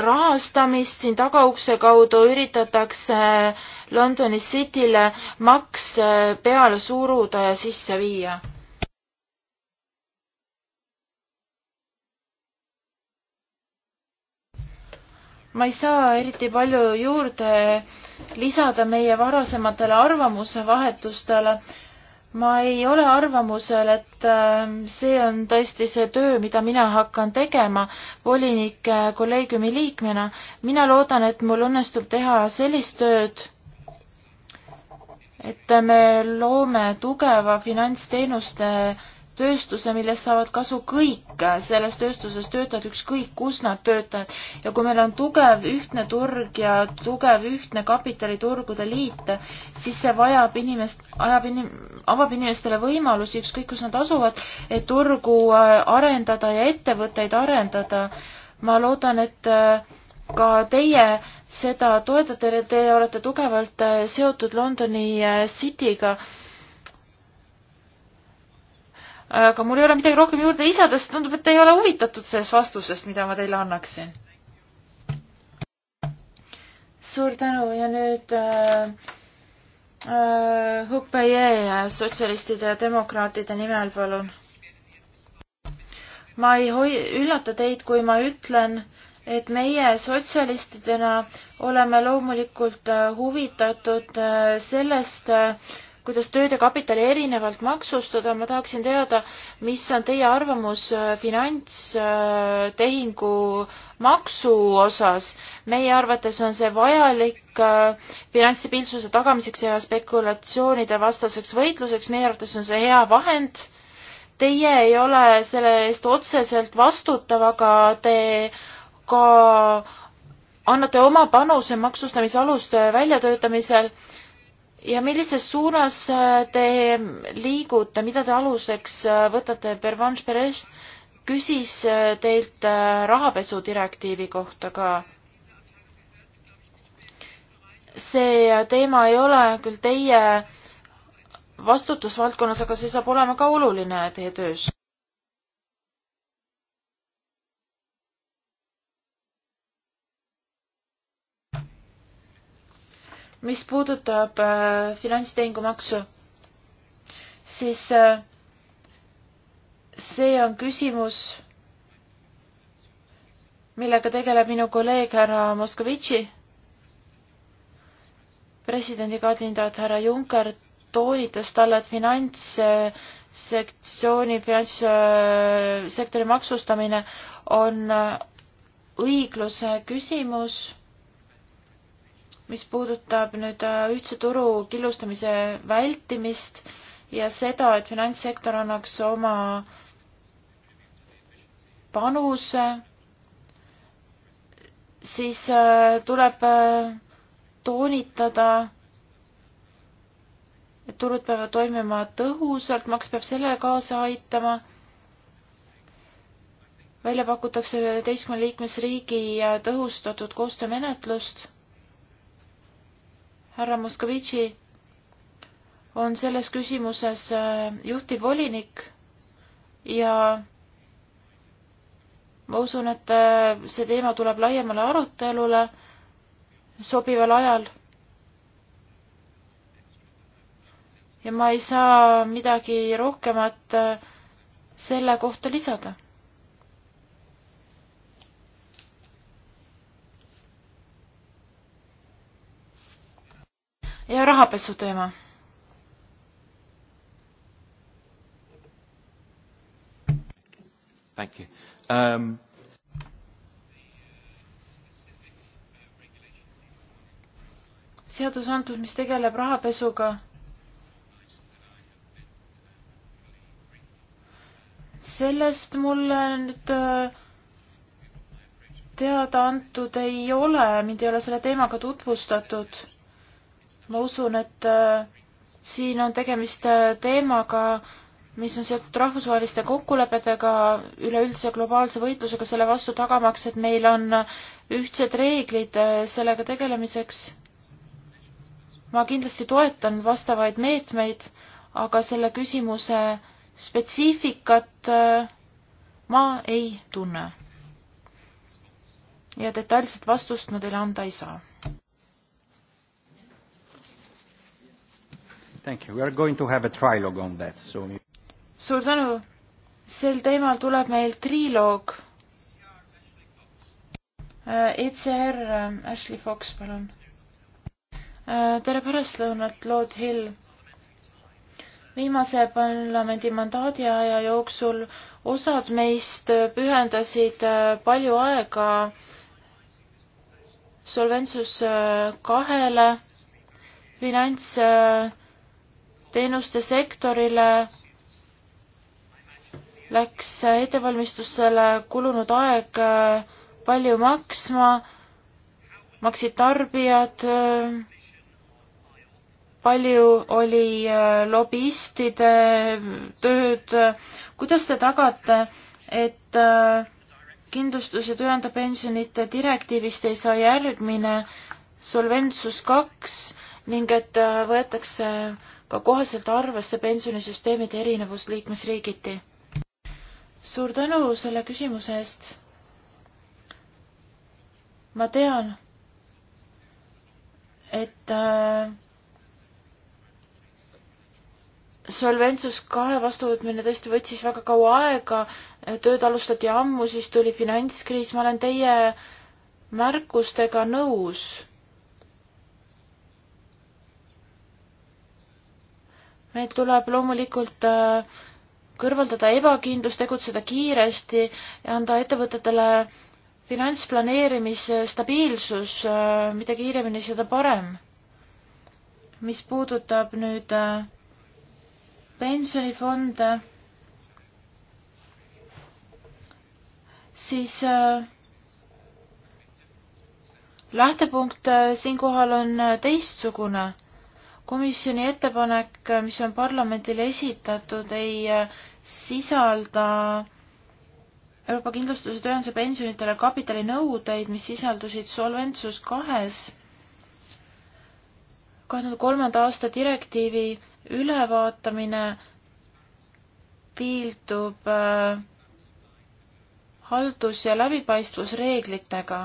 rahastamist, siin tagaukse kaudu üritatakse Londoni Cityle maks äh, peale suruda ja sisse viia ma ei saa eriti palju juurde lisada meie varasematele arvamuse vahetustele, ma ei ole arvamusel, et ähm, see on tõesti see töö, mida mina hakkan tegema volinike äh, kolleegiumi liikmena. mina loodan, et mul õnnestub teha sellist tööd, et me loome tugeva finantsteenuste tööstuse, millest saavad kasu kõik, selles tööstuses töötavad ükskõik kus nad töötavad ja kui meil on tugev ühtne turg ja tugev ühtne kapitaliturgude liit, siis see vajab inimest, ajab inim-, avab inimestele võimalusi, ükskõik kus nad asuvad, et turgu äh, arendada ja ettevõtteid arendada. ma loodan, et äh, ka teie seda toetate, te olete tugevalt äh, seotud Londoni City'ga aga mul ei ole midagi rohkem juurde lisada, sest tundub, et te ei ole huvitatud sellest vastusest, mida ma teile annaksin. suur tänu ja nüüd äh, äh, Huppe-Jee sotsialistide ja demokraatide nimel, palun. ma ei hoi-, üllata teid, kui ma ütlen, et meie sotsialistidena oleme loomulikult äh, huvitatud äh, sellest äh, kuidas tööd ja kapitali erinevalt maksustada, ma tahaksin teada, mis on teie arvamus äh, finantstehingu äh, maksu osas. meie arvates on see vajalik äh, finantsstabiilsuse tagamiseks ja spekulatsioonide vastaseks võitluseks, meie arvates on see hea vahend. Teie ei ole selle eest otseselt vastutav, aga te ka annate oma panuse maksustamisaluste väljatöötamisel ja millises suunas äh, te liigute, mida te aluseks äh, võtate, Pervanš Perez küsis äh, teilt rahapesu direktiivi kohta ka. see teema ei ole küll teie vastutusvaldkonnas, aga see saab olema ka oluline teie töös. mis puudutab äh, finantstehingumaksu, siis äh, see on küsimus, millega tegeleb minu kolleeg härra Moskovitši. presidendikandidaat härra Juncker toonitas talle, et finantssektsiooni, finantssektori maksustamine on äh, õigluse küsimus mis puudutab nüüd äh, ühtse turu killustamise vältimist ja seda, et finantssektor annaks oma panuse, siis äh, tuleb äh, toonitada, et turud peavad toimima tõhusalt, maks peab sellele kaasa aitama. välja pakutakse üheteistkümne liikmesriigi tõhustatud koostöömenetlust härra Moskovitši on selles küsimuses äh, juhtivvolinik ja ma usun, et äh, see teema tuleb laiemale arutelule sobival ajal. ja ma ei saa midagi rohkemat äh, selle kohta lisada ja rahapesu teema. Thank you. Um... seadusandlus, mis tegeleb rahapesuga, sellest mulle nüüd äh, teada antud ei ole, mind ei ole selle teemaga tutvustatud ma usun, et äh, siin on tegemist äh, teemaga, mis on seotud rahvusvaheliste kokkulepetega, üleüldse globaalse võitlusega selle vastu tagamaks, et meil on äh, ühtsed reeglid sellega tegelemiseks. ma kindlasti toetan vastavaid meetmeid, aga selle küsimuse spetsiifikat ma ei tunne. ja detailset vastust ma teile anda ei saa Thank you, we are going to have a trilogue on that, so. suur tänu, sel teemal tuleb meil triloog. Äh, ECR äh, Ashley Fox, palun. Äh, tere pärastlõunat, Lord Hill viimase parlamendi mandaadi aja jooksul osad meist pühendasid palju aega solventsus kahele finants teenuste sektorile läks ettevalmistusele kulunud aeg äh, palju maksma, maksid tarbijad, äh, palju oli äh, lobistide tööd, kuidas te tagate, et kindlustus- ja tööandjapensionite direktiivist ei saa järgmine Solventsus kaks ning et võetakse ka koheselt arvesse pensionisüsteemide erinevus liikmesriigiti? suur tänu selle küsimuse eest. ma tean, et äh, Solventsus kahe vastuvõtmine tõesti võttis väga kaua aega, tööd alustati ammu, siis tuli finantskriis, ma olen teie märkustega nõus meil tuleb loomulikult äh, kõrvaldada ebakindlus, tegutseda kiiresti ja anda ettevõtetele finantsplaneerimise stabiilsus, äh, mida kiiremini, seda parem. mis puudutab nüüd äh, pensionifonde, siis lähtepunkt siinkohal on teistsugune komisjoni ettepanek, mis on parlamendile esitatud, ei äh, sisalda Euroopa kindlustuse tööandja pensionitele kapitalinõudeid, mis sisaldusid Solventsus kahes kahe tuhande kolmanda aasta direktiivi ülevaatamine piildub äh, haldus- ja läbipaistvusreeglitega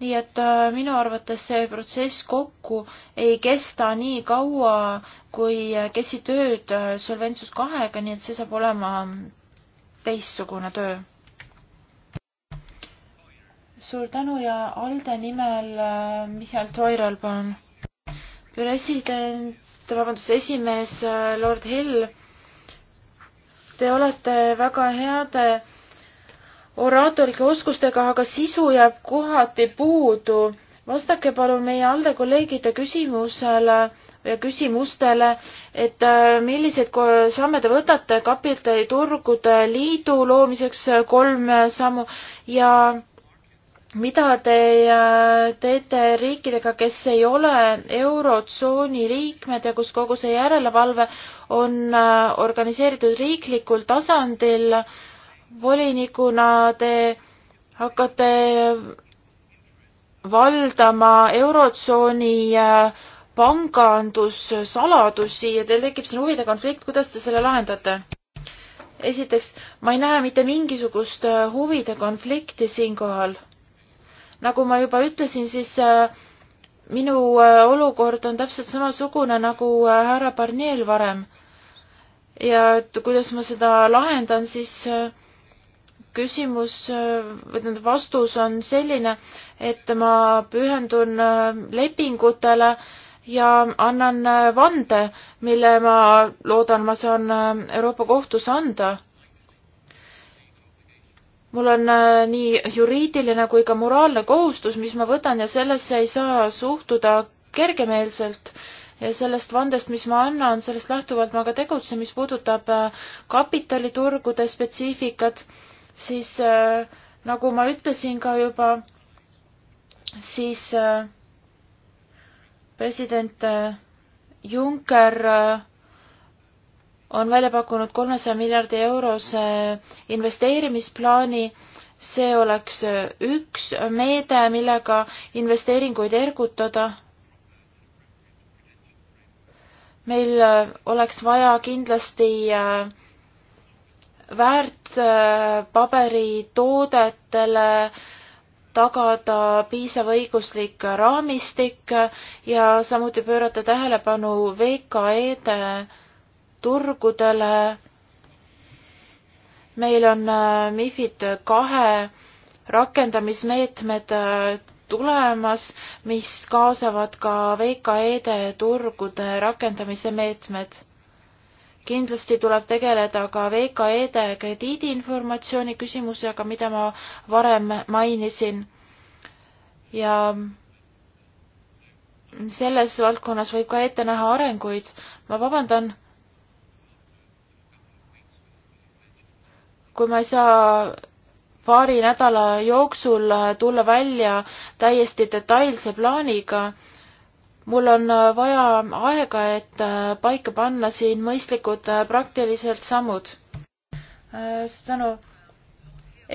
nii et äh, minu arvates see protsess kokku ei kesta nii kaua, kui äh, käsi tööd äh, Solventsus kahega, nii et see saab olema teistsugune töö. suur tänu ja Alde nimel Michal Toiral, palun. president, vabandust, esimees Lord Hill, te olete väga heade oraatorlike oskustega, aga sisu jääb kohati puudu. vastake palun meie ALDE kolleegide küsimusele ja küsimustele, et äh, milliseid samme te võtate kapitaliturgude liidu loomiseks äh, kolm äh, sammu ja mida te teete riikidega, kes ei ole Eurotsooni liikmed ja kus kogu see järelevalve on organiseeritud riiklikul tasandil äh, volinikuna te hakkate valdama Eurotsooni äh, pangandussaladusi ja teil tekib siin huvide konflikt, kuidas te selle lahendate? esiteks, ma ei näe mitte mingisugust äh, huvide konflikti siinkohal. nagu ma juba ütlesin, siis äh, minu olukord on täpselt samasugune nagu härra Barniel varem. ja et kuidas ma seda lahendan, siis äh, küsimus või tähendab, vastus on selline, et ma pühendun äh, lepingutele ja annan äh, vande, mille ma loodan, ma saan äh, Euroopa Kohtus anda. mul on nii juriidiline kui ka moraalne kohustus, mis ma võtan ja sellesse ei saa suhtuda kergemeelselt ja sellest vandest, mis ma annan, sellest lähtuvalt ma ka tegutsen, mis puudutab kapitaliturgude spetsiifikat siis äh, nagu ma ütlesin ka juba, siis äh, president äh, Juncker on välja pakkunud kolmesaja miljardi eurose investeerimisplaani. see oleks üks meede, millega investeeringuid ergutada. meil oleks vaja kindlasti äh, väärtpaberitoodetele äh, tagada piisav õiguslik raamistik ja samuti pöörata tähelepanu VKE-de turgudele. meil on äh, MIFID kahe rakendamismeetmed äh, tulemas, mis kaasavad ka VKE-de turgude rakendamise meetmed kindlasti tuleb tegeleda ka VKE-de krediidiinformatsiooni küsimusega, mida ma varem mainisin. ja selles valdkonnas võib ka ette näha arenguid. ma vabandan, kui ma ei saa paari nädala jooksul tulla välja täiesti detailse plaaniga mul on äh, vaja aega, et äh, paika panna siin mõistlikud äh, praktilised sammud. suur tänu.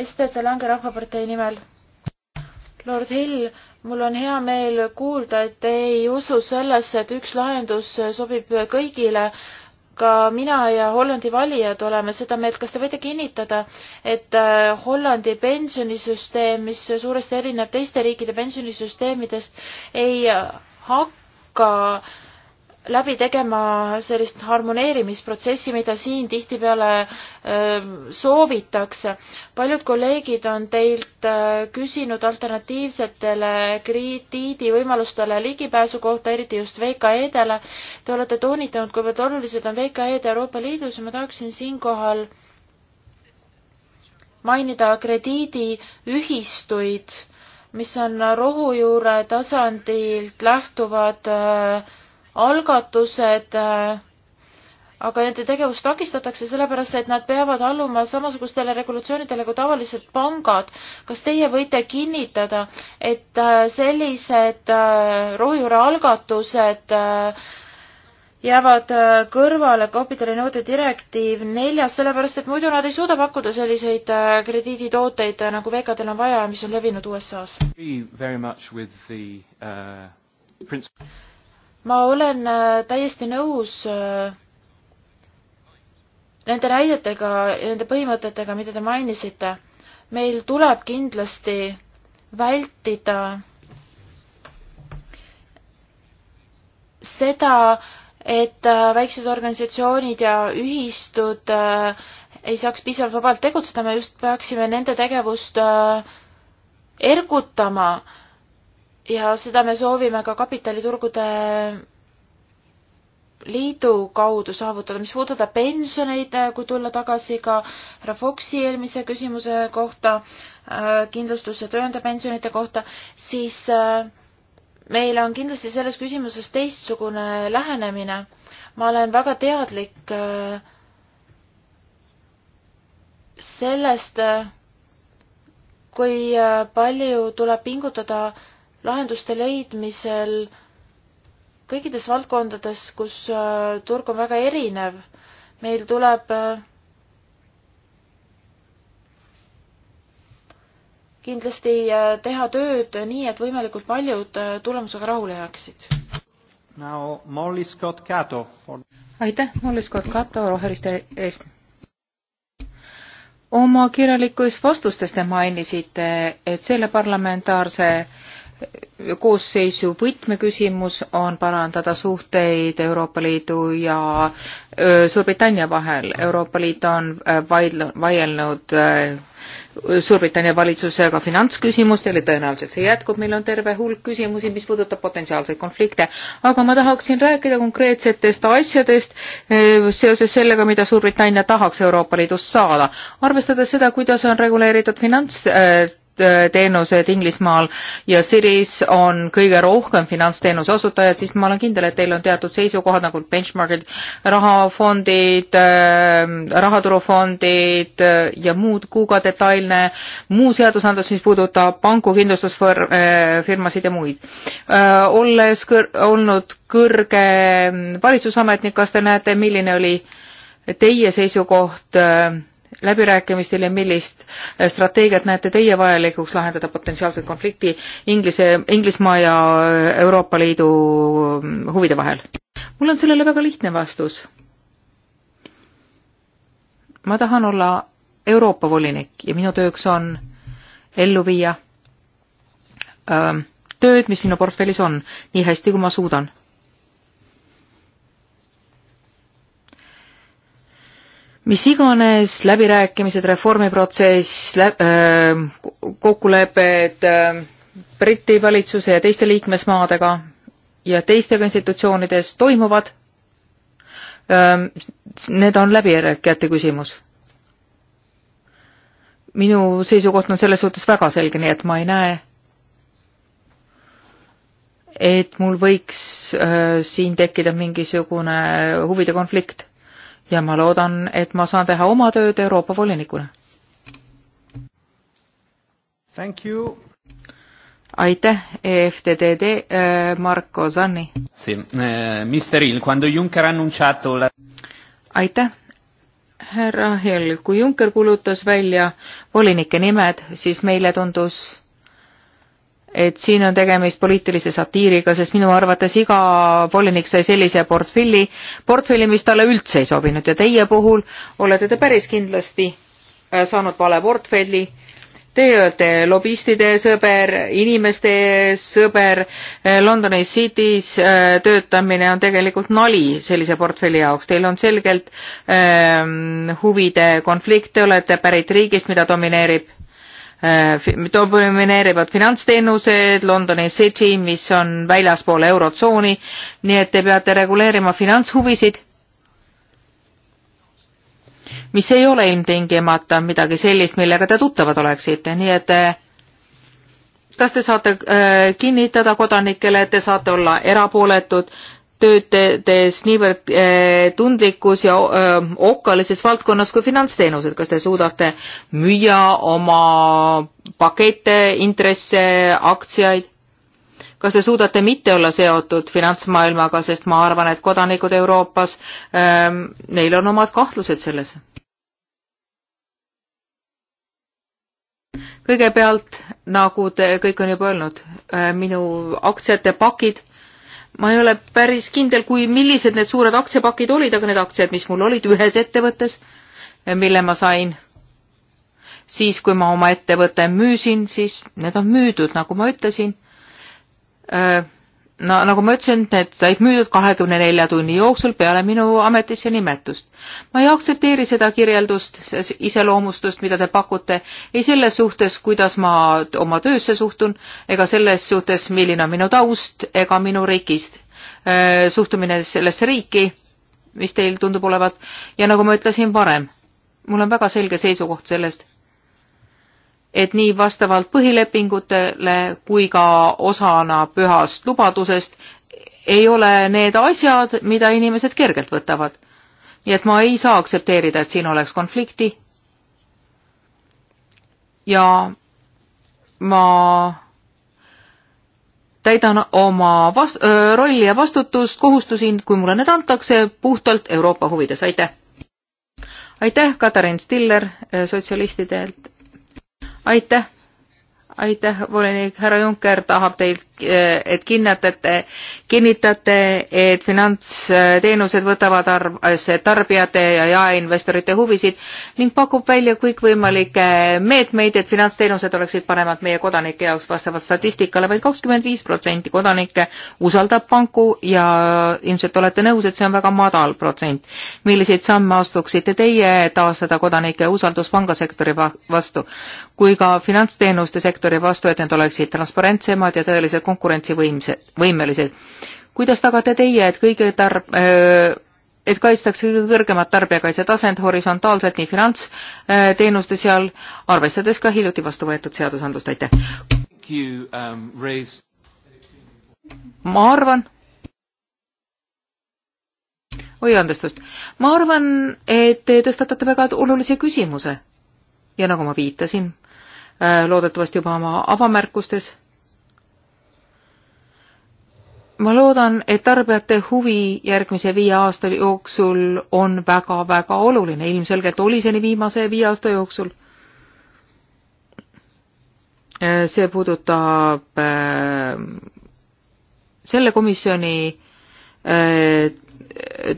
Estete Lange Rahvapartei nimel. Lord Hill, mul on hea meel kuulda, et te ei usu sellesse, et üks lahendus sobib kõigile. ka mina ja Hollandi valijad oleme seda meelt. kas te võite kinnitada, et Hollandi pensionisüsteem, mis suuresti erineb teiste riikide pensionisüsteemidest, ei hakka ka läbi tegema sellist harmoneerimisprotsessi, mida siin tihtipeale ähm, soovitakse. paljud kolleegid on teilt äh, küsinud alternatiivsetele krediidivõimalustele ligipääsu kohta, eriti just VKE-dele. Te olete toonitanud, kuivõrd olulised on VKE-d Euroopa Liidus ja ma tahaksin siinkohal mainida krediidiühistuid mis on rohujuure tasandilt lähtuvad äh, algatused äh,, aga nende tegevust takistatakse sellepärast, et nad peavad alluma samasugustele regulatsioonidele kui tavalised pangad. kas teie võite kinnitada, et äh, sellised äh, rohujuure algatused äh, jäävad äh, kõrvale kapitalinõude direktiiv neljas, sellepärast et muidu nad ei suuda pakkuda selliseid äh, krediiditooteid, äh, nagu VKD-l on vaja ja mis on levinud USA-s. ma olen täiesti nõus nende näidetega ja nende põhimõtetega, mida te mainisite. meil tuleb kindlasti vältida seda, et äh, väiksed organisatsioonid ja ühistud äh, ei saaks piisavalt vabalt tegutseda, me just peaksime nende tegevust äh, ergutama ja seda me soovime ka kapitaliturgude liidu kaudu saavutada. mis puudutab pensioneid, kui tulla tagasi ka härra Foxi eelmise küsimuse kohta, kindlustuse tööandja pensionite kohta, siis äh, meil on kindlasti selles küsimuses teistsugune lähenemine. ma olen väga teadlik äh, sellest, äh, kui äh, palju tuleb pingutada lahenduste leidmisel kõikides valdkondades, kus turg on väga erinev. meil tuleb kindlasti äh, teha tööd nii, et võimalikult paljud äh, tulemusega rahule jääksid. Now Molly Scott Cato for.... aitäh, Molly Scott Cato Roheliste eest. oma kirjalikus vastustes te mainisite, et selle parlamentaarse koosseisu võtmeküsimus on parandada suhteid Euroopa Liidu ja äh, Suurbritannia vahel. Euroopa Liit on vaidl-, vaielnud Suurbritannia valitsusega finantsküsimustel ja tõenäoliselt see jätkub, meil on terve hulk küsimusi, mis puudutab potentsiaalseid konflikte. aga ma tahaksin rääkida konkreetsetest asjadest eh, seoses sellega, mida Suurbritannia tahaks Euroopa Liidust saada. arvestades seda, kuidas on reguleeritud finants eh, finantsteenused äh, Inglismaal ja Siris on kõige rohkem finantsteenuse osutajaid, siis ma olen kindel, et teil on teatud seisukohad nagu benchmarkid, rahafondid, äh, rahaturufondid äh, ja muud, kui ka detailne muu seadusandlus, mis puudutab panku, kindlustusfirmasid ja muid. olles kõr-, olnud kõrge valitsusametnik, kas te näete, milline oli teie seisukoht äh, läbirääkimistel ja millist äh, strateegiat näete teie vajalikuks lahendada potentsiaalset konflikti Inglise, Inglismaa ja äh, Euroopa Liidu mm, huvide vahel? mul on sellele väga lihtne vastus. ma tahan olla Euroopa volinik ja minu tööks on ellu viia öö, ähm, tööd, mis minu portfellis on, nii hästi kui ma suudan mis iganes läbirääkimised, reformiprotsess läb,, äh, kokkulepped äh, Briti valitsuse ja teiste liikmesmaadega ja teistega institutsioonides toimuvad, ähm, need on läbirääkijate küsimus. minu seisukoht on selles suhtes väga selge, nii et ma ei näe, et mul võiks äh, siin tekkida mingisugune huvide konflikt ja ma loodan, et ma saan teha oma tööd Euroopa volinikuna. aitäh, EFTTD äh,, Marko Zanni si.. Eh, la... aitäh, härra Hill, kui Juncker kuulutas välja volinike nimed, siis meile tundus et siin on tegemist poliitilise satiiriga, sest minu arvates iga volinik sai sellise portfelli, portfelli, mis talle üldse ei sobinud ja teie puhul olete te päris kindlasti äh, saanud vale portfelli. Teie olete lobistide sõber, inimeste sõber, äh, Londoni City's äh, töötamine on tegelikult nali sellise portfelli jaoks, teil on selgelt ähm, huvide konflikt, te olete pärit riigist, mida domineerib Äh, domineerivad finantsteenused, Londoni City, mis on väljaspool Eurotsooni, nii et te peate reguleerima finantshuvisid, mis ei ole ilmtingimata midagi sellist, millega te tuttavad oleksite, nii et äh, kas te saate äh, kinnitada kodanikele, et te saate olla erapooletud töötades niivõrd eh, tundlikus ja eh, okkalises valdkonnas kui finantsteenused, kas te suudate müüa oma pakette, intresse, aktsiaid? kas te suudate mitte olla seotud finantsmaailmaga, sest ma arvan, et kodanikud Euroopas, ehm, neil on omad kahtlused selles? kõigepealt, nagu te kõik on juba öelnud, eh, minu aktsiate pakid ma ei ole päris kindel, kui, millised need suured aktsiapakid olid, aga need aktsiad, mis mul olid ühes ettevõttes, mille ma sain siis, kui ma oma ettevõtte müüsin, siis need on müüdud, nagu ma ütlesin äh, no nagu ma ütlesin, need said müüdud kahekümne nelja tunni jooksul peale minu ametisse nimetust. ma ei aktsepteeri seda kirjeldust, iseloomustust, mida te pakute, ei selles suhtes, kuidas ma oma töösse suhtun, ega selles suhtes, milline on minu taust ega minu riigist suhtumine sellesse riiki, mis teil tundub olevat, ja nagu ma ütlesin varem, mul on väga selge seisukoht sellest, et nii vastavalt põhilepingutele kui ka osana pühast lubadusest ei ole need asjad, mida inimesed kergelt võtavad. nii et ma ei saa aktsepteerida, et siin oleks konflikti. ja ma täidan oma vast-, rolli ja vastutust, kohustusi, kui mulle need antakse, puhtalt Euroopa huvides, aitäh! aitäh, Katariin Stiller sotsialistidelt aitäh aitäh, volinik, härra Juncker tahab teilt, eh, et kinnitate, kinnitate, et finantsteenused võtavad arvesse tarbijate ja jaeinvestorite huvisid ning pakub välja kõikvõimalikke meetmeid, et finantsteenused oleksid paremad meie kodanike jaoks vastavalt statistikale vaid. vaid kakskümmend viis protsenti kodanikke usaldab panku ja ilmselt olete nõus, et see on väga madal protsent. milliseid samme astuksite teie, et taastada kodanike usaldus pangasektori vastu, kui ka finantsteenuste sektori sektori vastu, et need oleksid transparentsemad ja tõeliselt konkurentsivõimsed, võimelised. kuidas tagate teie, et kõige tarb-, äh, et kaitstakse kõige kõrgemat tarbijakaitse tasand horisontaalselt nii finantsteenuste seal, arvestades ka hiljuti vastu võetud seadusandlust, aitäh! Um, ma arvan, oi andestust, ma arvan, et te tõstatate väga olulise küsimuse. ja nagu ma viitasin, Äh, loodetavasti juba oma avamärkustes. ma loodan, et tarbijate huvi järgmise viie aasta jooksul on väga-väga oluline, ilmselgelt oli see nii viimase viie aasta jooksul. Äh, see puudutab äh, selle komisjoni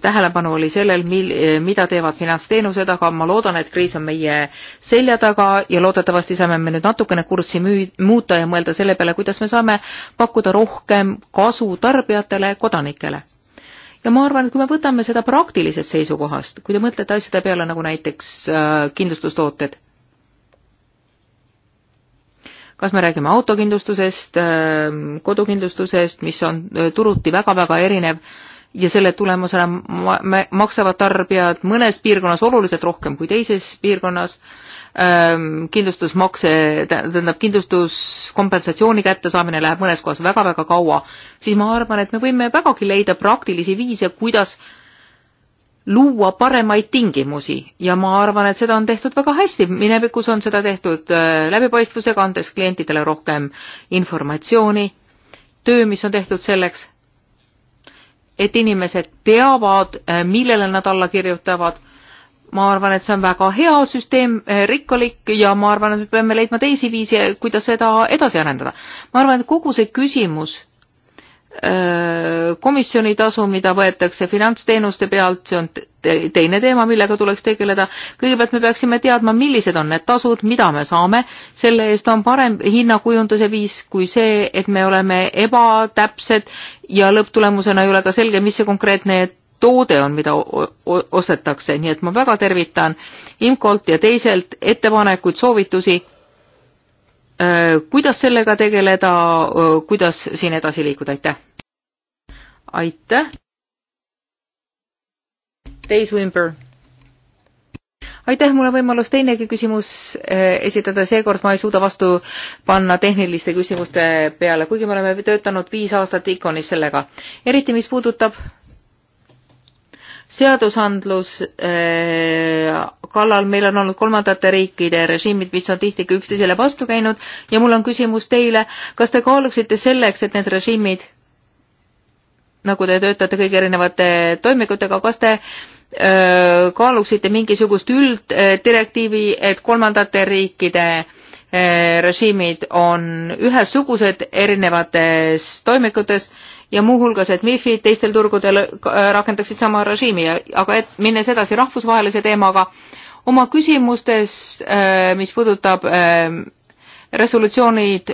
tähelepanu oli sellel, mil-, mida teevad finantsteenused, aga ma loodan, et kriis on meie selja taga ja loodetavasti saame me nüüd natukene kurssi müü-, muuta ja mõelda selle peale, kuidas me saame pakkuda rohkem kasu tarbijatele, kodanikele. ja ma arvan, et kui me võtame seda praktilisest seisukohast, kui te mõtlete asjade peale nagu näiteks äh, kindlustustooted, kas me räägime autokindlustusest, äh, kodukindlustusest, mis on äh, turuti väga-väga erinev äh, ja selle tulemusena maksavad tarbijad mõnes piirkonnas oluliselt rohkem kui teises piirkonnas. Ehm, kindlustusmakse, tähendab kindlustuskompensatsiooni kättesaamine läheb mõnes kohas väga-väga kaua, siis ma arvan, et me võime vägagi leida praktilisi viise, kuidas luua paremaid tingimusi ja ma arvan, et seda on tehtud väga hästi, minevikus on seda tehtud äh, läbipaistvusega, andes klientidele rohkem informatsiooni, töö, mis on tehtud selleks, et inimesed teavad, äh, millele nad alla kirjutavad. ma arvan, et see on väga hea süsteem, äh, rikkalik ja ma arvan, et me peame leidma teisi viise, kuidas seda edasi arendada. ma arvan, et kogu see küsimus Äh, komisjoni tasu, mida võetakse finantsteenuste pealt, see on teine teema, millega tuleks tegeleda. kõigepealt me peaksime teadma, millised on need tasud, mida me saame, selle eest on parem hinnakujunduse viis kui see, et me oleme ebatäpsed ja lõpptulemusena ei ole ka selge, mis see konkreetne toode on, mida ostetakse, nii et ma väga tervitan IMCO-lt ja teiselt ettepanekuid, soovitusi Äh, kuidas sellega tegeleda, äh, kuidas siin edasi liikuda, aitäh! aitäh! Days Wimber. aitäh, mul on võimalus teinegi küsimus äh, esitada, seekord ma ei suuda vastu panna tehniliste küsimuste peale, kuigi me oleme töötanud viis aastat Iconis sellega, eriti mis puudutab seadusandlus äh, kallal, meil on olnud kolmandate riikide režiimid, mis on tihti ka üksteisele vastu käinud ja mul on küsimus teile, kas te kaaluksite selleks, et need režiimid, nagu te töötate kõigi erinevate toimikutega, kas te äh, kaaluksite mingisugust ülddirektiivi, et kolmandate riikide äh, režiimid on ühesugused erinevates toimikutes ja muuhulgas, et MIFID teistel turgudel äh, rakendaksid sama režiimi, aga et minnes edasi rahvusvahelise teemaga, oma küsimustes, äh, mis puudutab äh, resolutsioonid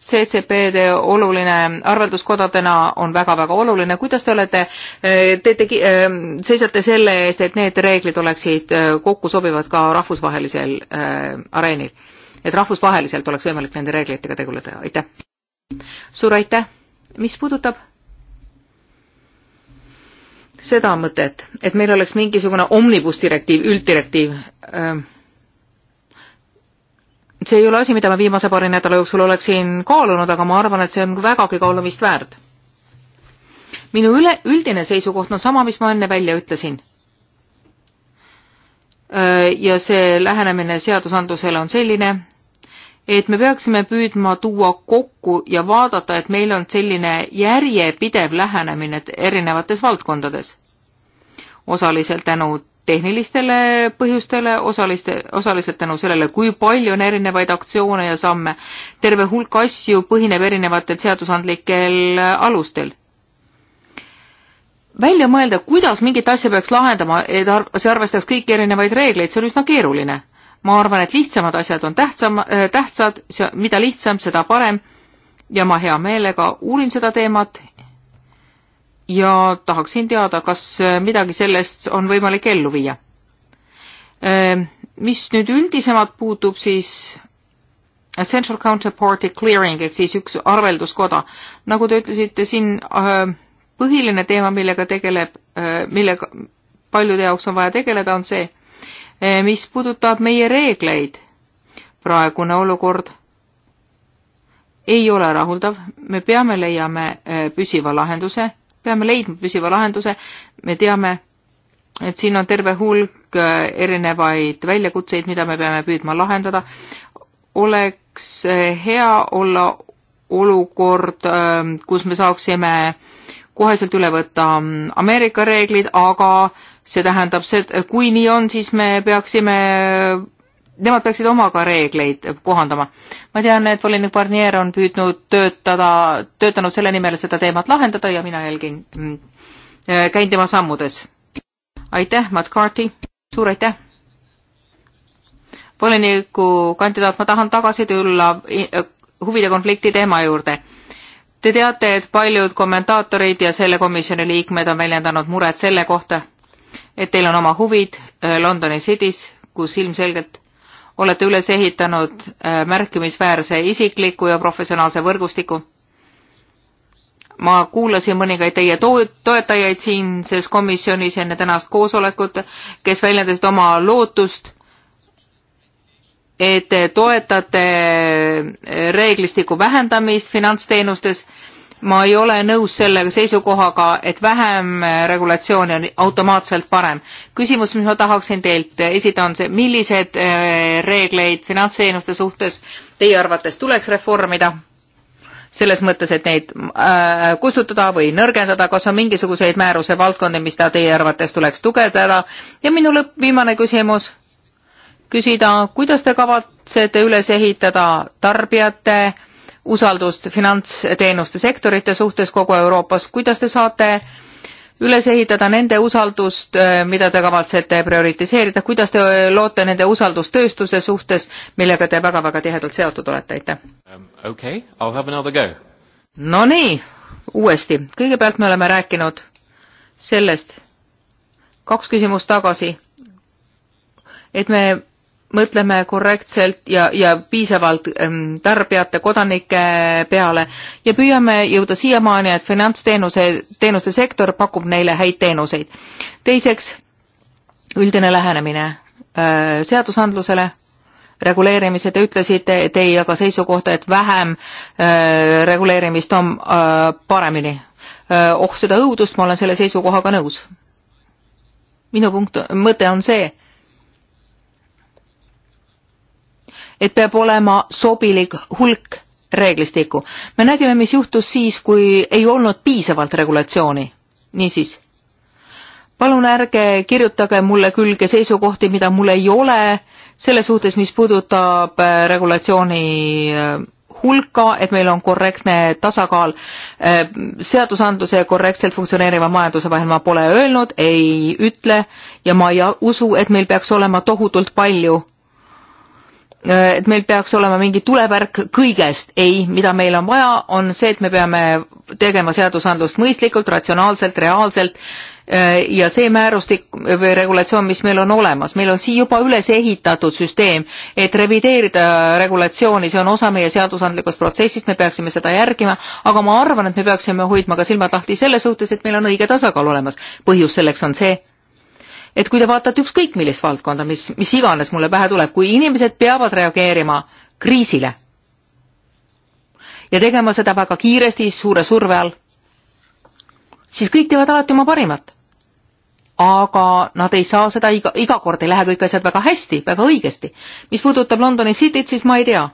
CCP-de oluline arvelduskodadena on väga-väga oluline, kuidas te olete, teete, seisate selle eest, et need reeglid oleksid kokku sobivad ka rahvusvahelisel areenil? et rahvusvaheliselt oleks võimalik nende reeglitega tegeleda, aitäh! suur aitäh! mis puudutab seda mõtet, et meil oleks mingisugune omnibus direktiiv, ülddirektiiv, ähm, see ei ole asi, mida ma viimase paari nädala jooksul oleksin kaalunud, aga ma arvan, et see on vägagi kaalumist väärt. minu üle, üldine seisukoht on sama, mis ma enne välja ütlesin. Äh, ja see lähenemine seadusandlusele on selline, et me peaksime püüdma tuua kokku ja vaadata, et meil on selline järjepidev lähenemine erinevates valdkondades. osaliselt tänu tehnilistele põhjustele, osaliste, osaliselt tänu sellele, kui palju on erinevaid aktsioone ja samme. terve hulk asju põhineb erinevatel seadusandlikel alustel. välja mõelda, kuidas mingit asja peaks lahendama, et see arvestaks kõiki erinevaid reegleid, see on üsna keeruline ma arvan, et lihtsamad asjad on tähtsam, äh, tähtsad, mida lihtsam, seda parem ja ma hea meelega uurin seda teemat ja tahaksin teada, kas äh, midagi sellest on võimalik ellu viia. Äh, mis nüüd üldisemalt puutub, siis Central Counterparty Clearing ehk siis üks arvelduskoda. nagu te ütlesite, siin põhiline teema, millega tegeleb, millega paljude jaoks on vaja tegeleda, on see, Eh, mis puudutab meie reegleid. praegune olukord ei ole rahuldav, me peame leiame eh, püsiva lahenduse, peame leidma püsiva lahenduse, me teame, et siin on terve hulk eh, erinevaid väljakutseid, mida me peame püüdma lahendada. oleks hea olla olukord, kus me saaksime koheselt üle võtta mm, Ameerika reeglid, aga see tähendab, see, kui nii on, siis me peaksime, nemad peaksid omaga reegleid kohandama. ma tean, et volinik Barnier on püüdnud töötada, töötanud selle nimel seda teemat lahendada ja mina jälgin, mm, äh, käin tema sammudes. aitäh, Matt Carty, suur aitäh! voliniku kandidaat, ma tahan tagasi tulla äh, huvide konflikti teema juurde Te teate, et paljud kommentaatorid ja selle komisjoni liikmed on väljendanud muret selle kohta, et teil on oma huvid äh, Londoni City's, kus ilmselgelt olete üles ehitanud äh, märkimisväärse isikliku ja professionaalse võrgustiku. ma kuulasin mõningaid teie toetajaid siinses komisjonis enne tänast koosolekut, kes väljendasid oma lootust, et te toetate äh, reeglistiku vähendamist finantsteenustes ma ei ole nõus selle seisukohaga, et vähem regulatsiooni on automaatselt parem. küsimus, mis ma tahaksin teilt esida, on see, millised äh, reegleid finantsteenuste suhtes teie arvates tuleks reformida? selles mõttes, et neid äh, kustutada või nõrgendada, kas on mingisuguseid määruse valdkondi, mis ta teie arvates tuleks tugevdada ja minu lõpp, viimane küsimus, küsida, kuidas te kavatsete üles ehitada tarbijate äh, usaldust finantsteenuste sektorite suhtes kogu Euroopas, kuidas te saate üles ehitada nende usaldust, äh, mida te kavatsete prioritiseerida, kuidas te loote nende usaldust tööstuse suhtes, millega te väga-väga tihedalt seotud olete, aitäh um,! Okay, I will have another go. Nonii, uuesti, kõigepealt me oleme rääkinud sellest kaks küsimust tagasi, et me mõtleme korrektselt ja, ja piisavalt ähm, tarbijate, kodanike peale ja püüame jõuda siiamaani, et finantsteenuse, teenuste sektor pakub neile häid teenuseid. teiseks, üldine lähenemine äh, seadusandlusele, reguleerimise, te ütlesite, et ei jaga seisukohta, et vähem äh, reguleerimist on äh, paremini. oh seda õudust, ma olen selle seisukohaga nõus. minu punkt, mõte on see et peab olema sobilik hulk reeglistikku. me nägime, mis juhtus siis, kui ei olnud piisavalt regulatsiooni. niisiis, palun ärge kirjutage mulle külge seisukohti, mida mul ei ole selles suhtes, mis puudutab äh, regulatsiooni äh, hulka, et meil on korrektne tasakaal äh, seadusandluse ja korrektselt funktsioneeriva majanduse vahel, ma pole öelnud, ei ütle ja ma ei usu, et meil peaks olema tohutult palju Äh, et meil peaks olema mingi tulevärk kõigest, ei, mida meil on vaja, on see, et me peame tegema seadusandlust mõistlikult, ratsionaalselt, reaalselt äh, ja see määrustik või regulatsioon, mis meil on olemas, meil on siin juba üles ehitatud süsteem, et revideerida regulatsiooni, see on osa meie seadusandlikust protsessist, me peaksime seda järgima, aga ma arvan, et me peaksime hoidma ka silmad lahti selle suhtes, et meil on õige tasakaal olemas. põhjus selleks on see, et kui te vaatate ükskõik millist valdkonda, mis, mis iganes mulle pähe tuleb, kui inimesed peavad reageerima kriisile ja tegema seda väga kiiresti, suure surve all, siis kõik teevad alati oma parimat. aga nad ei saa seda iga, iga kord ei lähe kõik asjad väga hästi, väga õigesti. mis puudutab Londoni Cityt, siis ma ei tea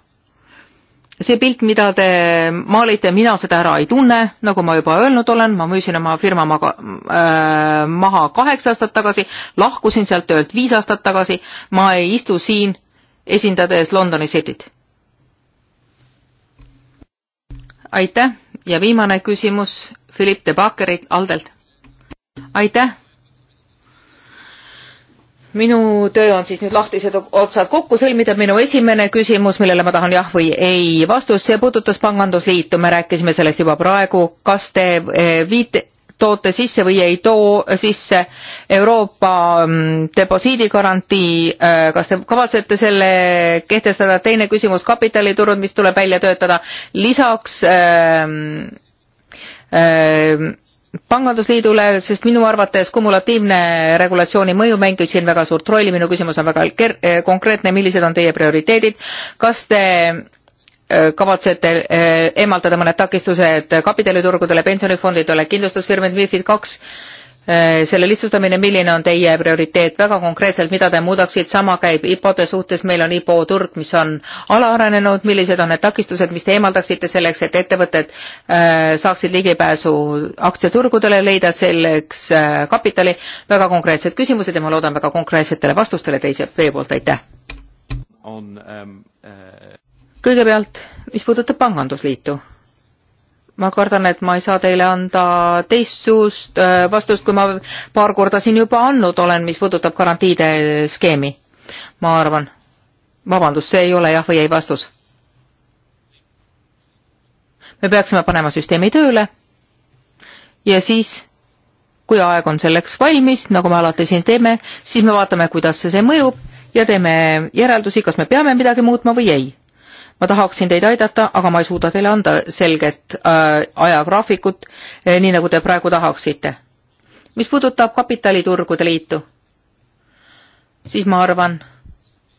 see pilt, mida te maalite, mina seda ära ei tunne, nagu ma juba öelnud olen, ma müüsin oma firma maga, äh, maha kaheksa aastat tagasi, lahkusin sealt töölt viis aastat tagasi, ma ei istu siin esindades Londoni Cityt. aitäh ja viimane küsimus Philip de Bakerilt Aldelt. aitäh minu töö on siis nüüd lahtised otsad kokku sõlmida. minu esimene küsimus, millele ma tahan jah või ei vastust, see puudutas pangandusliitu, me rääkisime sellest juba praegu. kas te eh, viite, toote sisse või ei too sisse Euroopa mm, deposiidigarantii, eh, kas te kavatsete selle kehtestada? teine küsimus, kapitaliturud, mis tuleb välja töötada. lisaks äh, äh, pangandusliidule, sest minu arvates kumulatiivne regulatsiooni mõju mängib siin väga suurt rolli, minu küsimus on väga ker-, eh, konkreetne, millised on teie prioriteedid, kas te eh, kavatsete eh, eemaldada mõned takistused kapitaliturgudele, pensionifondidele, kindlustusfirmid, MIFID kaks Äh, selle lihtsustamine, milline on teie prioriteet väga konkreetselt, mida te muudaksite, sama käib IPO-de suhtes, meil on IPO turg, mis on alaarenenud, millised on need takistused, mis te eemaldaksite selleks, et ettevõtted äh, saaksid ligipääsu aktsiaturgudele, leida selleks äh, kapitali, väga konkreetsed küsimused ja ma loodan väga konkreetsetele vastustele teise, teie poolt, aitäh! Um, uh... kõigepealt, mis puudutab Pangandusliitu ma kardan, et ma ei saa teile anda teistsugust äh, vastust, kui ma paar korda siin juba andnud olen, mis puudutab garantiide skeemi. ma arvan, vabandust, see ei ole jah või ei vastus. me peaksime panema süsteemi tööle ja siis, kui aeg on selleks valmis, nagu me alati siin teeme, siis me vaatame, kuidas see, see mõjub ja teeme järeldusi, kas me peame midagi muutma või ei ma tahaksin teid aidata, aga ma ei suuda teile anda selget äh, ajagraafikut eh,, nii nagu te praegu tahaksite. mis puudutab kapitaliturgude liitu, siis ma arvan,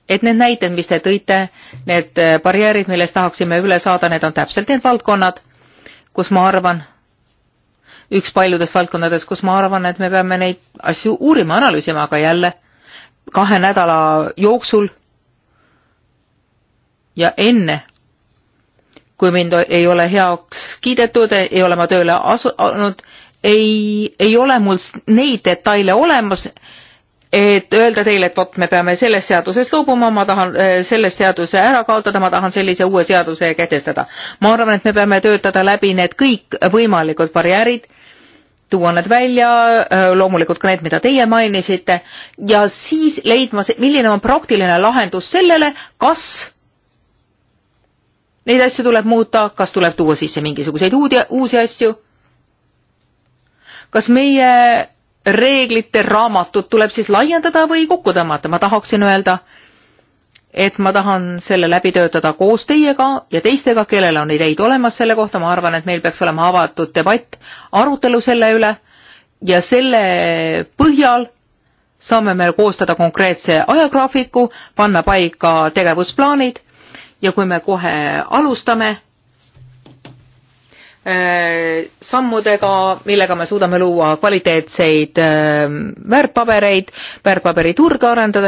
et need näited, mis te tõite, need äh, barjäärid, millest tahaksime üle saada, need on täpselt need valdkonnad, kus ma arvan, üks paljudest valdkondadest, kus ma arvan, et me peame neid asju uurima, analüüsima, aga jälle kahe nädala jooksul ja enne, kui mind ei ole heaks kiidetud, ei ole ma tööle asunud, ei, ei ole mul neid detaile olemas, et öelda teile, et vot, me peame sellest seadusest loobuma, ma tahan äh, selle seaduse ära kaotada, ma tahan sellise uue seaduse kehtestada. ma arvan, et me peame töötada läbi need kõik võimalikud barjäärid, tuua need välja, äh, loomulikult ka need, mida teie mainisite, ja siis leidma, milline on praktiline lahendus sellele, kas neid asju tuleb muuta, kas tuleb tuua sisse mingisuguseid uudi, uusi asju? kas meie reeglite raamatut tuleb siis laiendada või kokku tõmmata, ma tahaksin öelda, et ma tahan selle läbi töötada koos teiega ja teistega, kellel on ideid olemas selle kohta, ma arvan, et meil peaks olema avatud debatt, arutelu selle üle ja selle põhjal saame me koostada konkreetse ajagraafiku, panna paika tegevusplaanid ja kui me kohe alustame äh, sammudega, millega me suudame luua kvaliteetseid äh, väärtpabereid, väärtpaberiturge arendada